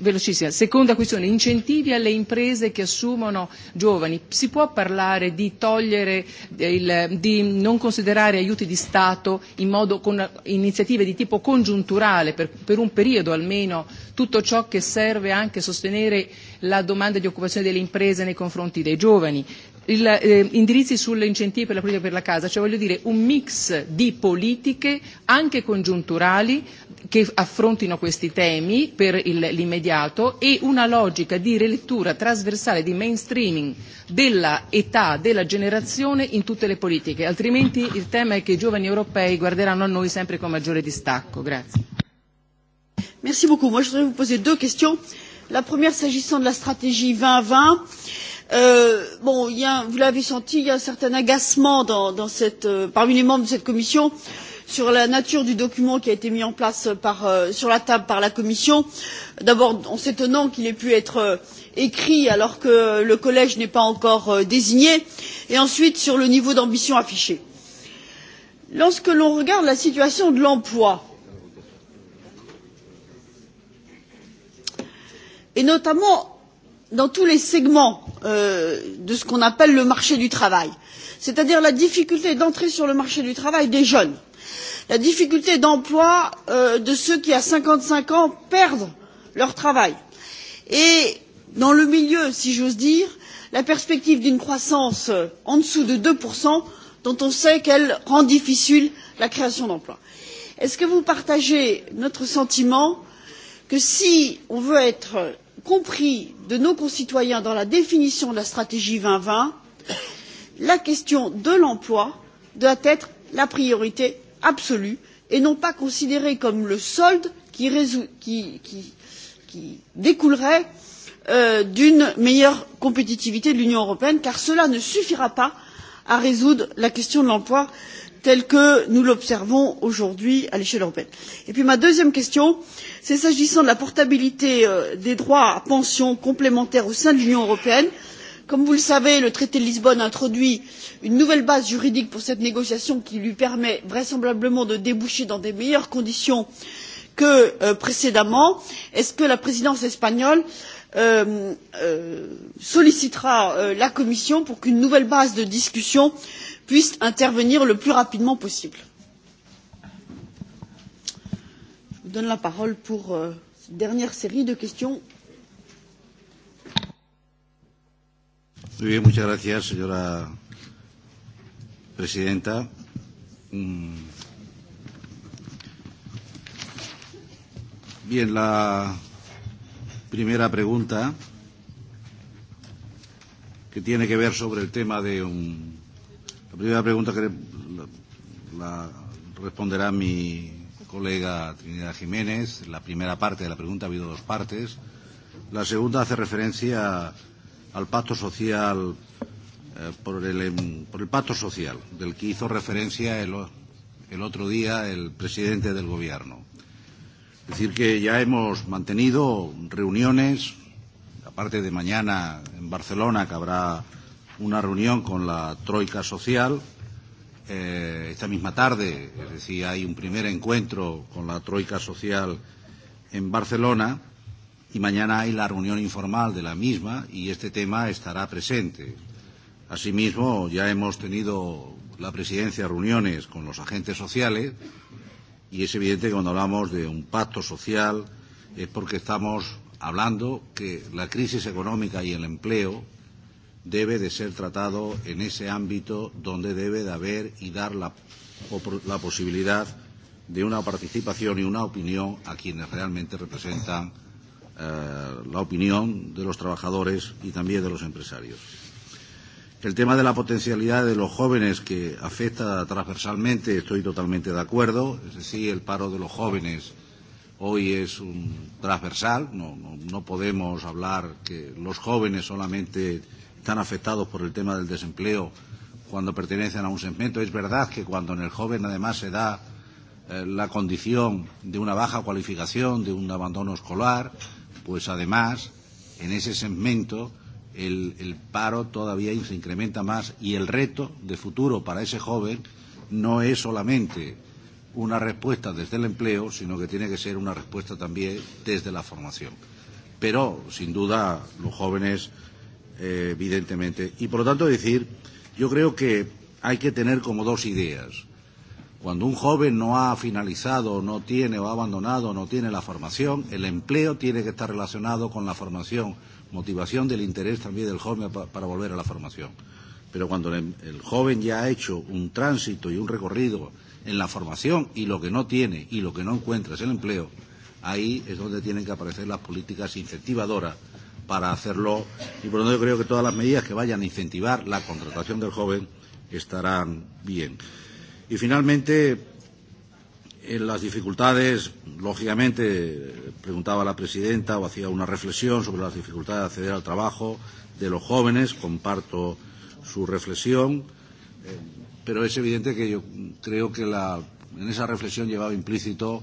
velocissima. Seconda questione, incentivi alle imprese che assumono giovani. Si può parlare di togliere, eh, il, di non considerare aiuti di Stato in modo con iniziative di tipo congiunturale, per, per un periodo almeno, tutto ciò che serve anche a sostenere la domanda di occupazione delle imprese nei confronti dei giovani il, eh, indirizzi sulle incentivi per la politica per la casa, cioè voglio dire un mix di politiche anche congiunturali che affrontino questi temi per il, l'immediato e una logica di relettura trasversale, di mainstreaming dell'età, della generazione in tutte le politiche, altrimenti il tema è che i giovani europei guarderanno a noi sempre con maggiore distacco. Grazie. Merci beaucoup. Moi, je voudrais vous poser deux questions. La première, s'agissant de la stratégie 2020, Euh, vous l'avez senti, il y a un certain agacement euh, parmi les membres de cette commission sur la nature du document qui a été mis euh, sur la table par la commission. D'abord en s'étonnant qu'il ait pu être écrit alors que le collège n'est pas encore désigné, et ensuite sur le niveau d'ambition affiché. Lorsque l'on regarde la situation de l'emploi, et notamment dans tous les segments Euh, de ce qu'on appelle le marché du travail c'est à dire la difficulté d'entrer sur le marché du travail des jeunes la difficulté d'emploi euh, de ceux qui à cinquante cinq ans perdent leur travail et dans le milieu si j'ose dire la perspective d'une croissance euh, en dessous de deux dont on sait qu'elle rend difficile la création d'emplois. est ce que vous partagez notre sentiment que si on veut être compris de nos concitoyens dans la définition de la stratégie deux mille vingt la question de l'emploi doit être la priorité absolue et non pas considérée comme le solde qui découlerait euh, d'une meilleure compétitivité de l'union européenne car cela ne suffira pas à résoudre la question de l'emploi tel que nous l'observons aujourd'hui à l'échelle européenne. Et puis ma deuxième question c'est s'agissant de la portabilité euh, des droits à pension complémentaire au sein de l'union européenne comme vous le savez le traité de lisbonne introduit une nouvelle base juridique pour cette négociation qui lui permet vraisemblablement de déboucher dans de meilleures conditions que euh, précédemment. est ce que la présidence espagnole euh, sollicitera la commission pour qu'une nouvelle base de discussion soit puisse intervenir le plus rapidement possible. je vous donne la parole pour euh, cette dernière série de questions. Muy bien, muchas gracias, señora presidenta. Mm. Bien, la primera pregunta que tiene que ver sobre el tema de un la primera pregunta que la responderá mi colega Trinidad Jiménez. La primera parte de la pregunta ha habido dos partes. La segunda hace referencia al pacto social, eh, por, el, por el pacto social, del que hizo referencia el, el otro día el presidente del Gobierno. Es decir, que ya hemos mantenido reuniones, aparte de mañana en Barcelona, que habrá una reunión con la Troika Social. Eh, esta misma tarde, es decir, hay un primer encuentro con la Troika Social en Barcelona y mañana hay la reunión informal de la misma y este tema estará presente. Asimismo, ya hemos tenido la presidencia reuniones con los agentes sociales y es evidente que cuando hablamos de un pacto social es porque estamos hablando que la crisis económica y el empleo debe de ser tratado en ese ámbito donde debe de haber y dar la, la posibilidad de una participación y una opinión a quienes realmente representan eh, la opinión de los trabajadores y también de los empresarios. El tema de la potencialidad de los jóvenes que afecta transversalmente, estoy totalmente de acuerdo, es decir, el paro de los jóvenes hoy es un transversal, no, no, no podemos hablar que los jóvenes solamente eh, están afectados por el tema del desempleo cuando pertenecen a un segmento. Es verdad que cuando en el joven además se da eh, la condición de una baja cualificación, de un abandono escolar, pues además en ese segmento el, el paro todavía se incrementa más y el reto de futuro para ese joven no es solamente una respuesta desde el empleo, sino que tiene que ser una respuesta también desde la formación. Pero, sin duda, los jóvenes eh, evidentemente. Y por lo tanto decir, yo creo que hay que tener como dos ideas. Cuando un joven no ha finalizado, no tiene o ha abandonado, no tiene la formación, el empleo tiene que estar relacionado con la formación, motivación del interés también del joven para volver a la formación. Pero cuando el joven ya ha hecho un tránsito y un recorrido en la formación y lo que no tiene y lo que no encuentra es el empleo, ahí es donde tienen que aparecer las políticas incentivadoras para hacerlo. Y por lo tanto yo creo que todas las medidas que vayan a incentivar la contratación del joven estarán bien. Y finalmente, en las dificultades, lógicamente, preguntaba la presidenta o hacía una reflexión sobre las dificultades de acceder al trabajo de los jóvenes, comparto su reflexión, pero es evidente que yo creo que la, en esa reflexión llevaba implícito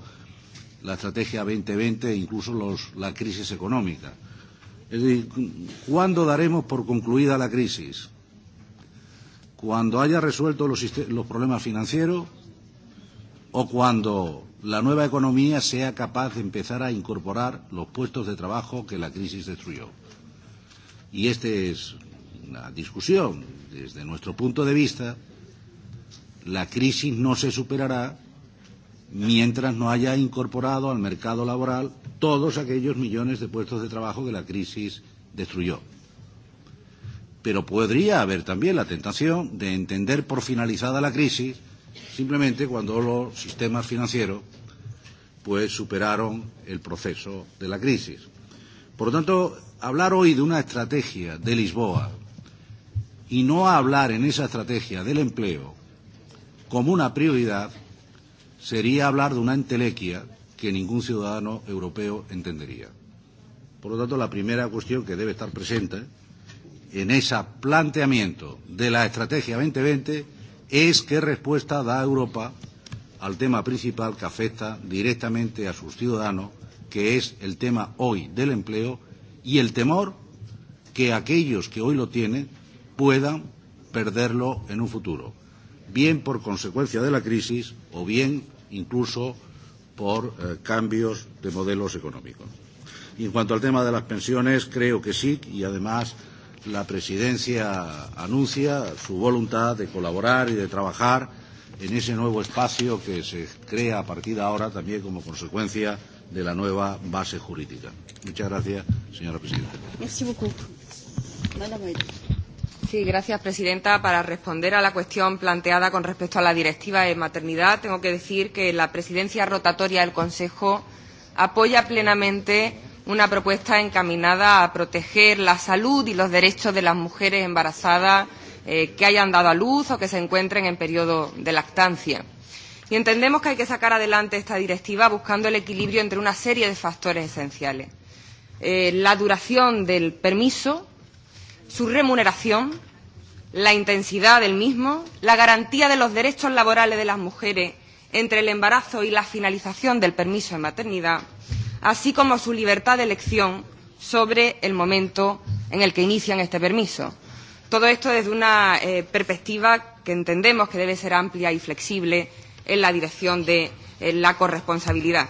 la estrategia 2020 e incluso los, la crisis económica. Eh, Es decir, ¿cuándo daremos por concluida la crisis? ¿Cuando haya resuelto los, los problemas financieros o cuando la nueva economía sea capaz de empezar a incorporar los puestos de trabajo que la crisis destruyó? Y esta es una discusión. Desde nuestro punto de vista, la crisis no se superará mientras no haya incorporado al mercado laboral todos aquellos millones de puestos de trabajo que la crisis destruyó. Pero podría haber también la tentación de entender por finalizada la crisis simplemente cuando los sistemas financieros pues superaron el proceso de la crisis. Por lo tanto, hablar hoy de una estrategia de Lisboa y no hablar en esa estrategia del empleo como una prioridad sería hablar de una entelequia que ningún ciudadano europeo entendería. Por lo tanto, la primera cuestión que debe estar presente en ese planteamiento de la Estrategia 2020 es qué respuesta da Europa al tema principal que afecta directamente a sus ciudadanos, que es el tema hoy del empleo y el temor que aquellos que hoy lo tienen puedan perderlo en un futuro bien por consecuencia de la crisis o bien incluso por eh, cambios de modelos económicos. Y en cuanto al tema de las pensiones, creo que sí, y además la Presidencia anuncia su voluntad de colaborar y de trabajar en ese nuevo espacio que se crea a partir de ahora también como consecuencia de la nueva base jurídica. Muchas gracias, señora Presidenta. Merci beaucoup. Madame Sí, gracias, presidenta. Para responder a la cuestión planteada con respecto a la directiva de maternidad, tengo que decir que la presidencia rotatoria del Consejo apoya plenamente una propuesta encaminada a proteger la salud y los derechos de las mujeres embarazadas eh, que hayan dado a luz o que se encuentren en periodo de lactancia. Y entendemos que hay que sacar adelante esta directiva buscando el equilibrio entre una serie de factores esenciales. Eh, la duración del permiso, su remuneración, la intensidad del mismo, la garantía de los derechos laborales de las mujeres entre el embarazo y la finalización del permiso de maternidad, así como su libertad de elección sobre el momento en el que inician este permiso. Todo esto desde una eh, perspectiva que entendemos que debe ser amplia y flexible en la dirección de eh, la corresponsabilidad.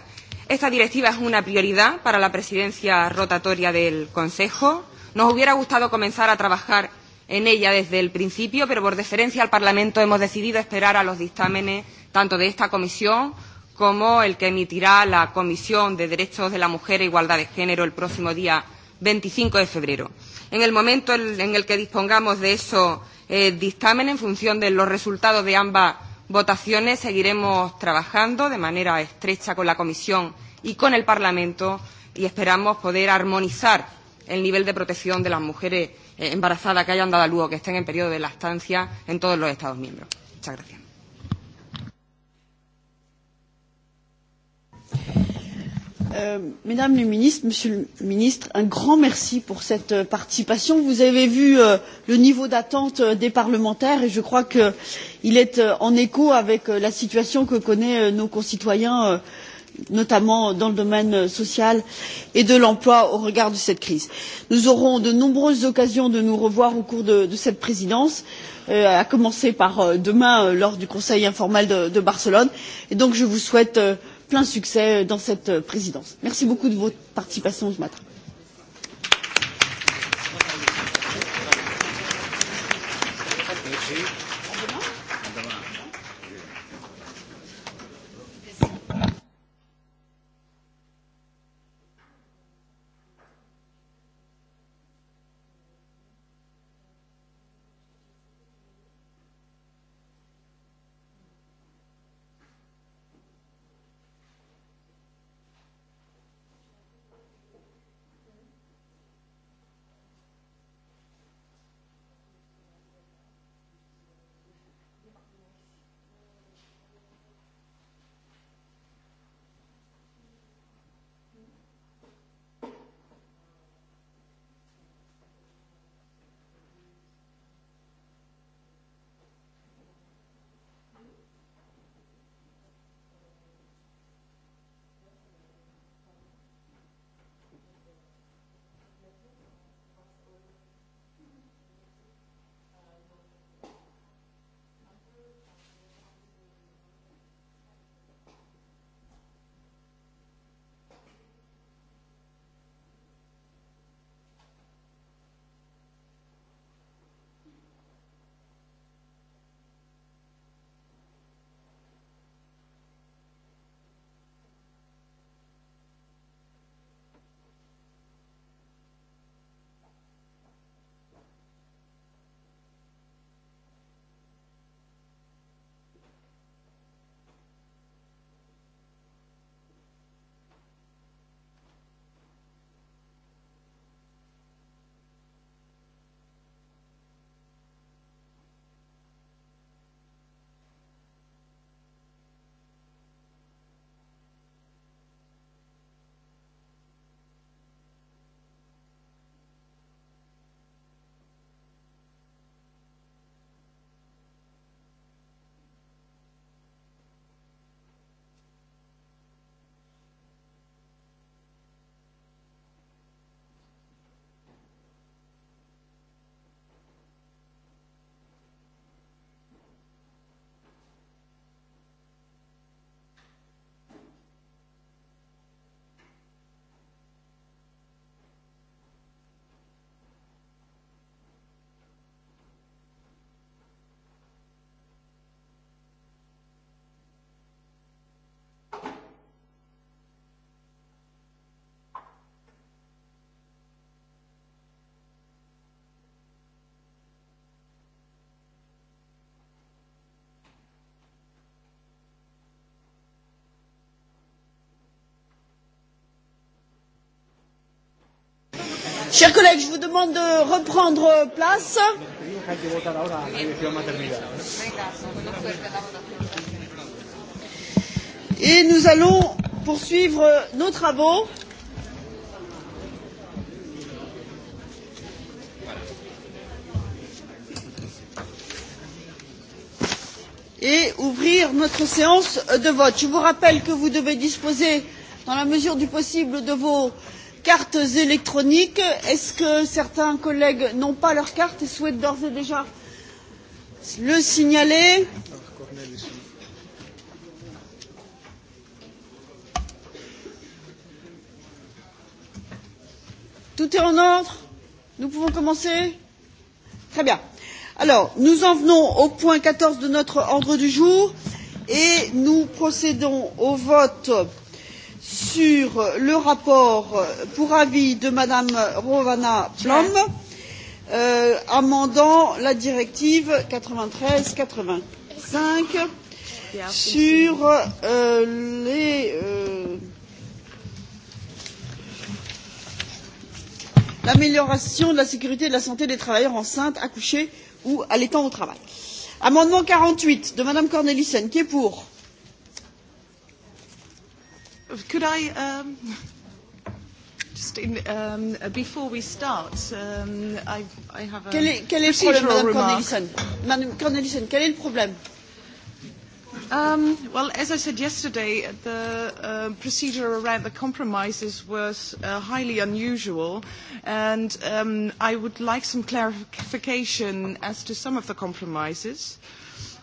Esta directiva es una prioridad para la presidencia rotatoria del Consejo Nos hubiera gustado comenzar a trabajar en ella desde el principio, pero por deferencia al Parlamento hemos decidido esperar a los dictámenes tanto de esta comisión como el que emitirá la Comisión de Derechos de la Mujer e Igualdad de Género el próximo día 25 de febrero. En el momento en el que dispongamos de esos eh, dictámenes, en función de los resultados de ambas votaciones, seguiremos trabajando de manera estrecha con la Comisión y con el Parlamento y esperamos poder armonizar el nivel de protección de las mujeres eh, embarazadas que hayan dado a luz o que estén en periodo de lactancia en todos los Estados miembros. Muchas gracias. Euh, mesdames les ministres monsieur le ministre un grand merci pour cette euh, participation. vous avez vu euh, le niveau d'attente euh, des parlementaires et je crois qu'il est euh, en écho avec euh, la situation que connaissent euh, nos concitoyens euh, notamment dans le domaine social et de l'emploi au regard de cette crise. nous aurons de nombreuses occasions de nous revoir au cours de, cette présidence euh, à commencer par euh, demain euh, lors du conseil informel de barcelone et donc je vous souhaite plein succès dans cette présidence. merci beaucoup de votre participation ce matin. Chers collègues, je vous demande de reprendre place. Et nous allons poursuivre nos travaux. et ouvrir notre séance de vote. Je vous rappelle que vous devez disposer, dans la mesure du possible, de vos cartes électroniques. Est-ce que certains collègues n'ont pas leur carte et souhaitent d'ores et déjà le signaler Tout est en ordre Nous pouvons commencer Très bien. Alors, nous en venons au point 14 de notre ordre du jour et nous procédons au vote sur le rapport pour avis de mme rovana plumb euh, amendant la directive quatre vingt treize quatre vingt cinq sur euh, les, euh, l'amélioration de la sécurité et de la santé des travailleurs enceintes accouchées ou allaitant au travail. amendement quarante huit de mme cornelissen qui est pour? Could I, um, just in, um, before we start, um, I, I have a quel est, quel est procedural problème, Madame Cornelison, Madame Cornelison, quel est le problème? Um, well, as I said yesterday, the uh, procedure around the compromises was uh, highly unusual, and um, I would like some clarification as to some of the compromises. Uh,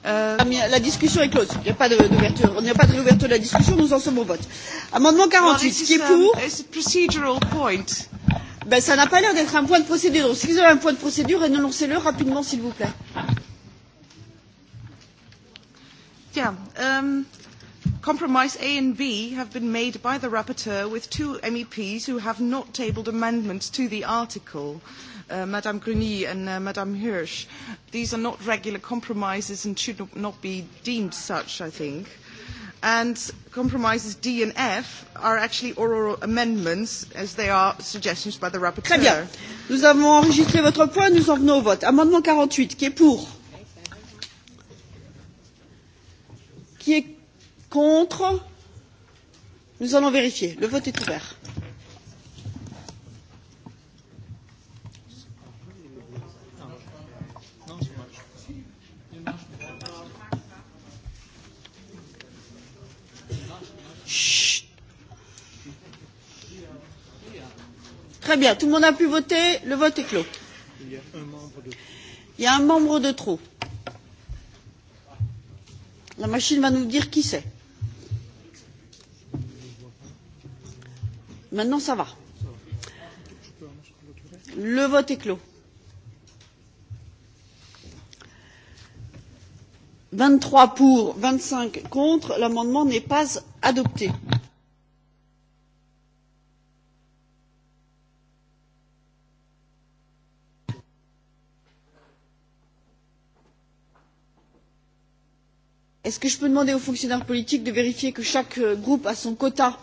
Euh, la discussion est close. Il n'y a pas d'ouverture. Il n'y a pas de réouverture de la discussion. Nous en sommes au vote. Amendement 48. Qui est um, pour ben, Ça n'a pas l'air d'être un point de procédure. Donc, si vous avez un point de procédure, énoncez-le rapidement, s'il vous plaît. Yeah, um, compromise A and B have been made by the rapporteur with two MEPs who have not tabled amendments to the article. Uh, uh, Madame Gruny and uh, Madame Hirsch. These are not regular compromises and should not be deemed such, I think. And compromises D and F are actually oral amendments as they are suggestions by the rapporteur. Très bien. Nous avons enregistré votre point, nous en venons au vote. Amendement 48, qui est pour Qui est contre Nous allons vérifier. Le vote est ouvert. Très bien. Tout le monde a pu voter. Le vote est clos. Il y a un membre de trop. Il y a un membre de trop. La machine va nous dire qui c'est. Maintenant, ça va. Le vote est clos. 23 pour, 25 contre. L'amendement n'est pas adopté. est ce que je peux demander aux fonctionnaires politiques de vérifier que chaque euh, groupe a son quota?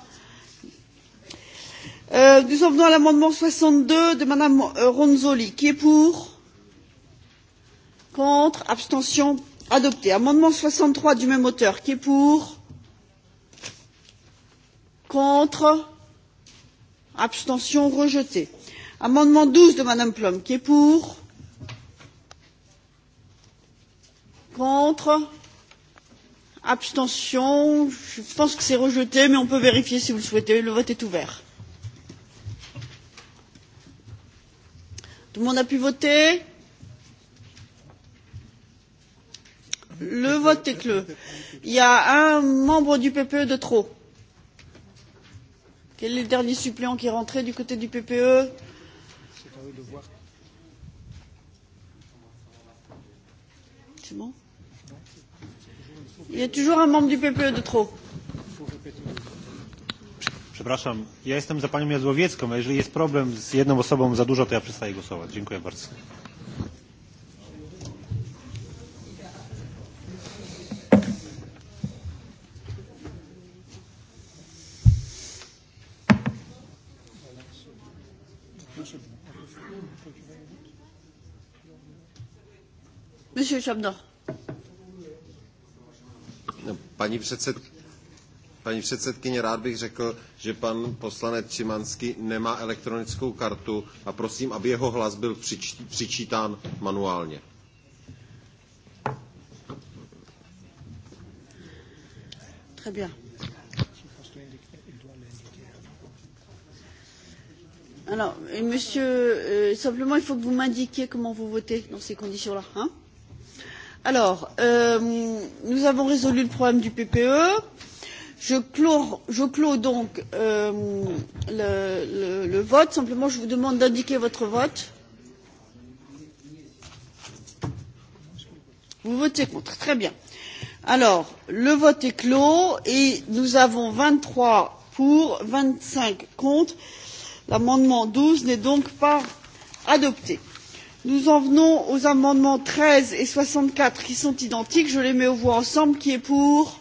Euh, nous en venons à l'amendement soixante deux de mme euh, Ronzoli, qui est pour? contre abstention adopté. amendement soixante trois du même auteur qui est pour? contre abstention rejeté. amendement douze de mme plum qui est pour? contre abstention je pense que c'est rejeté mais on peut vérifier si vous le souhaitez le vote est ouvert. tout le monde a pu voter? le vote est clos. il y a un membre du ppe de trop. quel est le dernier suppléant qui est rentré du côté du ppe? c'est bon? Il y a toujours un membre du PPE de trop. Przepraszam, ja jestem za panią Jadłowiecką, a jeżeli jest problem z jedną osobą za dużo, to ja przestaję głosować. Dziękuję bardzo. Monsieur Chabnor. Paní, předsed, paní předsedkyně, rád bych řekl, že pan poslanec Čimanský nemá elektronickou kartu a prosím, aby jeho hlas byl přič, přičítán manuálně. Très bien. Alors, monsieur, euh, simplement, il faut que vous m'indiquiez comment vous votez dans ces conditions-là. Hein Alors, euh, nous avons résolu le problème du PPE. Je clos, je clos donc euh, le, le, le vote. Simplement, je vous demande d'indiquer votre vote. Vous votez contre. Très bien. Alors, le vote est clos et nous avons 23 pour, 25 contre. L'amendement 12 n'est donc pas adopté nous en venons aux amendements treize et soixante quatre qui sont identiques je les mets aux voix ensemble qui est pour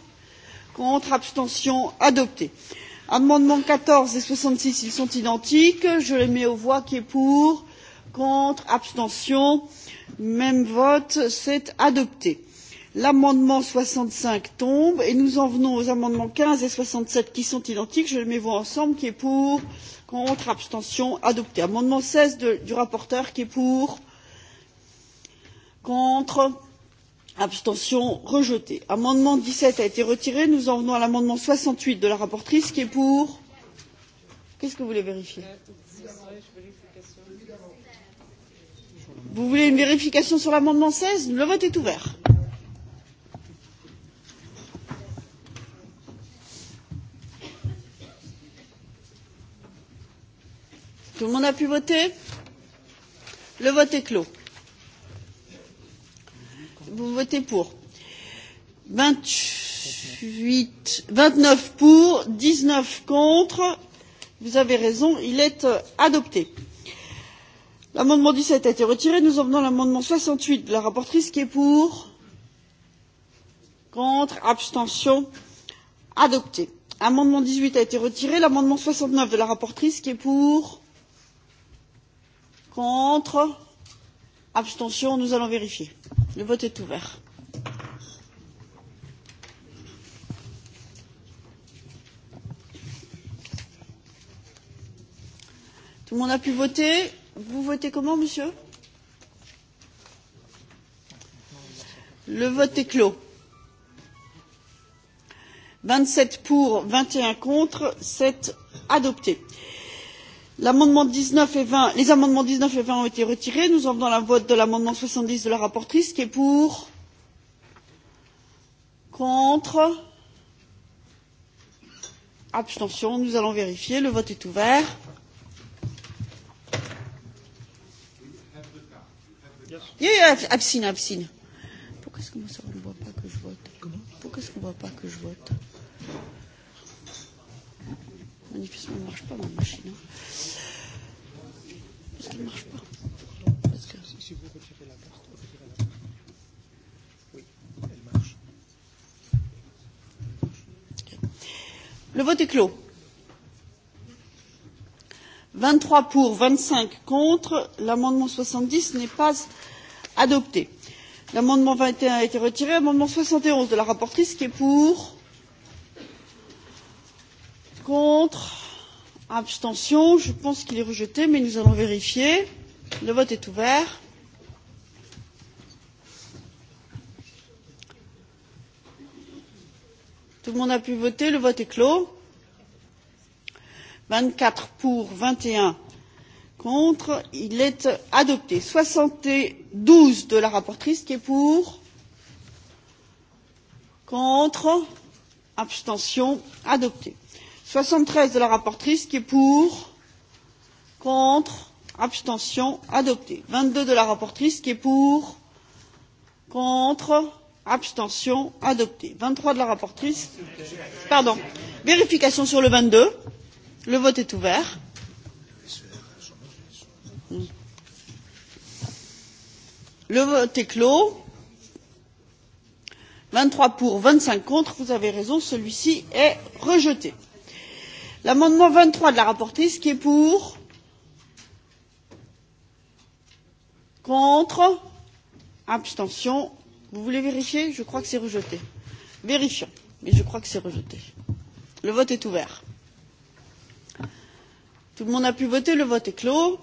contre abstention adopté amendements quatorze et soixante six ils sont identiques je les mets aux voix qui est pour contre abstention même vote c'est adopté l'amendement soixante cinq tombe et nous en venons aux amendements quinze et soixante sept qui sont identiques je les mets aux voix ensemble qui est pour contre abstention adopté amendement seize du rapporteur qui est pour contre abstention rejeté. amendement dix sept a été retiré nous en venons à l'amendement soixante huit de la rapporteure qui est pour qu'est ce que vous voulez vérifier? vous voulez une vérification sur l'amendement seize le vote est ouvert. tout le monde a pu voter? le vote est clos Vous votez pour. 28, 29 pour, 19 contre. Vous avez raison, il est euh, adopté. L'amendement 17 a été retiré. Nous en venons à l'amendement 68 de la rapporteure qui est pour, contre, abstention, adopté. Amendement 18 a été retiré. L'amendement 69 de la rapporteure qui est pour, contre, abstention, nous allons vérifier. Le vote est ouvert. Tout le monde a pu voter. Vous votez comment, monsieur Le vote est clos. 27 pour, 21 contre, 7 adoptés les amendements dix neuf et vingt ont été retirés nous en venons à la vote de l'amendement soixante dix de la rapporteure qui est pour contre abstention nous allons vérifier le vote est ouvert. Pourquoi est-ce que ne voit pas que je vote Pourquoi est-ce qu'on ne voit pas que je vote Manifestement, elle ne marche pas, ma machine. Hein. Parce qu'elle ne marche pas. Parce que... Si vous retirez la carte, retirez la carte. Oui, elle marche. Le vote est clos. 23 pour, 25 contre. L'amendement 70 n'est pas adopté. L'amendement 21 a été retiré. L'amendement 71 de la rapporteure, qui est pour Contre Abstention Je pense qu'il est rejeté, mais nous allons vérifier. Le vote est ouvert. Tout le monde a pu voter, le vote est clos. 24 pour, 21 contre. Il est adopté. 72 de la rapporteure qui est pour. Contre. Abstention. Adopté. 73 de la rapporteure qui est pour contre abstention adopté 22 de la rapporteure qui est pour contre abstention adopté 23 de la rapporteure pardon vérification sur le 22 le vote est ouvert le vote est clos vingt trois pour vingt cinq contre vous avez raison celui ci est rejeté l'amendement vingt trois de la rapporteure qui est pour contre abstention vous voulez vérifier je crois que c'est rejeté vérifions mais je crois que c'est rejeté le vote est ouvert tout le monde a pu voter le vote est clos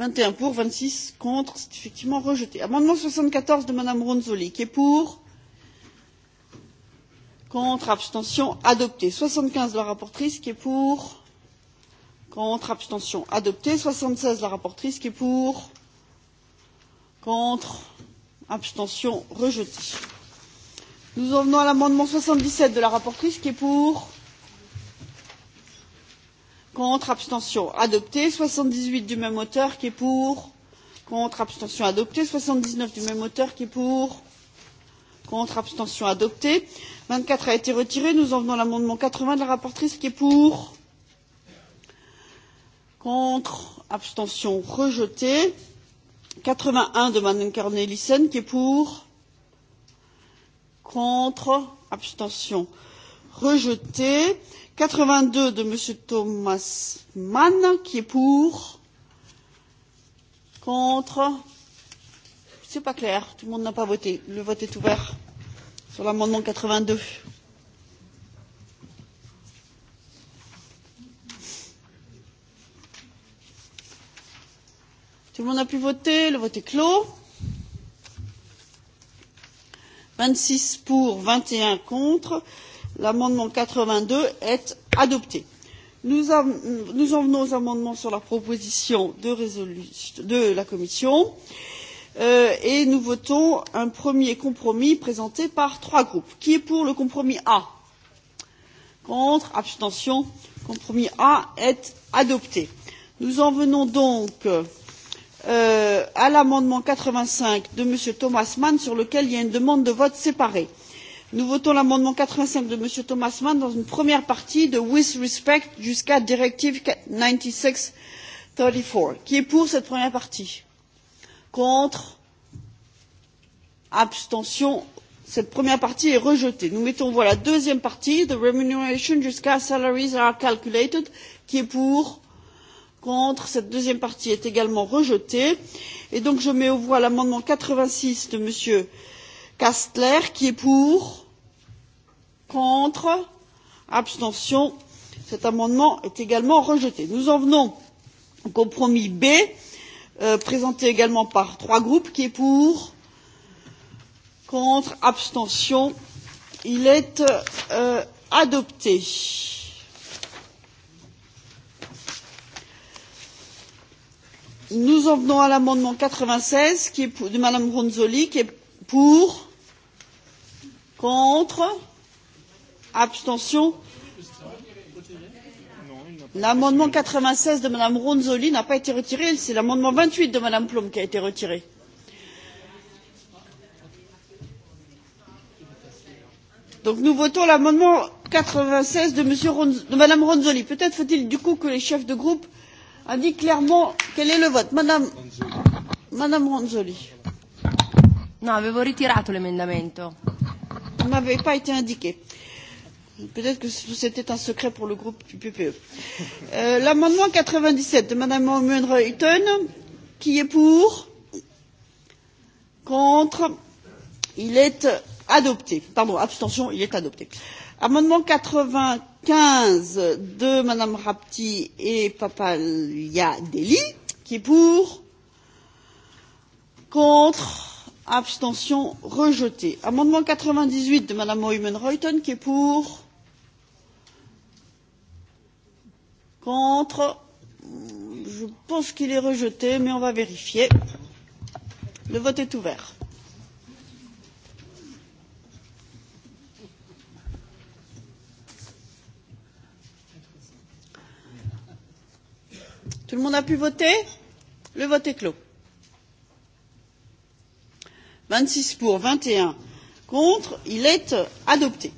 vingt et un pour vingt six contre c'est effectivement rejeté. amendement soixante quatorze de mme ronzulli qui est pour? contre abstention adopté soixante quinze de la rapporteure qui est pour contre abstention adopté soixante seize de la rapporteure qui est pour contre abstention rejeté. nous en venons à l'amendement soixante dix sept de la rapporteure qui est pour contre abstention adopté soixante dix huit du même auteur qui est pour contre abstention adopté soixante dix neuf du même auteur qui est pour contre abstention adopté vingt quatre a été retiré nous en venons à l'amendement quatre vingts de la rapporteure qui est pour contre abstention rejeté quatre vingt un de mme cornelissen qui est pour contre abstention rejeté rejeté quatre vingt deux de m. thomas mann qui est pour contre c'est pas clair tout le monde n'a pas voté le vote est ouvert sur l'amendement quatre vingt deux tout le monde a pu voter le vote est clos vingt six pour vingt et un contre l'amendement quatre vingt deux est adopté. Nous, en venons aux amendements sur la proposition de la commission euh, et nous votons un premier compromis présenté par trois groupes. qui est pour le compromis a? contre abstention le compromis a est adopté. nous en venons donc euh, à l'amendement quatre vingt cinq de m. thomas mann sur lequel il y a une demande de vote séparé nous votons l'amendement quatre vingt cinq de m. thomas mann dans une première partie de with respect jusqu'à directive ninety six thirty four qui est pour cette première partie? contre? abstention cette première partie est rejetée. nous mettons aux voix la deuxième partie the remuneration jusqu'à salaries are calculated qui est pour? contre cette deuxième partie est également rejetée et donc je mets aux voix l'amendement quatre vingt six de m. castler qui est pour? Contre Abstention Cet amendement est également rejeté. Nous en venons au compromis B, euh, présenté également par trois groupes, qui est pour Contre Abstention Il est euh, adopté. Nous en venons à l'amendement 96 qui est pour, de Madame Ronzoli, qui est pour, contre, abstention l'amendement 96 de mme Ronzoli n'a pas été retiré c'est l'amendement 28 de mme Plum qui a été retiré. donc nous votons l'amendement 96 de, Monsieur Ronz... de mme Ronzoli. peut être faut il du coup que les chefs de groupe indiquent clairement quel est le vote. madame, madame ronzulli. no avevo ritirato l'emendamento. non m'avait pas été indiqué peut être que c'était un secret pour le groupe du ppe. Euh, l'amendement quatre vingt dix sept de mme oomen ruijten qui est pour? contre? il est adopté. pardon abstention il est adopté. amendement quatre vingt quinze de mme rapti et papaliadeli qui est pour? contre? abstention rejeté. amendement quatre vingt dix huit de mme oomen ruijten qui est pour? Contre Je pense qu'il est rejeté, mais on va vérifier. Le vote est ouvert. Tout le monde a pu voter Le vote est clos. 26 pour, 21 contre. Il est adopté.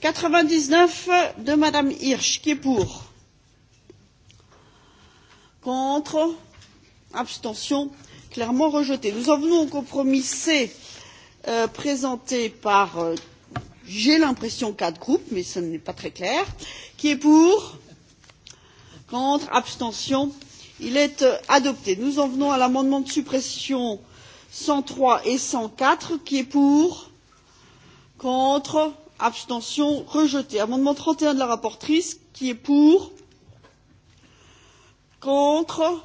99 de Madame Hirsch, qui est pour Contre Abstention Clairement rejeté. Nous en venons au compromis C euh, présenté par, euh, j'ai l'impression, quatre groupes, mais ce n'est pas très clair. Qui est pour Contre Abstention Il est euh, adopté. Nous en venons à l'amendement de suppression 103 et 104. Qui est pour Contre Abstention rejeté. Amendement 31 de la rapporteure. Qui est pour Contre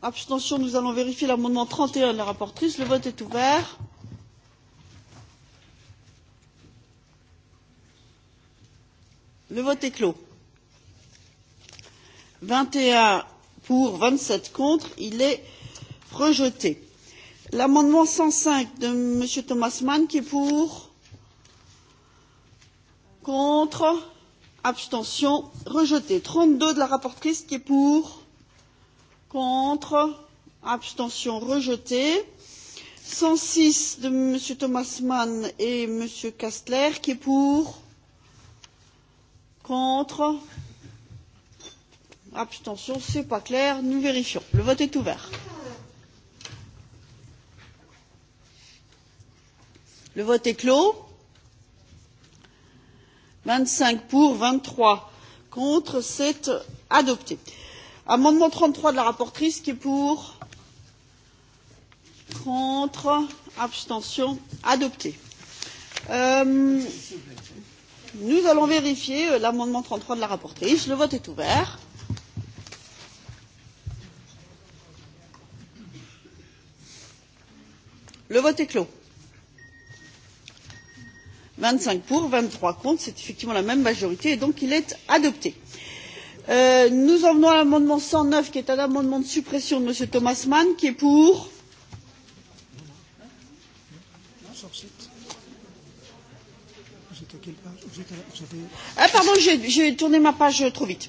Abstention, nous allons vérifier l'amendement 31 de la rapporteure. Le vote est ouvert. Le vote est clos. 21 pour, 27 contre. Il est rejeté. L'amendement 105 de M. Thomas Mann qui est pour Contre Abstention Rejeté. 32 de la rapporteure qui est pour Contre. Abstention rejeté. 106 de M. Thomas Mann et M. Castler qui est pour Contre Abstention, c'est pas clair. Nous vérifions. Le vote est ouvert. Le vote est clos. 25 pour, 23 contre, c'est adopté. Amendement 33 de la rapporteure qui est pour Contre Abstention Adopté. Euh, nous allons vérifier euh, l'amendement 33 de la rapporteure. Le vote est ouvert. Le vote est clos. 25 pour, 23 contre, c'est effectivement la même majorité et donc il est adopté. Euh, Euh, nous en venons à l'amendement cent neuf qui est un amendement de suppression de m. thomas mann qui est pour Ah pardon, j'ai tourné ma page trop vite.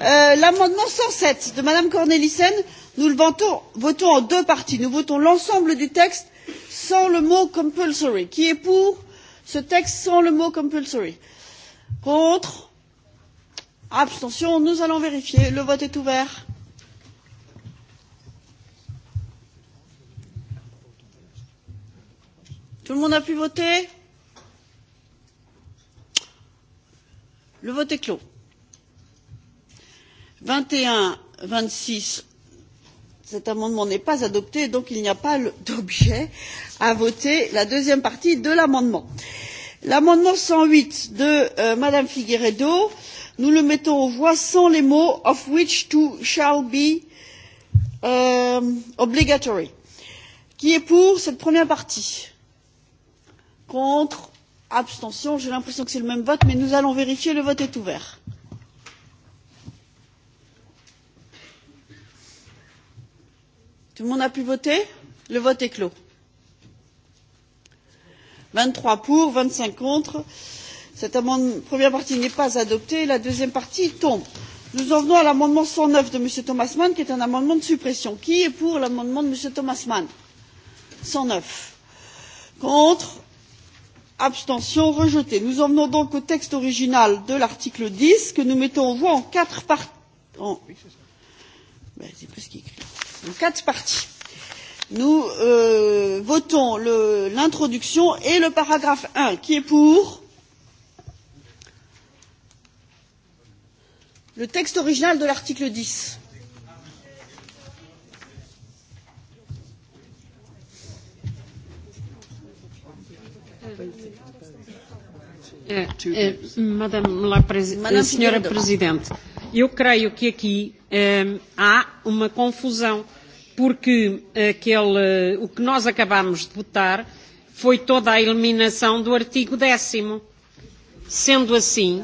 Euh, L'amendement 107 de Madame Cornelissen, nous le votons, votons en deux parties. Nous votons l'ensemble du texte sans le mot compulsory. Qui est pour ce texte sans le mot compulsory Contre Abstention, nous allons vérifier. Le vote est ouvert. Tout le monde a pu voter Le vote est clos. 21, 26, cet amendement n'est pas adopté, donc il n'y a pas d'objet à voter la deuxième partie de l'amendement. L'amendement 108 de euh, Madame Figueredo nous le mettons aux voix sans les mots of which two shall be euh, obligatory. Qui est pour cette première partie Contre Abstention J'ai l'impression que c'est le même vote, mais nous allons vérifier. Le vote est ouvert. Tout le monde a pu voter Le vote est clos. 23 pour, 25 contre cette première partie n'est pas adoptée et la deuxième partie tombe. nous en venons à l'amendement cent neuf de m. thomas mann qui est un amendement de suppression. qui est pour l'amendement de m. thomas mann? cent neuf contre abstention rejeté. nous en venons donc au texte original de l'article dix que nous mettons aux voix en quatre parties. En... Ben, en quatre parties. nous euh, votons l'introduction et le paragraphe un qui est pour? le texte original de l'article dix eh, eh, Madame Presi Madame eh, Senhora Presidente, eu creio que aqui eh, há uma confusão, porque aquele, o que nós acabamos de votar foi toda a eliminação do artigo 10. Sendo assim,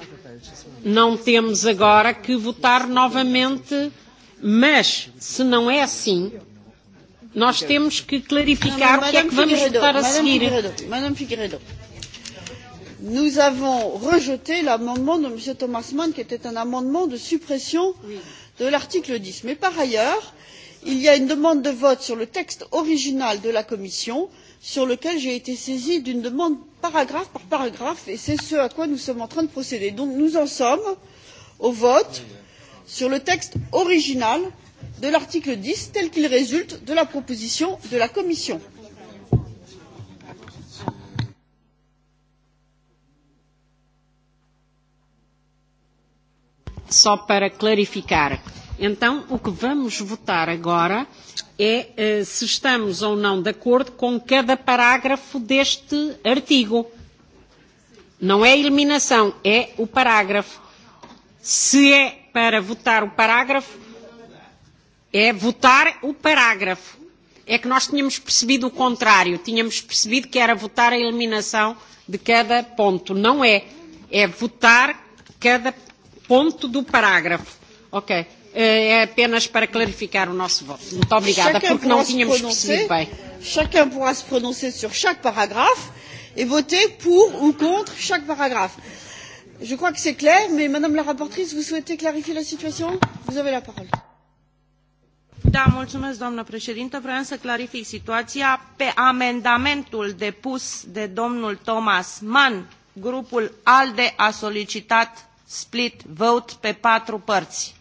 não temos agora que votar novamente, mas se não é assim, nós temos que clarificar não, o que é que vamos Figueredo, votar a seguir. Figueredo, Madame Figueredo, nous avons rejeté l'amendement de M. Thomas Mann, qui était un amendement de suppression oui. de l'article 10. Mais par ailleurs, il y a une demande de vote sur le texte original de la Commission sur lequel j'ai été saisie d'une demande paragraphe par paragraphe et c'est ce à quoi nous sommes en train de procéder. donc nous en sommes au vote sur le texte original de l'article dix tel qu'il résulte de la proposition de la commission. Então, o que vamos votar agora é uh, se estamos ou não de acordo com cada parágrafo deste artigo. Não é eliminação, é o parágrafo. Se é para votar o parágrafo, é votar o parágrafo. É que nós tínhamos percebido o contrário, tínhamos percebido que era votar a eliminação de cada ponto. Não é. É votar cada ponto do parágrafo. Ok é apenas para clarificar o nosso voto. Muito obrigada, chacun porque não tínhamos percebido bem. Chacun pourra se prononcer sur chaque paragraphe et voter pour ou contre chaque paragraphe. Je crois que c'est clair, mais Madame la rapporteure, vous souhaitez clarifier la situation Vous avez la parole. Da, mulțumesc, doamnă președintă. Vreau să clarific situația. Pe amendamentul depus de domnul Thomas Mann, grupul ALDE a solicitat split vote pe patru părți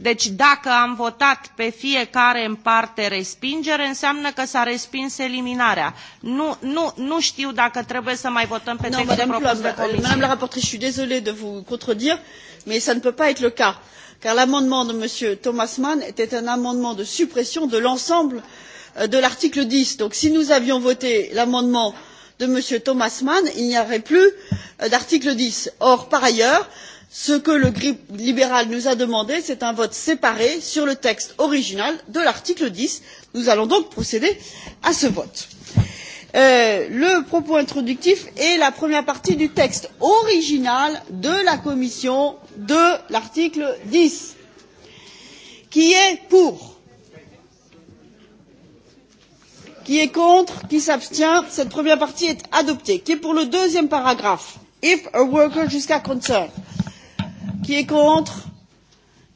deci dacă am votat pe fiecare în parte respingere, înseamnă că s-a respins eliminarea. Nu, nu, nu știu dacă trebuie să mai votăm pe textul non, propus de comisie. Madame la rapporteure, je suis désolée de vous contredire, mais ça ne peut pas être le cas. Car l'amendement de M. Thomas Mann était un amendement de suppression de l'ensemble euh, de l'article 10. Donc si nous avions voté l'amendement de M. Thomas Mann, il n'y aurait plus euh, d'article 10. Or, par ailleurs, ce que le groupe libéral nous a demandé c'est un vote séparé sur le texte original de l'article. dix nous allons donc procéder à ce vote. Euh, le propos introductif est la première partie du texte original de la commission de l'article dix qui est pour qui est contre qui s'abstient cette première partie est adoptée qui est pour le deuxième paragraphe if a worker jusqu'à concern qui est contre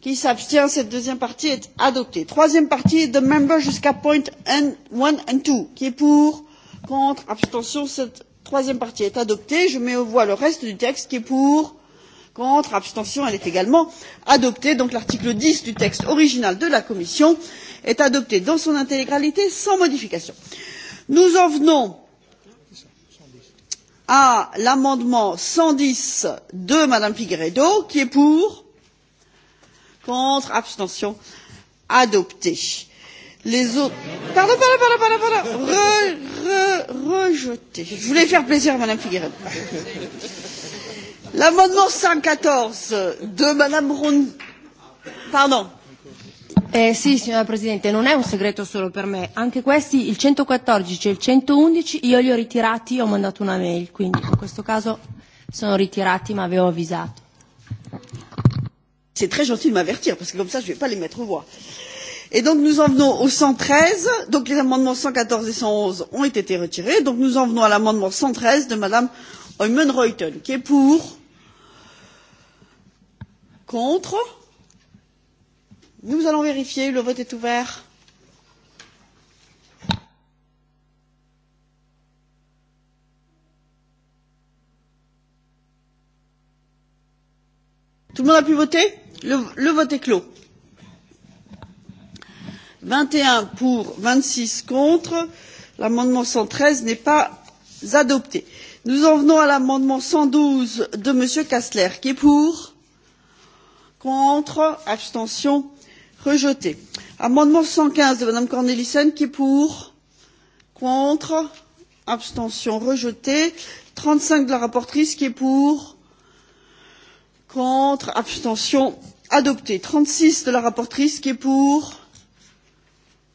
qui s'abstient cette deuxième partie est adoptée. troisième partie the member jusqu'à point n one and two qui est pour contre abstention cette troisième partie est adoptée. je mets aux voix le reste du texte qui est pour contre abstention elle est également adoptée. donc l'article dix du texte original de la commission est adopté dans son intégralité sans modification. nous en venons à l'amendement cent dix de mme figueiredo qui est pour contre abstention adopté. les autres pardon pardon pardon pardon pardon re, re, rejeté je voulais faire plaisir à mme figueiredo l'amendement cent quatorze de mme Ron... pardon Eh, sì, signora Presidente, non è un segreto solo per me. Anche questi, il 114 e il 111, io li ho ritirati e ho mandato una mail, quindi in questo caso sono ritirati ma avevo avvisato. C'est très gentil de m'avertir parce que comme ça je ne vais pas les mettre aux voix. Et donc nous en venons au 113, donc les amendements 114 et 111 ont été retirés, donc nous en venons à l'amendement 113 de Madame Oymen Reuten, qui est pour, contre, Nous allons vérifier. Le vote est ouvert. Tout le monde a pu voter le, le vote est clos. 21 pour, 26 contre. L'amendement 113 n'est pas adopté. Nous en venons à l'amendement 112 de M. Kassler, Qui est pour Contre Abstention rejeté. amendement cent quinze de mme cornelissen qui est pour? contre? abstention rejeté. trente cinq de la rapporteure qui est pour? contre? abstention adopté. trente six de la rapporteure qui est pour?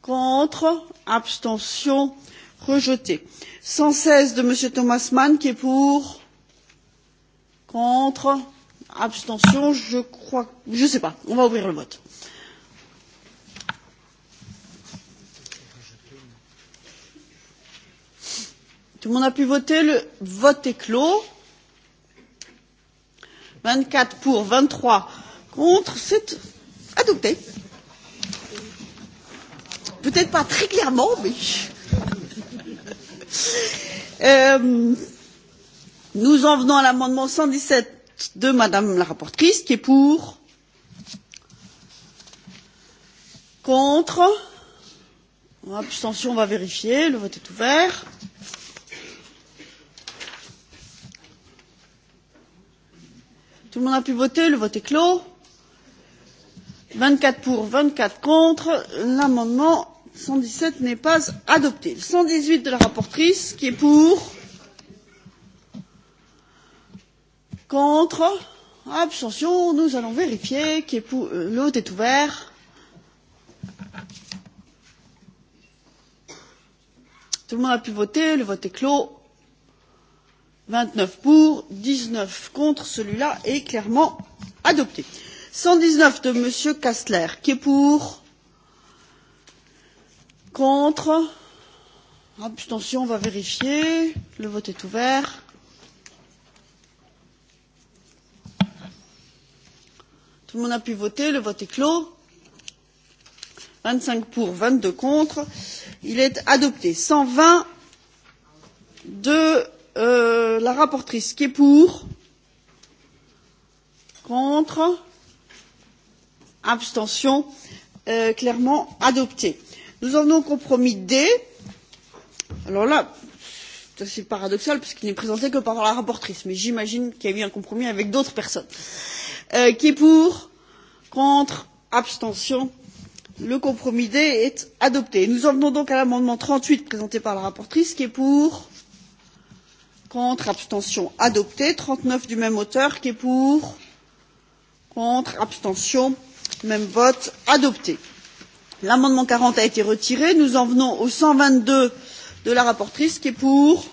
contre? abstention rejeté. cent seize de m. thomas mann qui est pour? contre? abstention je crois je ne sais pas on va ouvrir le vote. Tout le monde a pu voter. Le vote est clos. 24 pour, 23 contre. C'est adopté. Peut-être pas très clairement, mais. (laughs) euh, nous en venons à l'amendement 117 de Madame la rapporteure, qui est pour. Contre. Abstention, on va vérifier. Le vote est ouvert. Tout le monde a pu voter, le vote est clos. 24 pour, 24 contre. L'amendement 117 n'est pas adopté. Le 118 de la rapportrice, qui est pour Contre Abstention, nous allons vérifier. Qui est pour L'autre euh, Le est ouvert. Tout le monde a pu voter, le vote est clos vingt neuf pour dix neuf contre celui là est clairement adopté. cent dix neuf de m. kastler qui est pour contre abstention on va vérifier le vote est ouvert. tout le monde a pu voter le vote est clos vingt cinq pour vingt deux contre il est adopté cent vingt de Euh, la raportrice, qui est pour contre abstention euh, clairement adopté. nous en avons compromis d. alors là c'est paradoxal parce qu'il n'est présenté que par la rapportrice, mais j'imagine qu'il y a eu un compromis avec d'autres personnes. Euh, qui est pour contre abstention le compromis d est adopté. nous en venons donc à l'amendement 38, présenté par la rapportrice, qui est pour Contre, abstention adopté. 39 du même auteur qui est pour. Contre, abstention, même vote adopté. L'amendement 40 a été retiré. Nous en venons au 122 de la rapportrice qui est pour.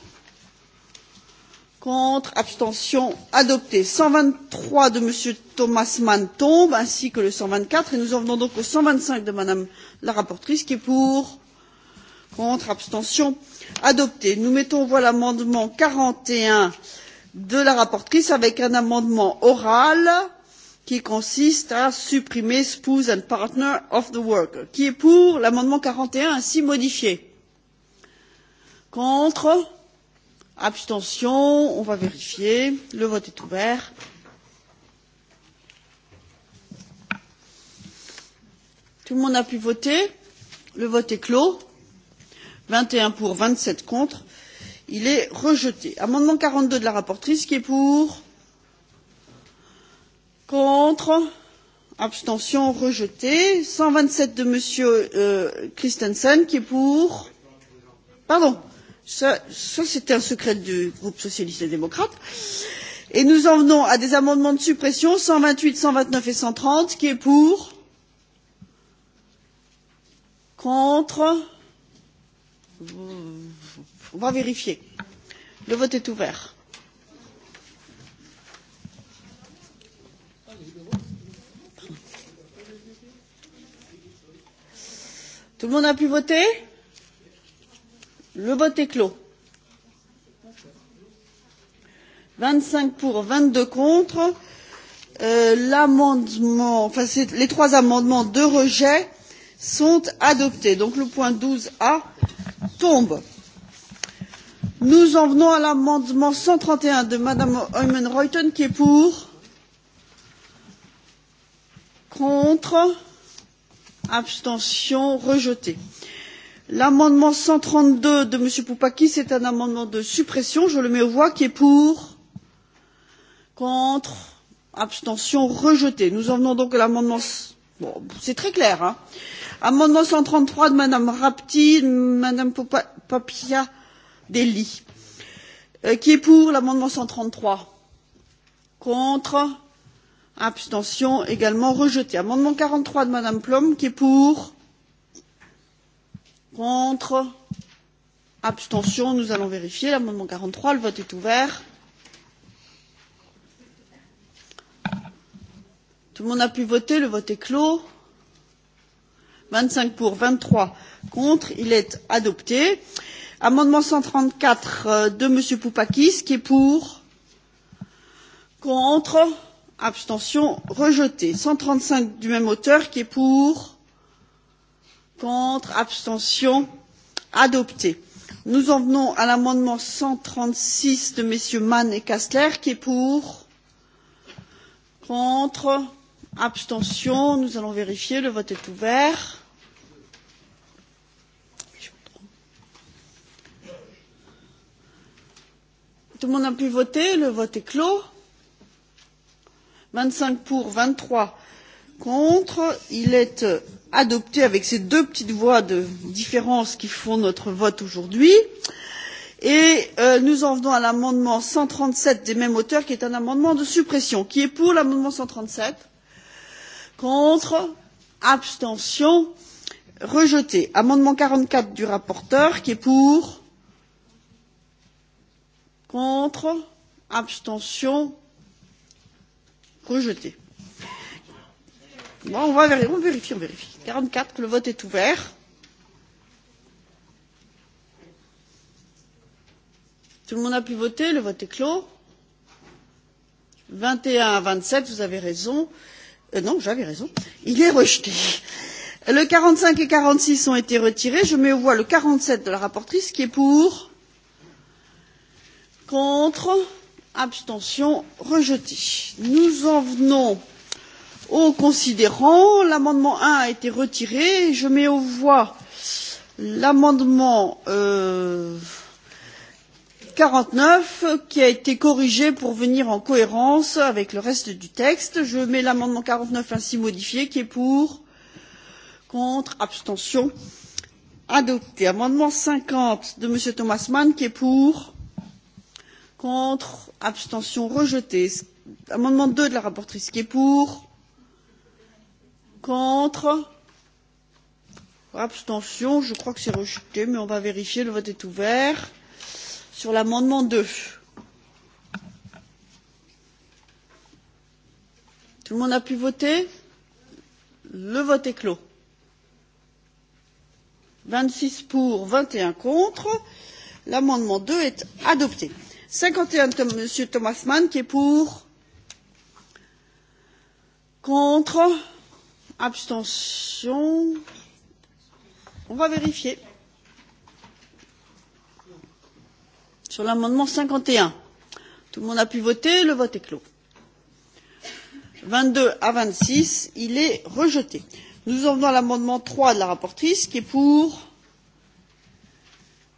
Contre, abstention adopté. 123 de Monsieur Thomas Mann tombe ainsi que le 124 et nous en venons donc au 125 de Madame la rapportrice qui est pour contre abstention adopté. nous mettons aux voix l'amendement quarante et un de la rapporteure avec un amendement oral qui consiste à supprimer spouse and partner of the worker. qui est pour l'amendement quarante et un ainsi modifié? contre? abstention on va vérifier. le vote est ouvert. tout le monde a pu voter? le vote est clos vingt et un pour vingt sept contre il est rejeté. amendement quarante deux de la rapporteure qui est pour? contre? abstention rejeté. cent vingt sept de m. Euh, christensen qui est pour? pardon ça, ça c'était un secret du groupe socialiste et démocrate. et nous en venons à des amendements de suppression 128, 129 huit cent vingt neuf et cent qui est pour? contre? on va vérifier. Le vote est ouvert. Tout le monde a pu voter Le vote est clos. 25 pour, 22 contre. Euh, L'amendement, enfin les trois amendements de rejet sont adoptés. Donc le point 12A tombe. Nous en venons à l'amendement 131 de Madame Oymen Reuten qui est pour, contre, abstention, rejeté. L'amendement 132 de Monsieur Poupakis est un amendement de suppression. Je le mets aux voix qui est pour, contre, abstention, rejeté. Nous en venons donc à l'amendement 133 c'est très clair. Hein. Amendement 133 de Madame Rapti, Madame Papia Deli. Euh, qui est pour l'amendement 133 Contre Abstention également rejeté. Amendement 43 de Madame Plom, qui est pour Contre Abstention, nous allons vérifier. L'amendement 43, le vote est ouvert. Tout le monde a pu voter, le vote est clos. 25 pour, 23 contre, il est adopté. Amendement 134 euh, de Monsieur Poupakis, qui est pour, contre, abstention, rejeté. 135 du même auteur, qui est pour, contre, abstention, adopté. Nous en venons à l'amendement 136 de Messieurs Mann et Kastler, qui est pour, contre, Abstention, nous allons vérifier. Le vote est ouvert. Tout le monde a pu voter. Le vote est clos. 25 pour, 23 contre. Il est adopté avec ces deux petites voix de différence qui font notre vote aujourd'hui. Et euh, nous en venons à l'amendement 137 des mêmes auteurs, qui est un amendement de suppression. Qui est pour l'amendement 137 contre abstention rejeté amendement quarante quatre du rapporteur qui est pour contre abstention rejeté bon, on va vérifier on vérifie on vérifie quarante quatre le vote est ouvert tout le monde a pu voter le vote est clos vingt et un à vingt sept vous avez raison Euh, non, j'avais raison. Il est rejeté. Le 45 et 46 ont été retirés. Je mets aux voie le 47 de la rapportrice qui est pour. Contre. Abstention. Rejeté. Nous en venons au considérant. L'amendement 1 a été retiré. Je mets aux voie l'amendement. Euh, quarante neuf qui a été corrigé pour venir en cohérence avec le reste du texte. je mets l'amendement quarante neuf ainsi modifié qui est pour contre abstention adopté. amendement cinquante de m. thomas mann qui est pour contre abstention rejeté. amendement deux de la rapporteure qui est pour contre abstention je crois que c'est rejeté mais on va vérifier le vote est ouvert sur l'amendement deux. Tout le monde a pu voter Le vote est clos. 26 pour, 21 contre. L'amendement 2 est adopté. 51 de M. Thomas Mann qui est pour. Contre. Abstention. On va vérifier. sur l'amendement cinquante et un tout le monde a pu voter le vote est clos vingt deux à vingt six il est rejeté. nous en venons à l'amendement trois de la rapporteure qui est pour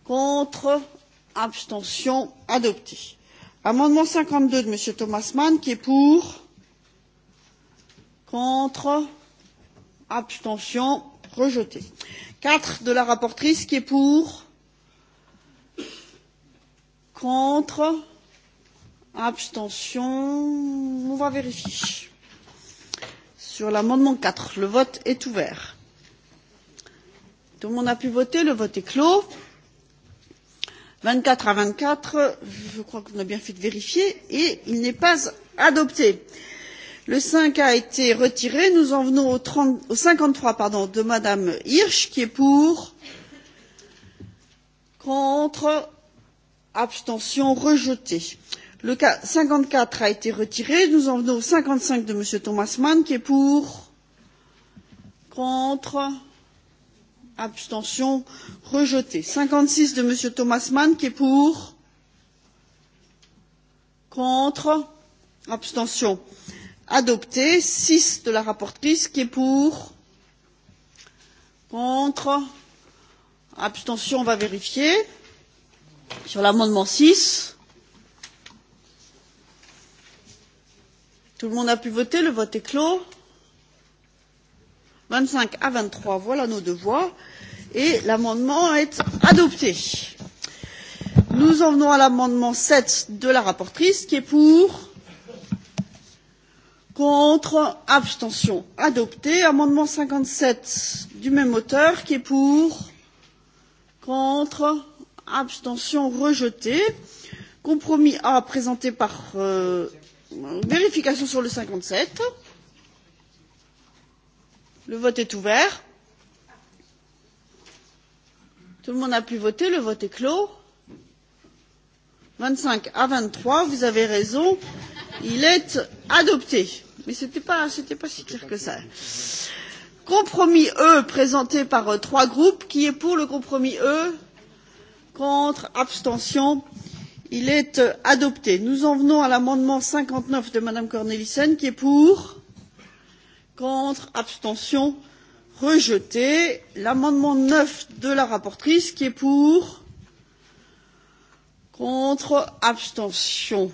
contre abstention adopté. amendement cinquante deux de m. thomas mann qui est pour contre abstention rejeté. quatre de la rapporteure qui est pour Contre Abstention On va vérifier. Sur l'amendement 4, le vote est ouvert. Tout le monde a pu voter, le vote est clos. 24 à 24, je crois qu'on a bien fait de vérifier, et il n'est pas adopté. Le 5 a été retiré. Nous en venons au, 30, au 53 pardon, de Madame Hirsch, qui est pour, contre, abstention rejeté. le cinquante quatre a été retiré nous en venons au cinquante cinq de m. thomas mann qui est pour contre abstention rejeté cinquante six de m. thomas mann qui est pour contre abstention adopté six de la rapporteure qui est pour contre abstention on va vérifier. Sur l'amendement 6, tout le monde a pu voter, le vote est clos. 25 à 23, voilà nos deux voix. Et l'amendement est adopté. Nous en venons à l'amendement 7 de la rapporteure qui est pour contre abstention adopté amendement 57, sept du même auteur qui est pour contre abstention rejeté compromis a présenté par euh, vérification sur le cinquante sept le vote est ouvert tout le monde a pu voter le vote est clos vingt cinq à vingt trois vous avez raison il est adopté mais ce n'était pas, pas si clair que ça. compromis e présenté par euh, trois groupes qui est pour le compromis e? contre abstention il est euh, adopté. nous en venons à l'amendement cinquante neuf de mme cornelissen qui est pour contre abstention rejeté. l'amendement neuf de la rapporteure qui est pour contre abstention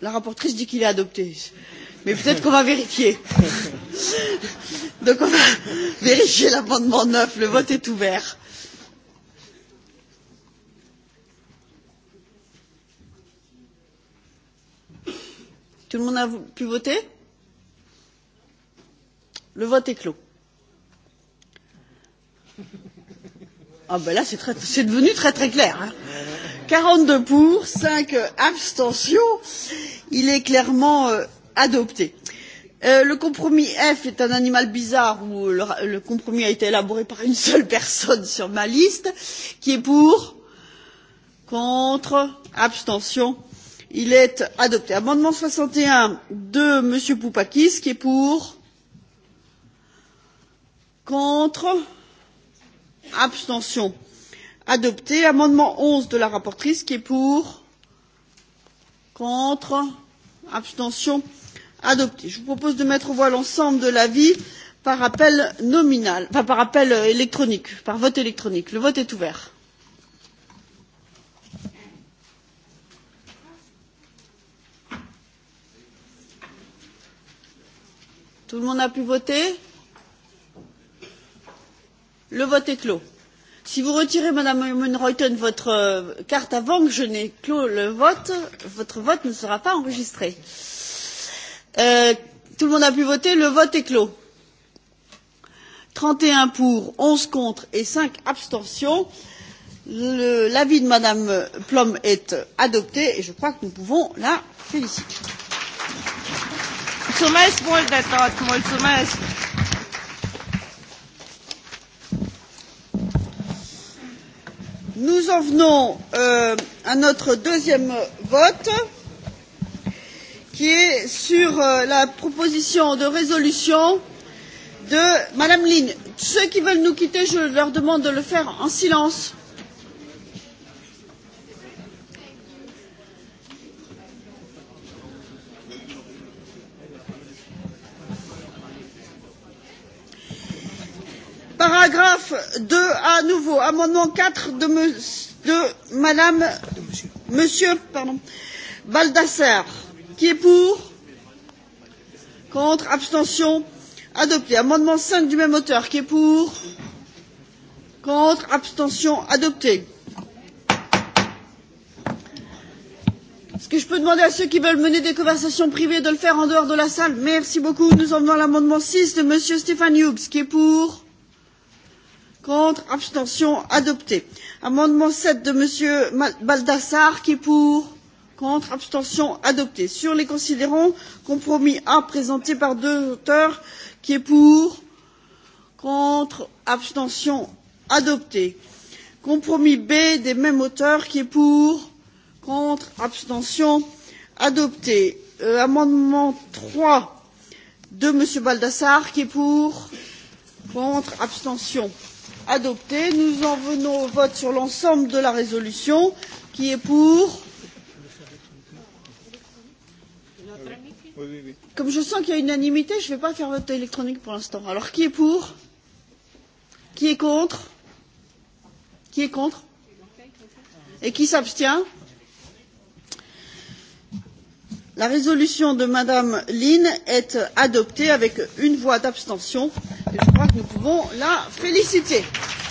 la rapporteure dit qu'il est adopté mais peut-être qu'on va vérifier. Donc on va vérifier l'amendement 9. Le vote est ouvert. Tout le monde a pu voter Le vote est clos. Ah ben là, c'est, très, c'est devenu très très clair. Hein. 42 pour, 5 abstentions. Il est clairement euh, adopté. Euh, le compromis f est un animal bizarre où le, le compromis a été élaboré par une seule personne sur ma liste qui est pour contre abstention il est adopté. amendement soixante et un de m. poupakis qui est pour contre abstention adopté. amendement onze de la rapporteure qui est pour contre abstention adopté adopté. je vous propose de mettre aux voix l'ensemble de l'avis par appel nominal enfin par appel euh, électronique par vote électronique. le vote est ouvert. tout le monde a pu voter? le vote est clos. si vous retirez madame oomen votre euh, carte avant que je n'ai clos le vote votre vote ne sera pas enregistré. Euh, tout le monde a pu voter. Le vote est clos. 31 pour, 11 contre et 5 abstentions. L'avis de Madame Plum est adopté et je crois que nous pouvons la féliciter. Mulțumesc mulțumesc! Nous en venons euh, à notre deuxième vote qui est sur euh, la proposition de résolution de Madame Lynn. Ceux qui veulent nous quitter, je leur demande de le faire en silence. paragraphe deux à nouveau amendement quatre de, me, de madame de monsieur, monsieur pardon, baldassarre Qui est pour Contre Abstention Adopté. Amendement 5 du même auteur. Qui est pour Contre Abstention Adopté. Est-ce que je peux demander à ceux qui veulent mener des conversations privées de le faire en dehors de la salle Merci beaucoup. Nous en venons à l'amendement 6 de Monsieur Stéphane Hughes. Qui est pour Contre Abstention Adopté. Amendement 7 de Monsieur Baldassar. Qui est pour contre abstention adopté. sur les considérants compromis a présenté par deux auteurs qui est pour contre abstention adopté. compromis b des mêmes auteurs qui est pour contre abstention adopté. Euh, amendement 3 de m. Baldassar qui est pour contre abstention adopté. nous en venons au vote sur l'ensemble de la résolution qui est pour Oui, oui, Comme je sens qu'il y a unanimité, je ne vais pas faire vote électronique pour l'instant. Alors, qui est pour Qui est contre Qui est contre Et qui s'abstient La résolution de Madame Lynn est adoptée avec une voix d'abstention. Je crois que nous pouvons la féliciter. Applaudissements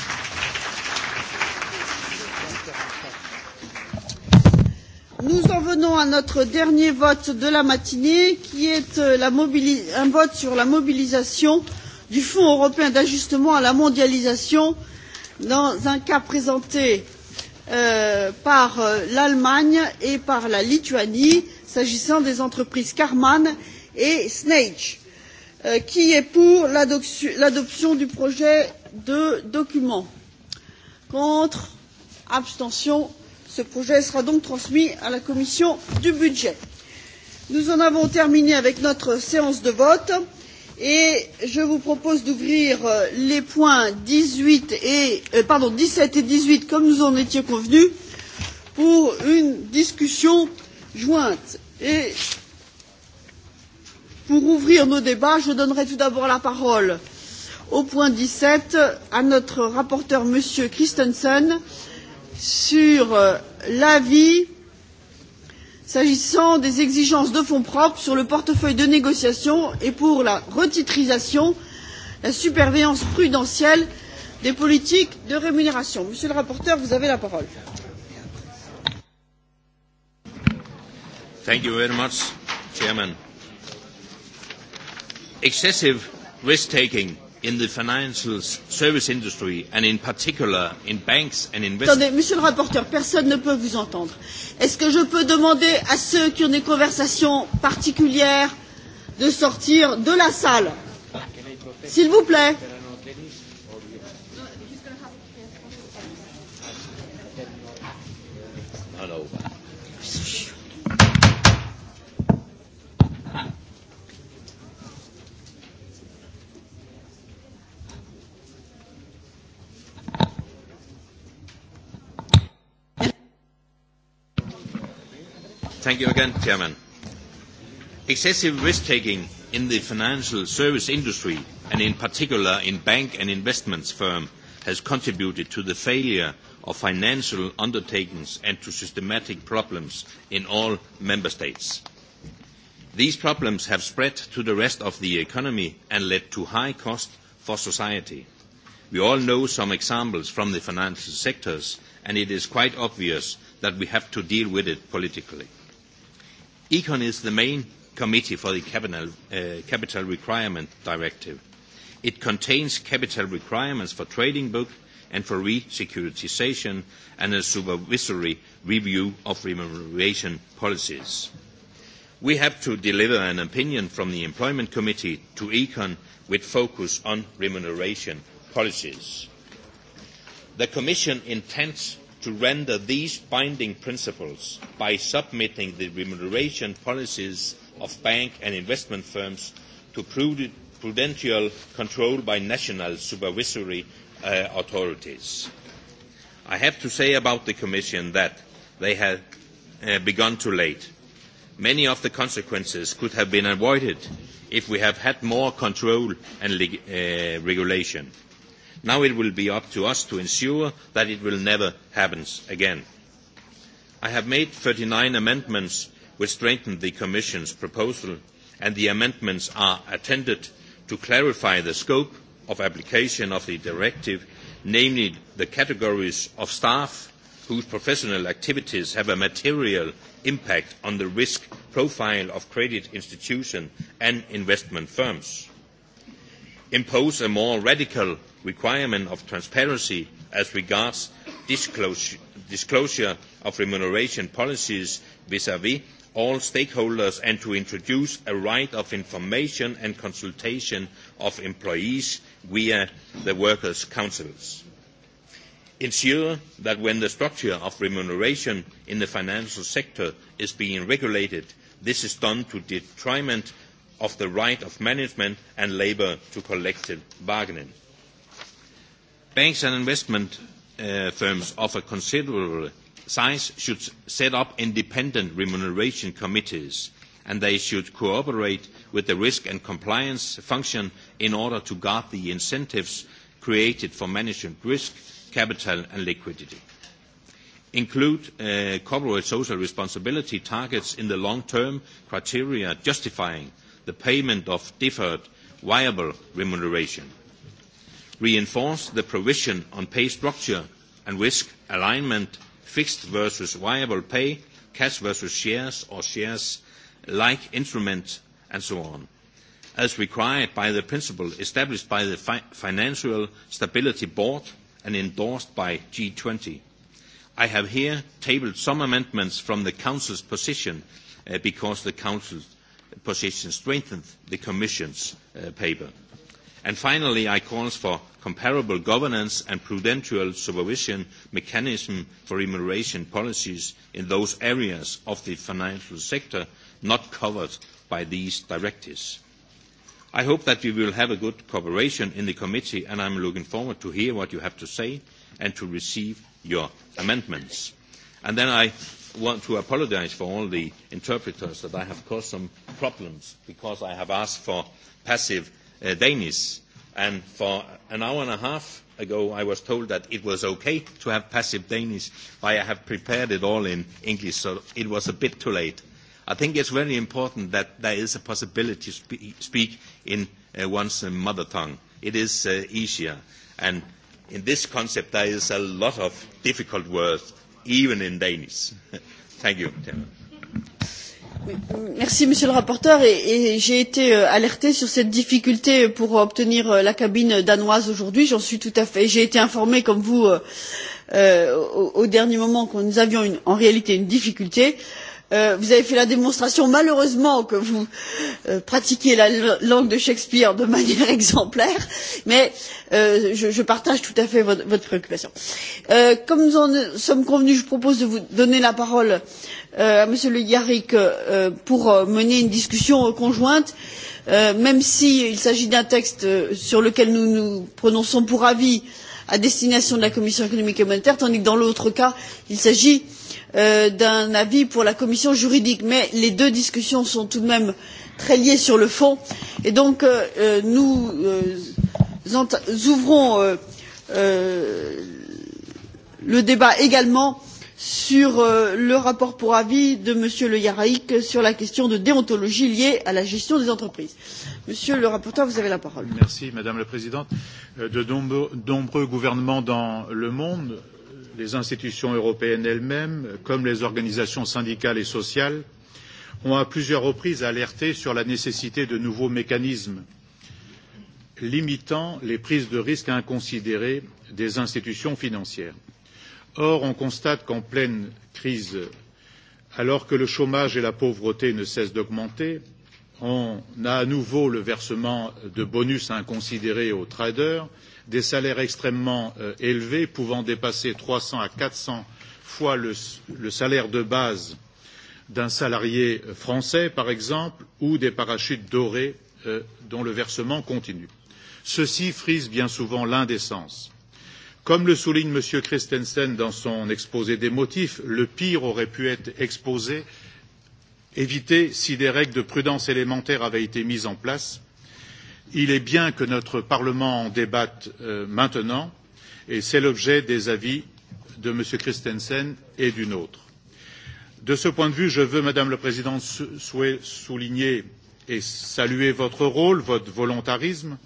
nous en venons à notre dernier vote de la matinée qui est euh, un vote sur la mobilisation du fonds européen d'ajustement à la mondialisation dans un cas présenté euh, par euh, l'allemagne et par la lituanie s'agissant des entreprises karman et Snage. Euh, qui est pour l'adoption du projet de document? contre? Abstention ce projet sera donc transmis à la commission du budget. Nous en avons terminé avec notre séance de vote et je vous propose d'ouvrir euh, les points 18 et, euh, pardon, 17 et 18 comme nous en étions convenus pour une discussion jointe. Et pour ouvrir nos débats, je donnerai tout d'abord la parole au point 17 à notre rapporteur, Monsieur Christensen, sur euh, l'avis s'agissant des exigences de fonds propres sur le portefeuille de négociation et pour la retitrisation la surveillance prudentielle des politiques de rémunération. monsieur le rapporteur vous avez la parole. Thank you very much, Chairman. Excessive risk taking in the financial service industry and in particular in banks and investors. Attendez, monsieur le rapporteur, personne ne peut vous entendre. Est-ce que je peux demander à ceux qui ont des conversations particulières de sortir de la salle S'il vous plaît. Thank you again, Chairman. Excessive risk-taking in the financial service industry, and in particular in bank and investments firm, has contributed to the failure of financial undertakings and to systematic problems in all member states. These problems have spread to the rest of the economy and led to high costs for society. We all know some examples from the financial sectors, and it is quite obvious that we have to deal with it politically. Econ is the main committee for the capital, uh, capital requirement directive. It contains capital requirements for trading book and for re-securitization and a supervisory review of remuneration policies. We have to deliver an opinion from the Employment Committee to Econ with focus on remuneration policies. The Commission intends to render these binding principles by submitting the remuneration policies of bank and investment firms to prudential control by national supervisory uh, authorities. I have to say about the Commission that they have uh, begun too late. Many of the consequences could have been avoided if we have had more control and uh, regulation. Now it will be up to us to ensure that it will never happen again. I have made 39 amendments which strengthen the Commission's proposal, and the amendments are intended to clarify the scope of application of the directive, namely the categories of staff whose professional activities have a material impact on the risk profile of credit institutions and investment firms, impose a more radical requirement of transparency as regards disclosure, disclosure of remuneration policies vis-à-vis -vis all stakeholders and to introduce a right of information and consultation of employees via the workers' councils. Ensure that when the structure of remuneration in the financial sector is being regulated, this is done to detriment of the right of management and labour to collective bargaining. Banks and investment uh, firms of a considerable size should set up independent remuneration committees and they should cooperate with the risk and compliance function in order to guard the incentives created for management risk, capital and liquidity. Include uh, corporate social responsibility targets in the long-term criteria justifying the payment of deferred viable remuneration reinforce the provision on pay structure and risk alignment, fixed versus variable pay, cash versus shares or shares-like instruments, and so on, as required by the principle established by the Financial Stability Board and endorsed by G20. I have here tabled some amendments from the Council's position uh, because the Council's position strengthened the Commission's uh, paper. And finally, I call for comparable governance and prudential supervision mechanism for remuneration policies in those areas of the financial sector not covered by these directives. I hope that we will have a good cooperation in the committee, and I'm looking forward to hear what you have to say and to receive your amendments. And then I want to apologise for all the interpreters that I have caused some problems because I have asked for passive Uh, Danish. And for an hour and a half ago, I was told that it was okay to have passive Danish. I have prepared it all in English, so it was a bit too late. I think it's very important that there is a possibility to spe speak in uh, one's uh, mother tongue. It is uh, easier. And in this concept, there is a lot of difficult words, even in Danish. (laughs) Thank you. Monsieur le rapporteur et, j'ai été euh, alertée sur cette difficulté pour obtenir euh, la cabine danoise aujourd'hui. J'en suis tout à fait. J'ai été informée comme vous euh, au, dernier moment que nous avions en réalité une difficulté. vous avez fait la démonstration malheureusement que vous euh, pratiquez la langue de Shakespeare de (laughs) manière exemplaire, mais je, partage tout à fait votre, préoccupation. comme nous en sommes convenus, je propose de vous donner la parole euh, à euh, m. le garrigue euh, pour euh, mener une discussion conjointe même s'il s'agit d'un texte sur lequel nous nous prononçons pour avis à destination de la commission économique et monétaire tandis que dans l'autre cas il s'agit d'un avis pour la commission juridique mais les deux discussions sont tout de même très liées sur le fond et donc nous ouvrons le débat également sur euh, le rapport pour avis de m. le yarraïk sur la question de déontologie liée à la gestion des entreprises. monsieur le rapporteur vous avez la parole. madame la présidente euh, de nombreux gouvernements dans le monde les institutions européennes elles mêmes comme les organisations syndicales et sociales ont à plusieurs reprises alerté sur la nécessité de nouveaux mécanismes limitant les prises de risques inconsidérées des institutions financières Or, on constate qu'en pleine crise, alors que le chômage et la pauvreté ne cessent d'augmenter, on a à nouveau le versement de bonus inconsidérés aux traders, des salaires extrêmement euh, élevés pouvant dépasser 300 à 400 fois le, le salaire de base d'un salarié euh, français, par exemple, ou des parachutes dorés euh, dont le versement continue. Ceci frise bien souvent l'indécence Comme le souligne M. Christensen dans son exposé des motifs, le pire aurait pu être exposé, évité si des règles de prudence élémentaires avaient été mises en place. Il est bien que notre Parlement en débatte euh, maintenant, et c'est l'objet des avis de M. Christensen et du autre. De ce point de vue, je veux, Madame la Présidente, sou souligner et saluer votre rôle, votre volontarisme,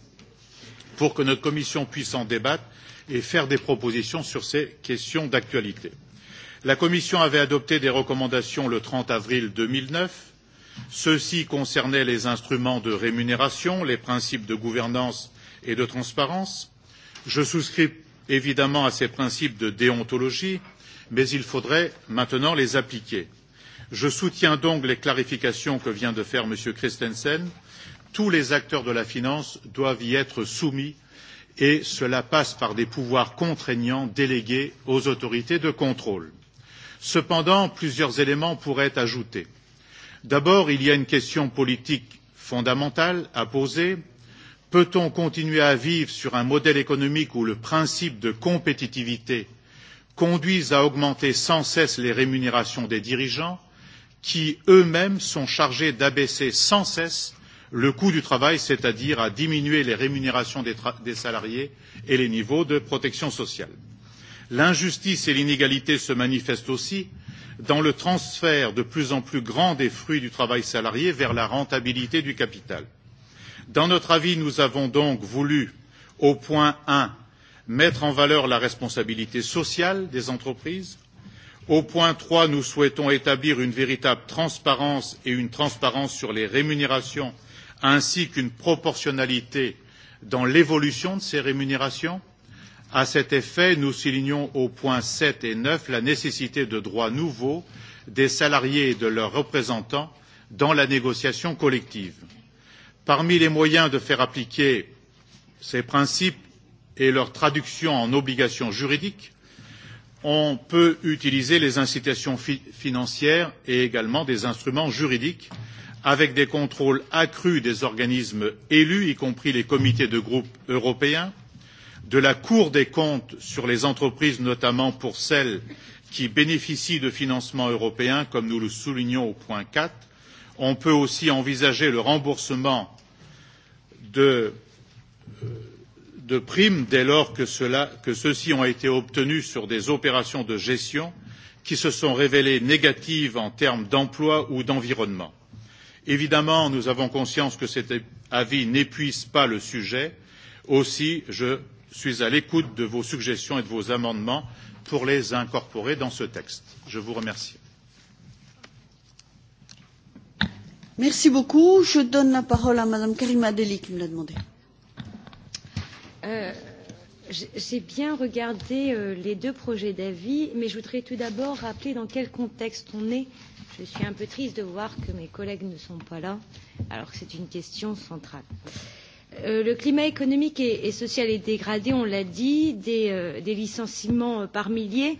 pour que notre Commission puisse en débattre et faire des propositions sur ces questions d'actualité. La Commission avait adopté des recommandations le 30 avril 2009. Ceux-ci concernaient les instruments de rémunération, les principes de gouvernance et de transparence. Je souscris évidemment à ces principes de déontologie, mais il faudrait maintenant les appliquer. Je soutiens donc les clarifications que vient de faire M. Christensen. Tous les acteurs de la finance doivent y être soumis et cela passe par des pouvoirs contraignants délégués aux autorités de contrôle. Cependant, plusieurs éléments pourraient être ajoutés. D'abord, il y a une question politique fondamentale à poser. Peut-on continuer à vivre sur un modèle économique où le principe de compétitivité conduise à augmenter sans cesse les rémunérations des dirigeants qui eux-mêmes sont chargés d'abaisser sans cesse le coût du travail, c'est-à-dire à diminuer les rémunérations des, des salariés et les niveaux de protection sociale. L'injustice et l'inégalité se manifestent aussi dans le transfert de plus en plus grand des fruits du travail salarié vers la rentabilité du capital. Dans notre avis, nous avons donc voulu, au point 1, mettre en valeur la responsabilité sociale des entreprises. Au point 3, nous souhaitons établir une véritable transparence et une transparence sur les rémunérations ainsi qu'une proportionnalité dans l'évolution de ces rémunérations. À cet effet, nous soulignons aux points 7 et 9 la nécessité de droits nouveaux des salariés et de leurs représentants dans la négociation collective. Parmi les moyens de faire appliquer ces principes et leur traduction en obligations juridiques, on peut utiliser les incitations fi financières et également des instruments juridiques avec des contrôles accrus des organismes élus, y compris les comités de groupe européens, de la Cour des comptes sur les entreprises, notamment pour celles qui bénéficient de financements européens, comme nous le soulignons au point 4. On peut aussi envisager le remboursement de, de primes dès lors que, cela, que ceux-ci ont été obtenus sur des opérations de gestion qui se sont révélées négatives en termes d'emploi ou d'environnement. Évidemment, nous avons conscience que cet avis n'épuise pas le sujet. Aussi, je suis à l'écoute de vos suggestions et de vos amendements pour les incorporer dans ce texte. Je vous remercie. Merci beaucoup. Je donne la parole à Madame Karima Deli qui me l'a demandé. Euh, J'ai bien regardé euh, les deux projets d'avis, mais je voudrais tout d'abord rappeler dans quel contexte on est euh, je suis un peu triste de voir que mes collègues ne sont pas là, alors que c'est une question centrale. Euh, le climat économique et, et social est dégradé, on l'a dit, des, euh, des licenciements euh, par milliers.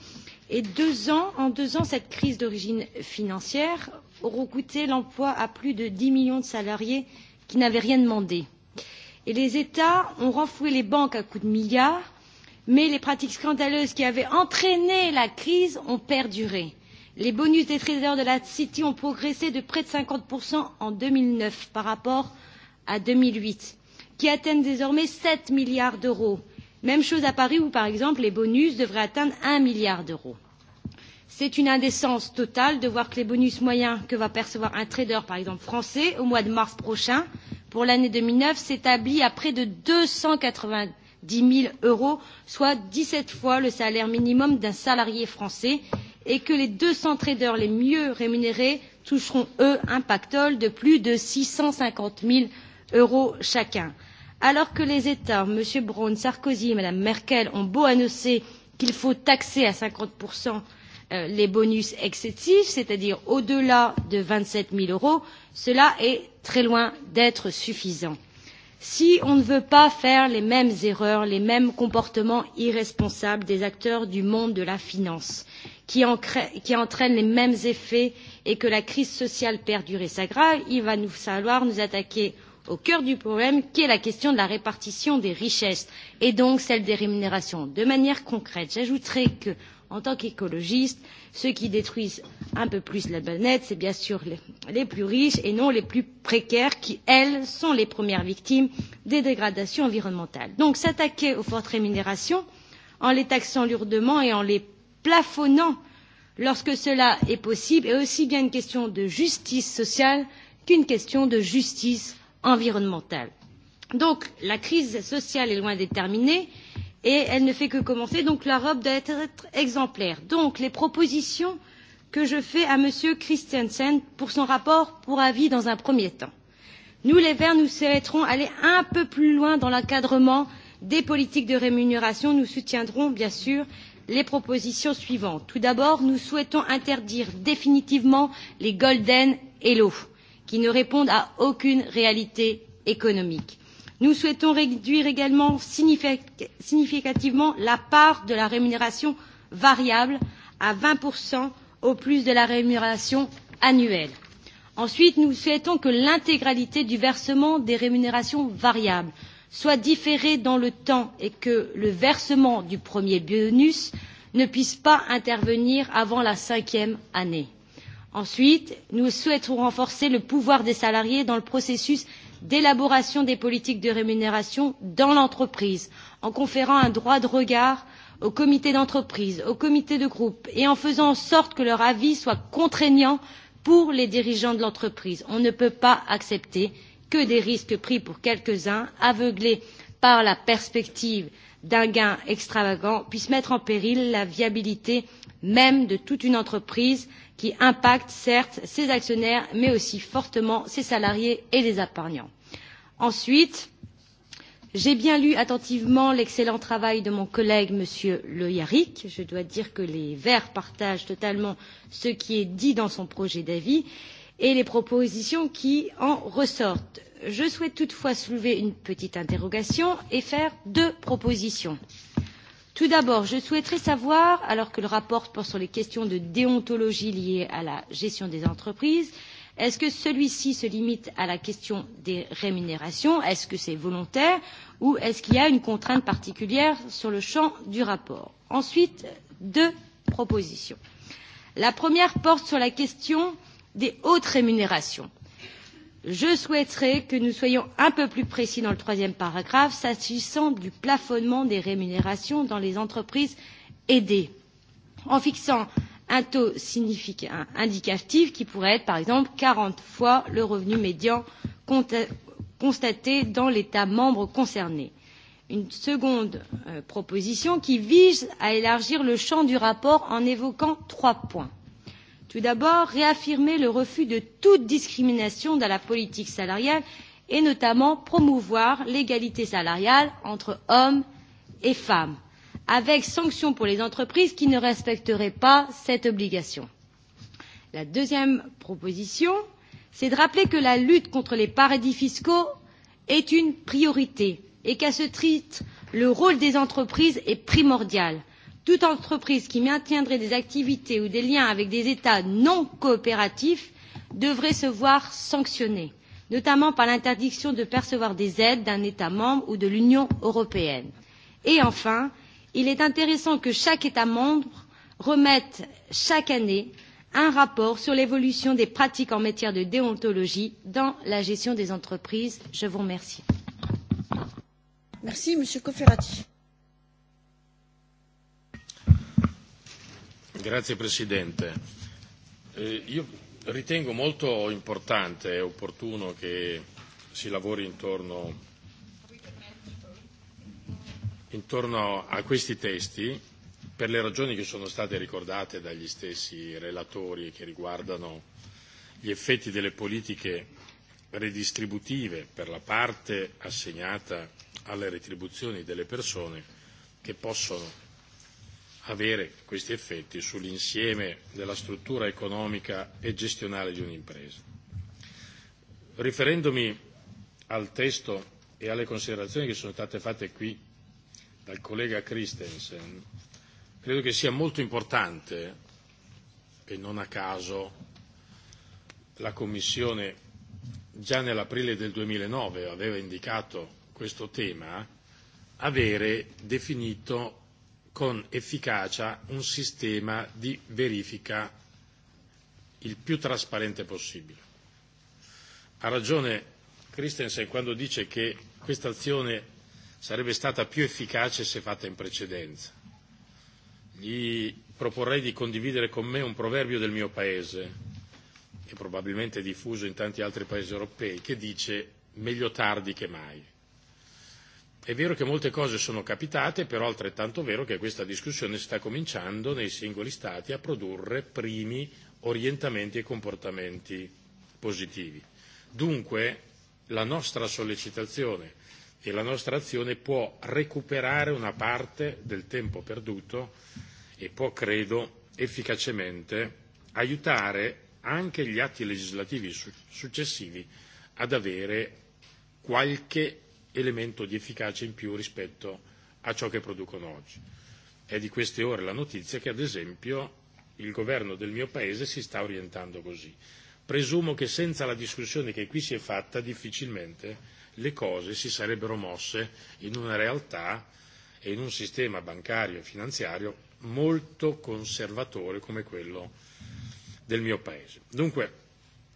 Et deux ans, en deux ans, cette crise d'origine financière aura coûté l'emploi à plus de 10 millions de salariés qui n'avaient rien demandé. Et les États ont renfloué les banques à coups de milliards, mais les pratiques scandaleuses qui avaient entraîné la crise ont perduré. Les bonus des traders de la City ont progressé de près de 50% en 2009 par rapport à 2008, qui atteignent désormais 7 milliards d'euros. Même chose à Paris où, par exemple, les bonus devraient atteindre 1 milliard d'euros. C'est une indécence totale de voir que les bonus moyens que va percevoir un trader, par exemple français, au mois de mars prochain, pour l'année 2009, s'établit à près de 290 000 euros, soit 17 fois le salaire minimum d'un salarié français et que les 200 traders les mieux rémunérés toucheront, eux, un pactole de plus de 650 000 euros chacun. Alors que les États, M. Braun, Sarkozy et Mme Merkel, ont beau annoncer qu'il faut taxer à 50 euh, les bonus excessifs, c'est-à-dire au-delà de 27 000 euros, cela est très loin d'être suffisant. Si on ne veut pas faire les mêmes erreurs, les mêmes comportements irresponsables des acteurs du monde de la finance, qui, qui entraîne les mêmes effets et que la crise sociale perdure et s'aggrave, il va nous falloir nous attaquer au cœur du problème qui est la question de la répartition des richesses et donc celle des rémunérations. De manière concrète, j'ajouterai que, en tant qu'écologiste, ceux qui détruisent un peu plus la planète, c'est bien sûr les, les plus riches et non les plus précaires qui, elles, sont les premières victimes des dégradations environnementales. Donc s'attaquer aux fortes rémunérations en les taxant lourdement et en les plafonnant lorsque cela est possible est aussi bien une question de justice sociale qu'une question de justice environnementale. Donc la crise sociale est loin d'être terminée et elle ne fait que commencer, donc l'Europe doit être, être exemplaire. Donc les propositions que je fais à M. Christensen pour son rapport pour avis dans un premier temps. Nous, les Verts, nous souhaiterons aller un peu plus loin dans l'encadrement des politiques de rémunération. Nous soutiendrons, bien sûr, euh, les propositions suivantes. Tout d'abord, nous souhaitons interdire définitivement les golden hello, qui ne répondent à aucune réalité économique. Nous souhaitons réduire également significativement la part de la rémunération variable à 20% au plus de la rémunération annuelle. Ensuite, nous souhaitons que l'intégralité du versement des rémunérations variables soit différé dans le temps et que le versement du premier bonus ne puisse pas intervenir avant la cinquième année. Ensuite, nous souhaitons renforcer le pouvoir des salariés dans le processus d'élaboration des politiques de rémunération dans l'entreprise, en conférant un droit de regard au comité d'entreprise, au comité de groupe et en faisant en sorte que leur avis soit contraignant pour les dirigeants de l'entreprise. On ne peut pas accepter que des risques pris pour quelques-uns, aveuglés par la perspective d'un gain extravagant, puissent mettre en péril la viabilité même de toute une entreprise qui impacte certes ses actionnaires, mais aussi fortement ses salariés et les épargnants. Ensuite, j'ai bien lu attentivement l'excellent travail de mon collègue M. Le Yarrick. Je dois dire que les Verts partagent totalement ce qui est dit dans son projet d'avis et les propositions qui en ressortent. Je souhaite toutefois soulever une petite interrogation et faire deux propositions. Tout d'abord, je souhaiterais savoir, alors que le rapport porte sur les questions de déontologie liées à la gestion des entreprises, est-ce que celui-ci se limite à la question des rémunérations Est-ce que c'est volontaire Ou est-ce qu'il y a une contrainte particulière sur le champ du rapport Ensuite, deux propositions. La première porte sur la question des hautes rémunérations. Je souhaiterais que nous soyons un peu plus précis dans le troisième paragraphe s'agissant du plafonnement des rémunérations dans les entreprises aidées, en fixant un taux indicatif qui pourrait être par exemple 40 fois le revenu médian constaté dans l'État membre concerné. Une seconde euh, proposition qui vise à élargir le champ du rapport en évoquant trois points Tout d'abord, réaffirmer le refus de toute discrimination dans la politique salariale et notamment promouvoir l'égalité salariale entre hommes et femmes, avec sanctions pour les entreprises qui ne respecteraient pas cette obligation. La deuxième proposition, c'est de rappeler que la lutte contre les paradis fiscaux est une priorité et qu'à ce titre, le rôle des entreprises est primordial toute entreprise qui maintiendrait des activités ou des liens avec des États non coopératifs devrait se voir sanctionnée, notamment par l'interdiction de percevoir des aides d'un État membre ou de l'Union européenne. Et enfin, il est intéressant que chaque État membre remette chaque année un rapport sur l'évolution des pratiques en matière de déontologie dans la gestion des entreprises. Je vous remercie. Merci, Monsieur Cofferati. Grazie Presidente. Eh, io ritengo molto importante e opportuno che si lavori intorno, intorno a questi testi per le ragioni che sono state ricordate dagli stessi relatori che riguardano gli effetti delle politiche redistributive per la parte assegnata alle retribuzioni delle persone che possono avere questi effetti sull'insieme della struttura economica e gestionale di un'impresa. Riferendomi al testo e alle considerazioni che sono state fatte qui dal collega Christensen, credo che sia molto importante e non a caso la Commissione già nell'aprile del 2009 aveva indicato questo tema, avere definito con efficacia un sistema di verifica il più trasparente possibile. Ha ragione Christensen quando dice che questa azione sarebbe stata più efficace se fatta in precedenza. Gli proporrei di condividere con me un proverbio del mio paese, che probabilmente è diffuso in tanti altri paesi europei, che dice meglio tardi che mai È vero che molte cose sono capitate, però altrettanto vero che questa discussione sta cominciando nei singoli Stati a produrre primi orientamenti e comportamenti positivi. Dunque la nostra sollecitazione e la nostra azione può recuperare una parte del tempo perduto e può, credo, efficacemente aiutare anche gli atti legislativi successivi ad avere qualche elemento di efficacia in più rispetto a ciò che producono oggi. È di queste ore la notizia che, ad esempio, il governo del mio paese si sta orientando così. Presumo che senza la discussione che qui si è fatta difficilmente le cose si sarebbero mosse in una realtà e in un sistema bancario e finanziario molto conservatore come quello del mio paese. Dunque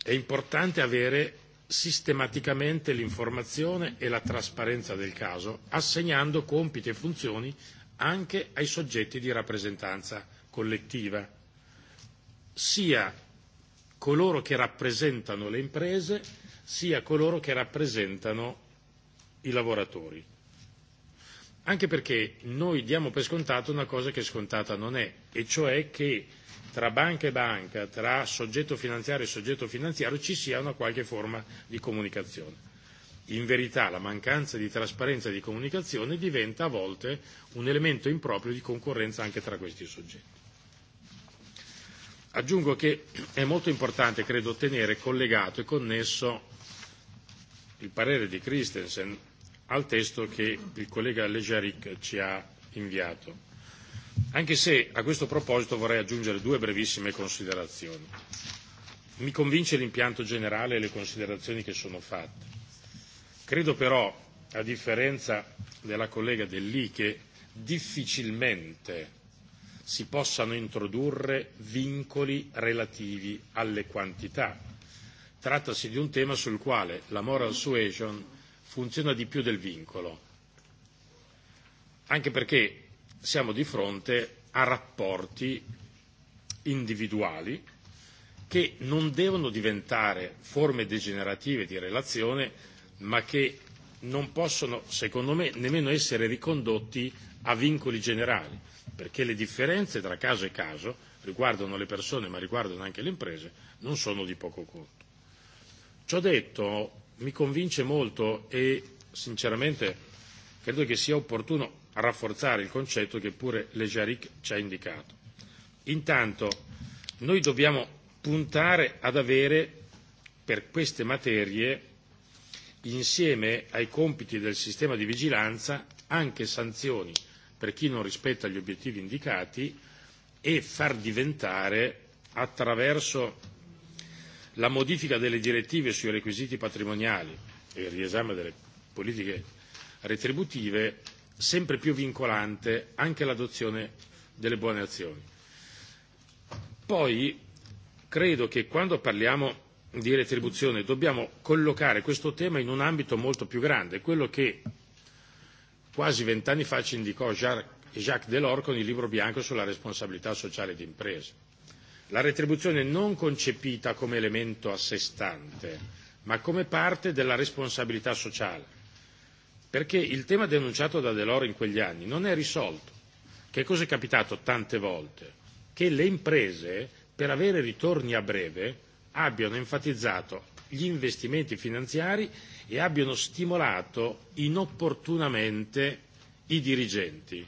è importante avere sistematicamente l'informazione e la trasparenza del caso, assegnando compiti e funzioni anche ai soggetti di rappresentanza collettiva, sia coloro che rappresentano le imprese, sia coloro che rappresentano i lavoratori. Anche perché noi diamo per scontato una cosa che scontata non è, e cioè che tra banca e banca, tra soggetto finanziario e soggetto finanziario ci sia una qualche forma di comunicazione. In verità la mancanza di trasparenza e di comunicazione diventa a volte un elemento improprio di concorrenza anche tra questi soggetti. Aggiungo che è molto importante, credo, tenere collegato e connesso il parere di Christensen al testo che il collega Legeric ci ha inviato anche se a questo proposito vorrei aggiungere due brevissime considerazioni. Mi convince l'impianto generale e le considerazioni che sono fatte. Credo però, a differenza della collega Dell'I, che difficilmente si possano introdurre vincoli relativi alle quantità. Trattasi di un tema sul quale la moral suasion funziona di più del vincolo, anche perché siamo di fronte a rapporti individuali che non devono diventare forme degenerative di relazione, ma che non possono, secondo me, nemmeno essere ricondotti a vincoli generali, perché le differenze tra caso e caso riguardano le persone, ma riguardano anche le imprese, non sono di poco conto. Ciò detto, mi convince molto e sinceramente credo che sia opportuno a rafforzare il concetto che pure Lejaric ci ha indicato. Intanto noi dobbiamo puntare ad avere per queste materie, insieme ai compiti del sistema di vigilanza, anche sanzioni per chi non rispetta gli obiettivi indicati e far diventare, attraverso la modifica delle direttive sui requisiti patrimoniali e il riesame delle politiche retributive, sempre più vincolante anche l'adozione delle buone azioni. Poi credo che quando parliamo di retribuzione dobbiamo collocare questo tema in un ambito molto più grande, quello che quasi vent'anni fa ci indicò Jacques Delors con il libro bianco sulla responsabilità sociale d'impresa. La retribuzione non concepita come elemento a sé stante, ma come parte della responsabilità sociale perché il tema denunciato da Delors in quegli anni non è risolto. Che cosa è capitato tante volte? Che le imprese, per avere ritorni a breve, abbiano enfatizzato gli investimenti finanziari e abbiano stimolato inopportunamente i dirigenti,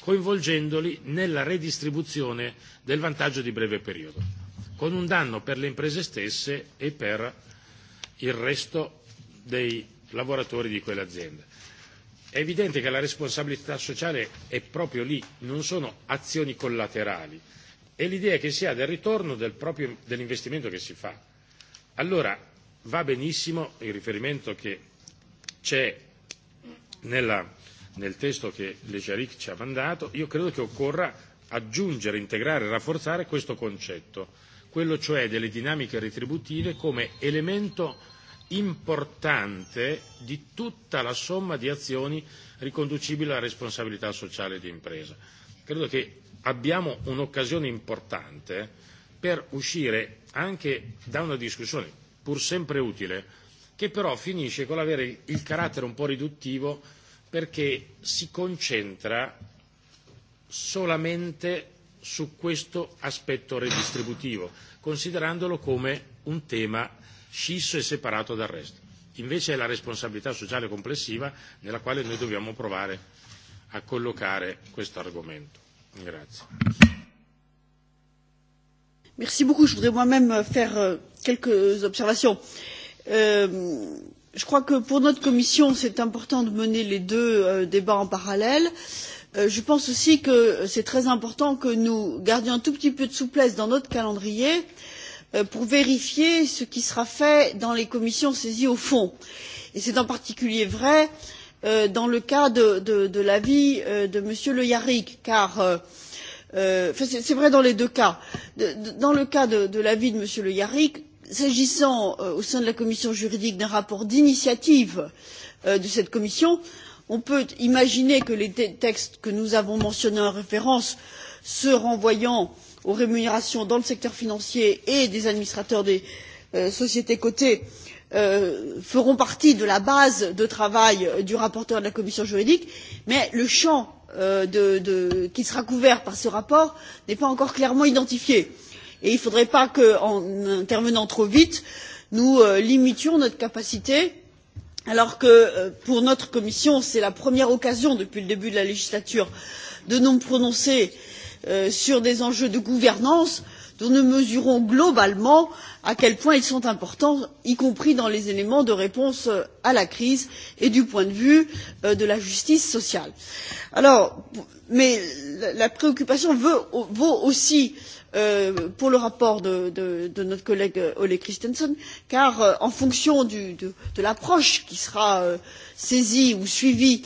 coinvolgendoli nella redistribuzione del vantaggio di breve periodo, con un danno per le imprese stesse e per il resto dei lavoratori di quell'azienda. È evidente che la responsabilità sociale è proprio lì, non sono azioni collaterali, è l'idea che si ha del ritorno del proprio, dell'investimento che si fa. Allora va benissimo il riferimento che c'è nella, nel testo che Lejaric ci ha mandato, io credo che occorra aggiungere, integrare e rafforzare questo concetto, quello cioè delle dinamiche retributive come elemento importante di tutta la somma di azioni riconducibili alla responsabilità sociale di impresa. Credo che abbiamo un'occasione importante per uscire anche da una discussione pur sempre utile, che però finisce con l'avere il carattere un po' riduttivo perché si concentra solamente su questo aspetto redistributivo, considerandolo come un tema scisso e separato dal resto. Invece è la responsabilità sociale complessiva nella quale noi dobbiamo provare a collocare questo argomento. Grazie. Merci beaucoup. Je voudrais moi même faire euh, quelques observations. Euh, je crois que pour notre commission, c'est important de mener les deux euh, débats en parallèle. Euh, je pense aussi que c'est très important que nous gardions un tout petit peu de souplesse dans notre calendrier euh, Euh, pour vérifier ce qui sera fait dans les commissions saisies au fond et c'est en particulier vrai euh, dans le cas de, l'avis euh, de m. le yarrick car c'est vrai dans les deux cas dans le cas de, l'avis de m. le yarrick s'agissant au sein de la commission juridique d'un rapport d'initiative de cette commission on peut imaginer que les textes que nous avons mentionnés en référence se renvoyant euh, aux rémunérations dans le secteur financier et des administrateurs des euh, sociétés cotées euh, feront partie de la base de travail euh, du rapporteur de la commission juridique mais le champ qui sera couvert par ce rapport n'est pas encore clairement identifié et il ne faudrait pas qu'en intervenant trop vite nous limitions notre capacité alors que pour notre commission c'est la première occasion depuis le début de la législature de nous prononcer sur Euh, sur des enjeux de gouvernance dont nous mesurons globalement à quel point ils sont importants y compris dans les éléments de réponse euh, à la crise et du point de vue euh, de la justice sociale. mais la préoccupation vaut, aussi pour le rapport de, notre collègue Ole Christensen, car en fonction de, l'approche qui sera saisie ou suivie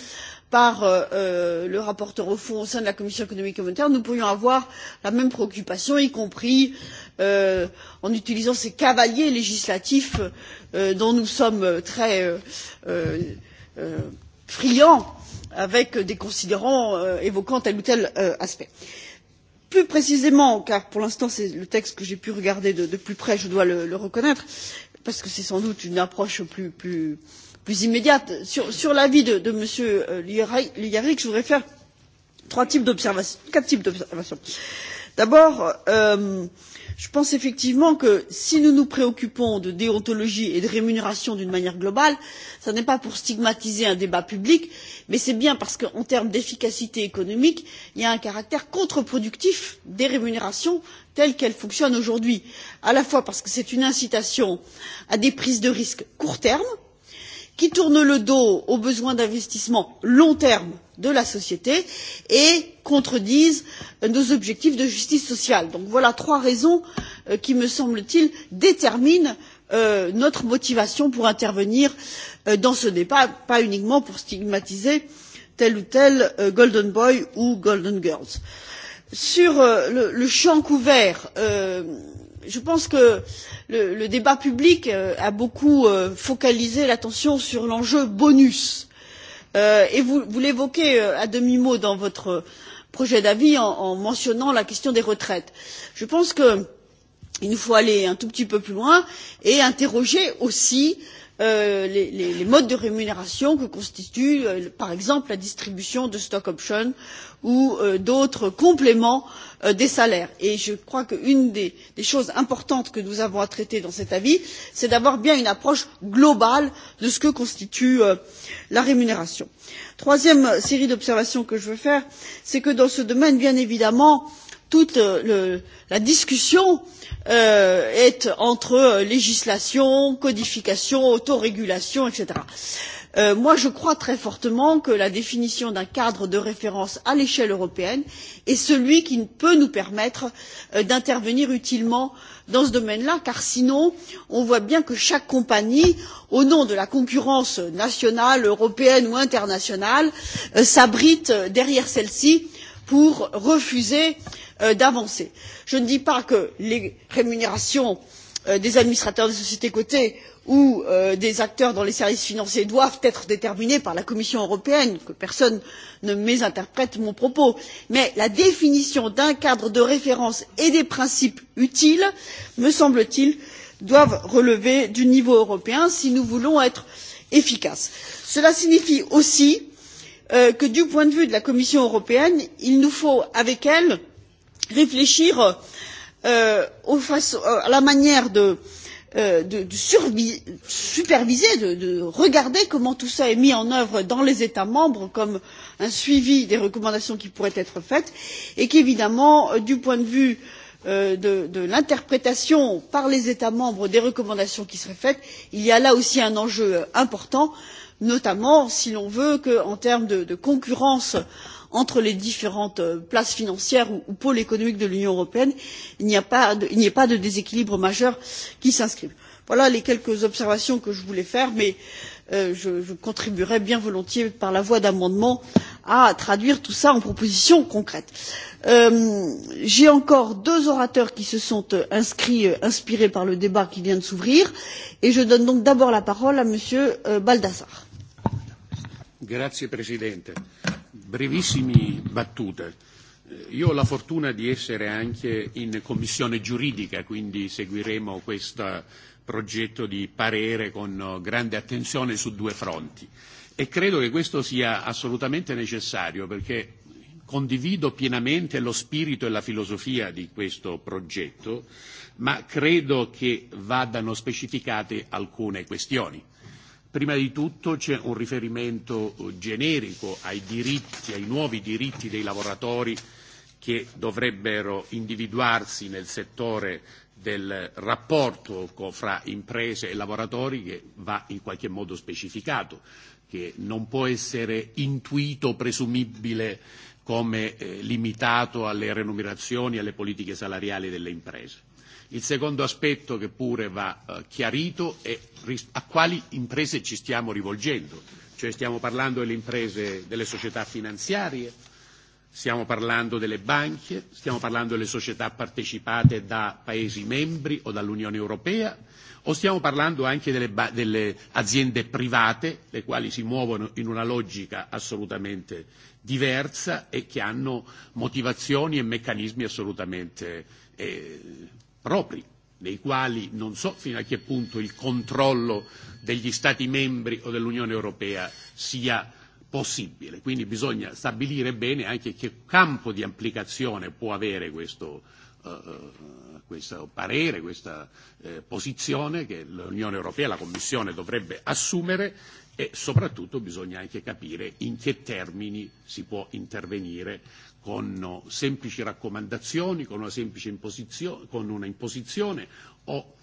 par euh, euh, le rapporteur au fond au sein de la commission économique et monétaire nous pourrions avoir la même préoccupation y compris euh, en utilisant ces cavaliers législatifs euh, dont nous sommes très euh, euh, friands avec des considérants évoquant tel ou tel aspect. plus précisément car pour l'instant c'est le texte que j'ai pu regarder de, de plus près je dois le, le reconnaître parce que c'est sans doute une approche plus, plus plus immédiate. sur, sur l'avis de, de m. Euh, lyarich je voudrais faire trois types quatre types d'observations. d'abord euh, je pense effectivement que si nous nous préoccupons de déontologie et de rémunération d'une manière globale ce n'est pas pour stigmatiser un débat public mais c'est bien parce qu'en termes d'efficacité économique il y a un caractère contreproductif des rémunérations telles qu'elles fonctionnent aujourd'hui à la fois parce que c'est une incitation à des prises de risques à court terme qui tourne le dos aux besoins d'investissement à long terme de la société et contredisent nos objectifs de justice sociale. voilà donc trois raisons euh, qui me semble t il déterminent euh, notre motivation pour intervenir euh, dans ce débat pas uniquement pour stigmatiser tel ou tel golden boy ou golden girl. sur le champ couvert je pense que le, le débat public euh, a beaucoup euh, focalisé l'attention sur l'enjeu bonus euh, et vous, vous l'évoquez à demi mot dans votre projet d'avis en, en mentionnant la question des retraites. je pense qu'il nous faut aller un tout petit peu plus loin et interroger aussi euh, les, les, les modes de rémunération que constitue euh, par exemple la distribution de stock options ou euh, d'autres compléments Euh, des salaires et je crois qu'une des, des choses importantes que nous avons à traiter dans cet avis c'est d'avoir bien une approche globale de ce que constitue euh, la rémunération. troisième euh, série d'observations que je veux faire c'est que dans ce domaine bien évidemment toute la discussion est entre législation codification autorégulation etc. Euh, moi, je crois très fortement que la définition d'un cadre de référence à l'échelle européenne est celui qui peut nous permettre euh, d'intervenir utilement dans ce domaine là car sinon on voit bien que chaque compagnie au nom de la concurrence nationale européenne ou internationale euh, s'abrite derrière celle ci pour refuser d'avancer. je ne dis pas que les rémunérations Euh, des administrateurs des sociétés cotées ou euh, des acteurs dans les services financiers doivent être déterminés par la commission européenne que personne ne mésinterprète mon propos mais la définition d'un cadre de référence et des principes utiles me semble t il doivent relever du niveau européen si nous voulons être efficaces. cela signifie aussi euh, que du point de vue de la commission européenne il nous faut avec elle réfléchir à à euh, euh, la manière de, euh, superviser de, regarder comment tout cela est mis en œuvre dans les états membres comme un suivi des recommandations qui pourraient être faites et qu'évidemment du point de vue de, l'interprétation par les états membres des recommandations qui seraient faites il y a là aussi un enjeu important notamment si l'on veut qu'en termes de, de concurrence entre les différentes euh, places financières ou, pôles économiques de l'union européenne il n'y ait pas de déséquilibre majeur qui s'inscrive. voilà les quelques observations que je voulais faire mais euh, je, contribuerai bien volontiers par la voie d'amendements à traduire tout cela en propositions concrètes. Euh, j'ai encore deux orateurs qui se sont inscrits inspirés par le débat qui vient de s'ouvrir et je donne donc d'abord la parole à m. baldassarre brevissimi battute. Io ho la fortuna di essere anche in commissione giuridica, quindi seguiremo questo progetto di parere con grande attenzione su due fronti e credo che questo sia assolutamente necessario perché condivido pienamente lo spirito e la filosofia di questo progetto, ma credo che vadano specificate alcune questioni Prima di tutto c'è un riferimento eh, generico ai diritti, ai nuovi diritti dei lavoratori che dovrebbero individuarsi nel settore del rapporto fra imprese e lavoratori che va in qualche modo specificato, che non può essere intuito, o presumibile come eh, limitato alle remunerazioni e alle politiche salariali delle imprese. Il secondo aspetto che pure va eh, chiarito è a quali imprese ci stiamo rivolgendo, cioè stiamo parlando delle imprese delle società finanziarie, stiamo parlando delle banche, stiamo parlando delle società partecipate da Paesi membri o dall'Unione Europea, o stiamo parlando anche delle, delle aziende private, le quali si muovono in una logica assolutamente diversa e che hanno motivazioni e meccanismi assolutamente eh, propri, dei quali non so fino a che punto il controllo degli Stati membri o dell'Unione Europea sia possibile. Quindi bisogna stabilire bene anche che campo di applicazione può avere questo, uh, questo parere, questa uh, posizione che l'Unione Europea, la Commissione dovrebbe assumere e soprattutto bisogna anche capire in che termini si può intervenire con semplici raccomandazioni, con una semplice imposizione, con una imposizione o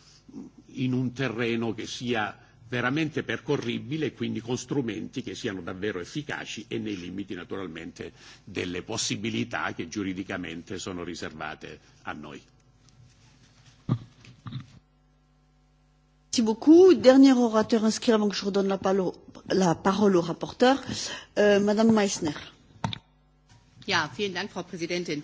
in un terreno che sia veramente percorribile e quindi con strumenti che siano davvero efficaci e nei limiti naturalmente delle possibilità che giuridicamente sono riservate a noi. Merci beaucoup. Dernier orateur inscrit avant que je redonne la, parole au rapporteur, euh, Madame Meissner. Ja, vielen Dank, Frau Präsidentin.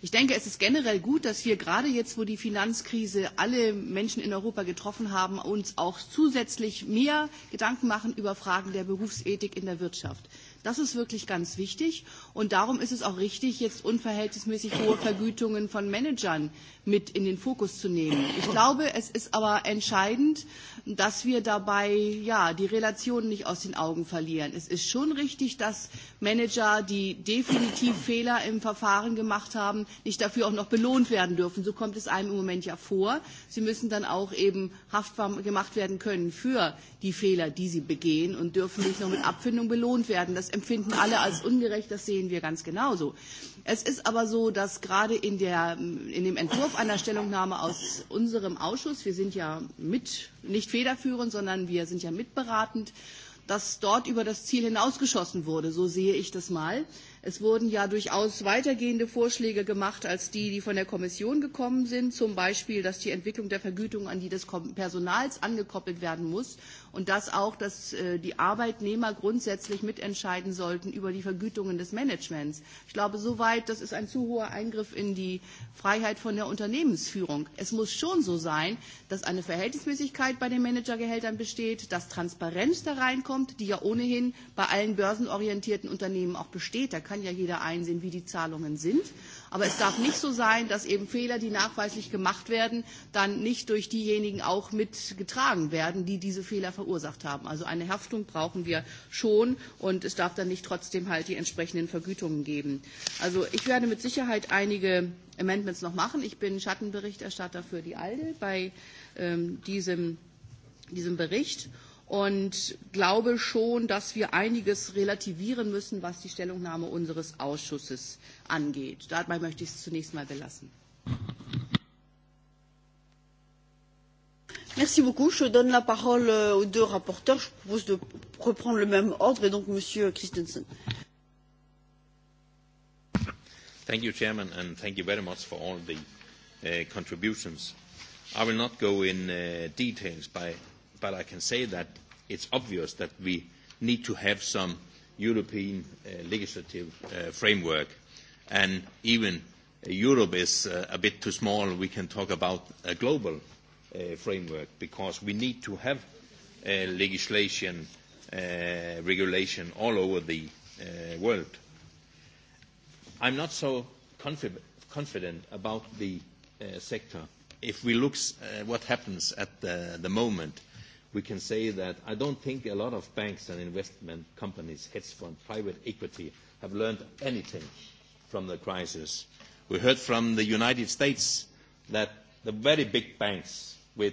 Ich denke, es ist generell gut, dass wir gerade jetzt, wo die Finanzkrise alle Menschen in Europa getroffen haben, uns auch zusätzlich mehr Gedanken machen über Fragen der Berufsethik in der Wirtschaft. Das ist wirklich ganz wichtig. Und darum ist es auch richtig, jetzt unverhältnismäßig hohe Vergütungen von Managern mit in den Fokus zu nehmen. Ich glaube, es ist aber entscheidend, dass wir dabei ja, die Relationen nicht aus den Augen verlieren. Es ist schon richtig, dass Manager, die definitiv Fehler im Verfahren gemacht haben, nicht dafür auch noch belohnt werden dürfen. So kommt es einem im Moment ja vor. Sie müssen dann auch eben haftbar gemacht werden können für die Fehler, die sie begehen und dürfen nicht noch mit Abfindung belohnt werden. Das empfinden alle als ungerecht, das sehen wir ganz genauso. Es ist aber so, dass gerade in, der, in dem Entwurf einer Stellungnahme aus unserem Ausschuss, wir sind ja mit, nicht federführend, sondern wir sind ja mitberatend, dass dort über das Ziel hinausgeschossen wurde. So sehe ich das mal. Es wurden ja durchaus weitergehende Vorschläge gemacht als die, die von der Kommission gekommen sind. Zum Beispiel, dass die Entwicklung der Vergütung an die des Personals angekoppelt werden muss und dass auch dass äh, die Arbeitnehmer grundsätzlich mitentscheiden sollten über die Vergütungen des Managements. Ich glaube, soweit, das ist ein zu hoher Eingriff in die Freiheit von der Unternehmensführung. Es muss schon so sein, dass eine Verhältnismäßigkeit bei den Managergehältern besteht, dass Transparenz da reinkommt, die ja ohnehin bei allen börsenorientierten Unternehmen auch besteht. Da kann ja jeder einsehen, wie die Zahlungen sind. Aber es darf nicht so sein, dass eben Fehler, die nachweislich gemacht werden, dann nicht durch diejenigen auch mitgetragen werden, die diese Fehler verursacht haben. Also eine Haftung brauchen wir schon und es darf dann nicht trotzdem halt die entsprechenden Vergütungen geben. Also ich werde mit Sicherheit einige Amendments noch machen. Ich bin Schattenberichterstatter für die ALDE bei ähm, diesem, diesem Bericht und glaube schon, dass wir einiges relativieren müssen, was die Stellungnahme unseres Ausschusses angeht. Dabei möchte ich es zunächst mal belassen. Merci beaucoup. Je donne la parole euh, aux deux rapporteurs. Je propose de reprendre le même ordre et donc Monsieur Christensen. Thank you, Chairman, and thank you very much for all the uh, contributions. I will not go in uh, details by but I can say that it's obvious that we need to have some European uh, legislative uh, framework. And even uh, Europe is uh, a bit too small, we can talk about a global uh, framework because we need to have uh, legislation, uh, regulation all over the uh, world. I'm not so confi confident about the uh, sector. If we look at uh, what happens at the, the moment, uh, we can say that I don't think a lot of banks and investment companies, hedge fund, private equity, have learned anything from the crisis. We heard from the United States that the very big banks with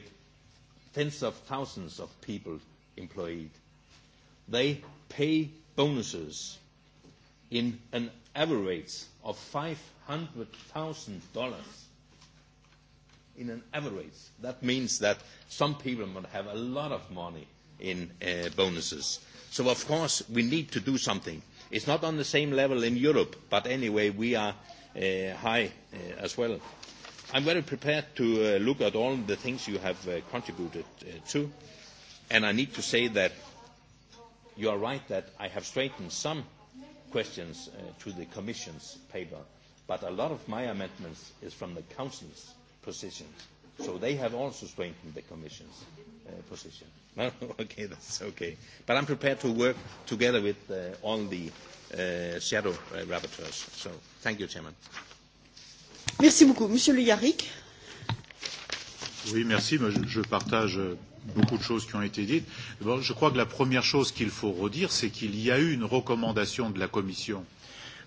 tens of thousands of people employed, they pay bonuses in an average of $500,000 in an average. That means that some people might have a lot of money in uh, bonuses. So of course we need to do something. It's not on the same level in Europe, but anyway we are uh, high uh, as well. I'm very prepared to uh, look at all the things you have uh, contributed uh, to, and I need to say that you are right that I have straightened some questions uh, to the Commission's paper, but a lot of my amendments is from the Council's position. So they have also strengthened the Commission's uh, position. (laughs) No? okay, that's okay. But I'm prepared to work together with uh, all the uh, shadow uh, rapporteurs. So thank you, Chairman. Merci beaucoup. Monsieur Le Yarrick. Oui, merci. je, je partage euh, beaucoup de choses qui ont été dites. Bon, je crois que la première chose qu'il faut redire, c'est qu'il y a eu une recommandation de la Commission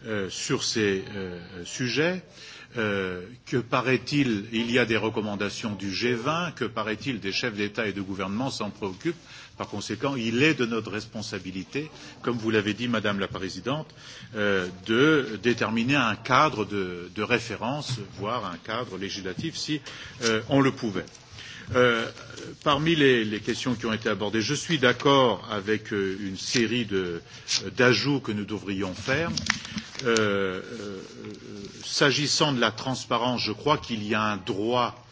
euh, sur ces euh, sujets. Euh, Euh, que paraît-il, il y a des recommandations du G20, que paraît-il, des chefs d'État et de gouvernement s'en préoccupent. Par conséquent, il est de notre responsabilité, comme vous l'avez dit, Madame la Présidente, euh, de déterminer un cadre de, de référence, voire un cadre législatif, si euh, on le pouvait. Euh, parmi les, les questions qui ont été abordées, je suis d'accord avec euh, une série d'ajouts que nous devrions faire. Euh, euh, S'agissant de la transparence, je crois qu'il y a un droit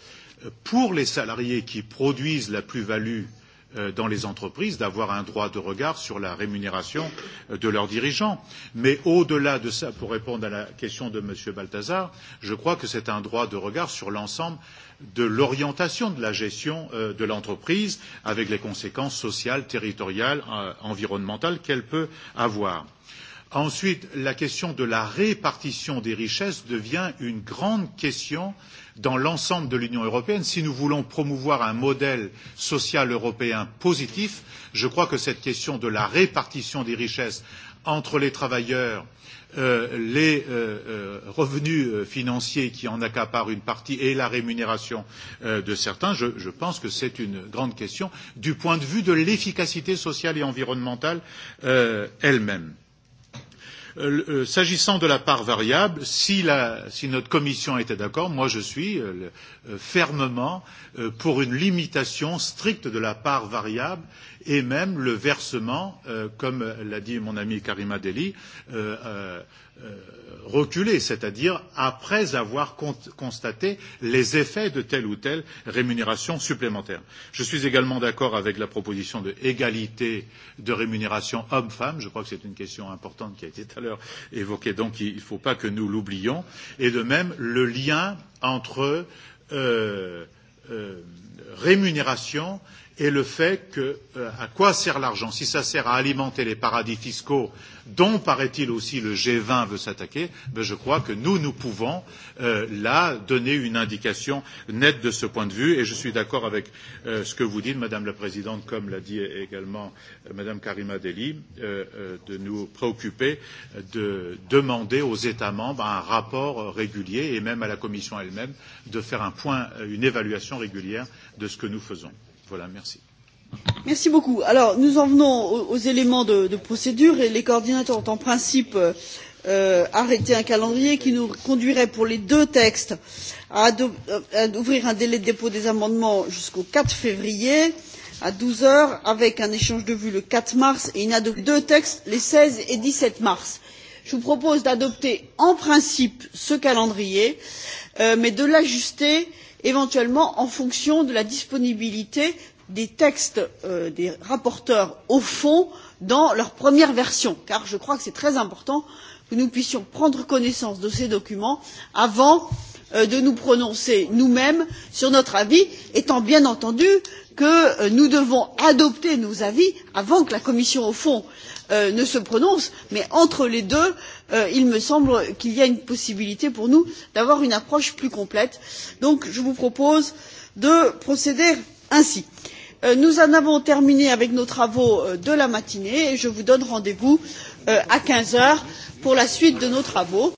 euh, pour les salariés qui produisent la plus-value euh, Euh, dans les entreprises d'avoir un droit de regard sur la rémunération euh, de leurs dirigeants. Mais au-delà de ça, pour répondre à la question de M. Balthazar, je crois que c'est un droit de regard sur l'ensemble de l'orientation de la gestion euh, de l'entreprise avec les conséquences sociales, territoriales, euh, environnementales qu'elle peut avoir. Ensuite, la question de la répartition des richesses devient une grande question euh, dans l'ensemble de l'Union européenne. Si nous voulons promouvoir un modèle social européen positif, je crois que cette question de la répartition des richesses entre les travailleurs, euh, les euh, euh revenus euh, financiers qui en accaparent une partie et la rémunération euh, de certains, je, je pense que c'est une grande question du point de vue de l'efficacité sociale et environnementale euh, elle-même. Euh, euh, s'agissant de la part variable, si, la, si notre commission était d'accord, moi je suis euh, fermement pour une limitation stricte de la part variable et même le versement, euh, comme l'a dit mon ami Karima Deli, euh, euh, reculé, c'est-à-dire après avoir constaté les effets de telle ou telle rémunération supplémentaire. Je suis également d'accord avec la proposition de égalité de rémunération homme-femme. Je crois que c'est une question importante qui a été tout à l'heure évoquée, donc il ne faut pas que nous l'oublions. Et de même, le lien entre euh, euh, rémunération et le fait que euh, à quoi sert l'argent Si ça sert à alimenter les paradis fiscaux, dont paraît-il aussi le G20 veut s'attaquer, ben je crois que nous nous pouvons euh, là donner une indication nette de ce point de vue. Et je suis d'accord avec euh, ce que vous dites, Madame la Présidente, comme l'a dit également euh, Madame Karima Deli, euh, euh, de nous préoccuper euh, de demander aux États membres un rapport euh, régulier et même à la Commission elle-même de faire un point, euh, une évaluation régulière de ce que nous faisons. Voilà, merci. Merci beaucoup. Alors, nous en venons aux, aux éléments de, de procédure et les coordinateurs ont en principe euh, arrêté un calendrier qui nous conduirait pour les deux textes à, euh, à ouvrir un délai de dépôt des amendements jusqu'au 4 février à 12 heures avec un échange de vues le 4 mars et une adoption de deux textes les 16 et 17 mars. Je vous propose d'adopter en principe ce calendrier euh, mais de l'ajuster euh, éventuellement en fonction de la disponibilité des textes euh, des rapporteurs au fond dans leur première version car je crois que c'est très important que nous puissions prendre connaissance de ces documents avant euh, de nous prononcer nous mêmes sur notre avis étant bien entendu que euh, nous devons adopter nos avis avant que la commission au fond ne Euh, ne se prononce mais entre les deux euh, il me semble qu'il y a une possibilité pour nous d'avoir une approche plus complète. donc je vous propose de procéder ainsi. Euh, nous en avons terminé avec nos travaux de la matinée et je vous donne rendez vous à quinze heures pour la suite de nos travaux.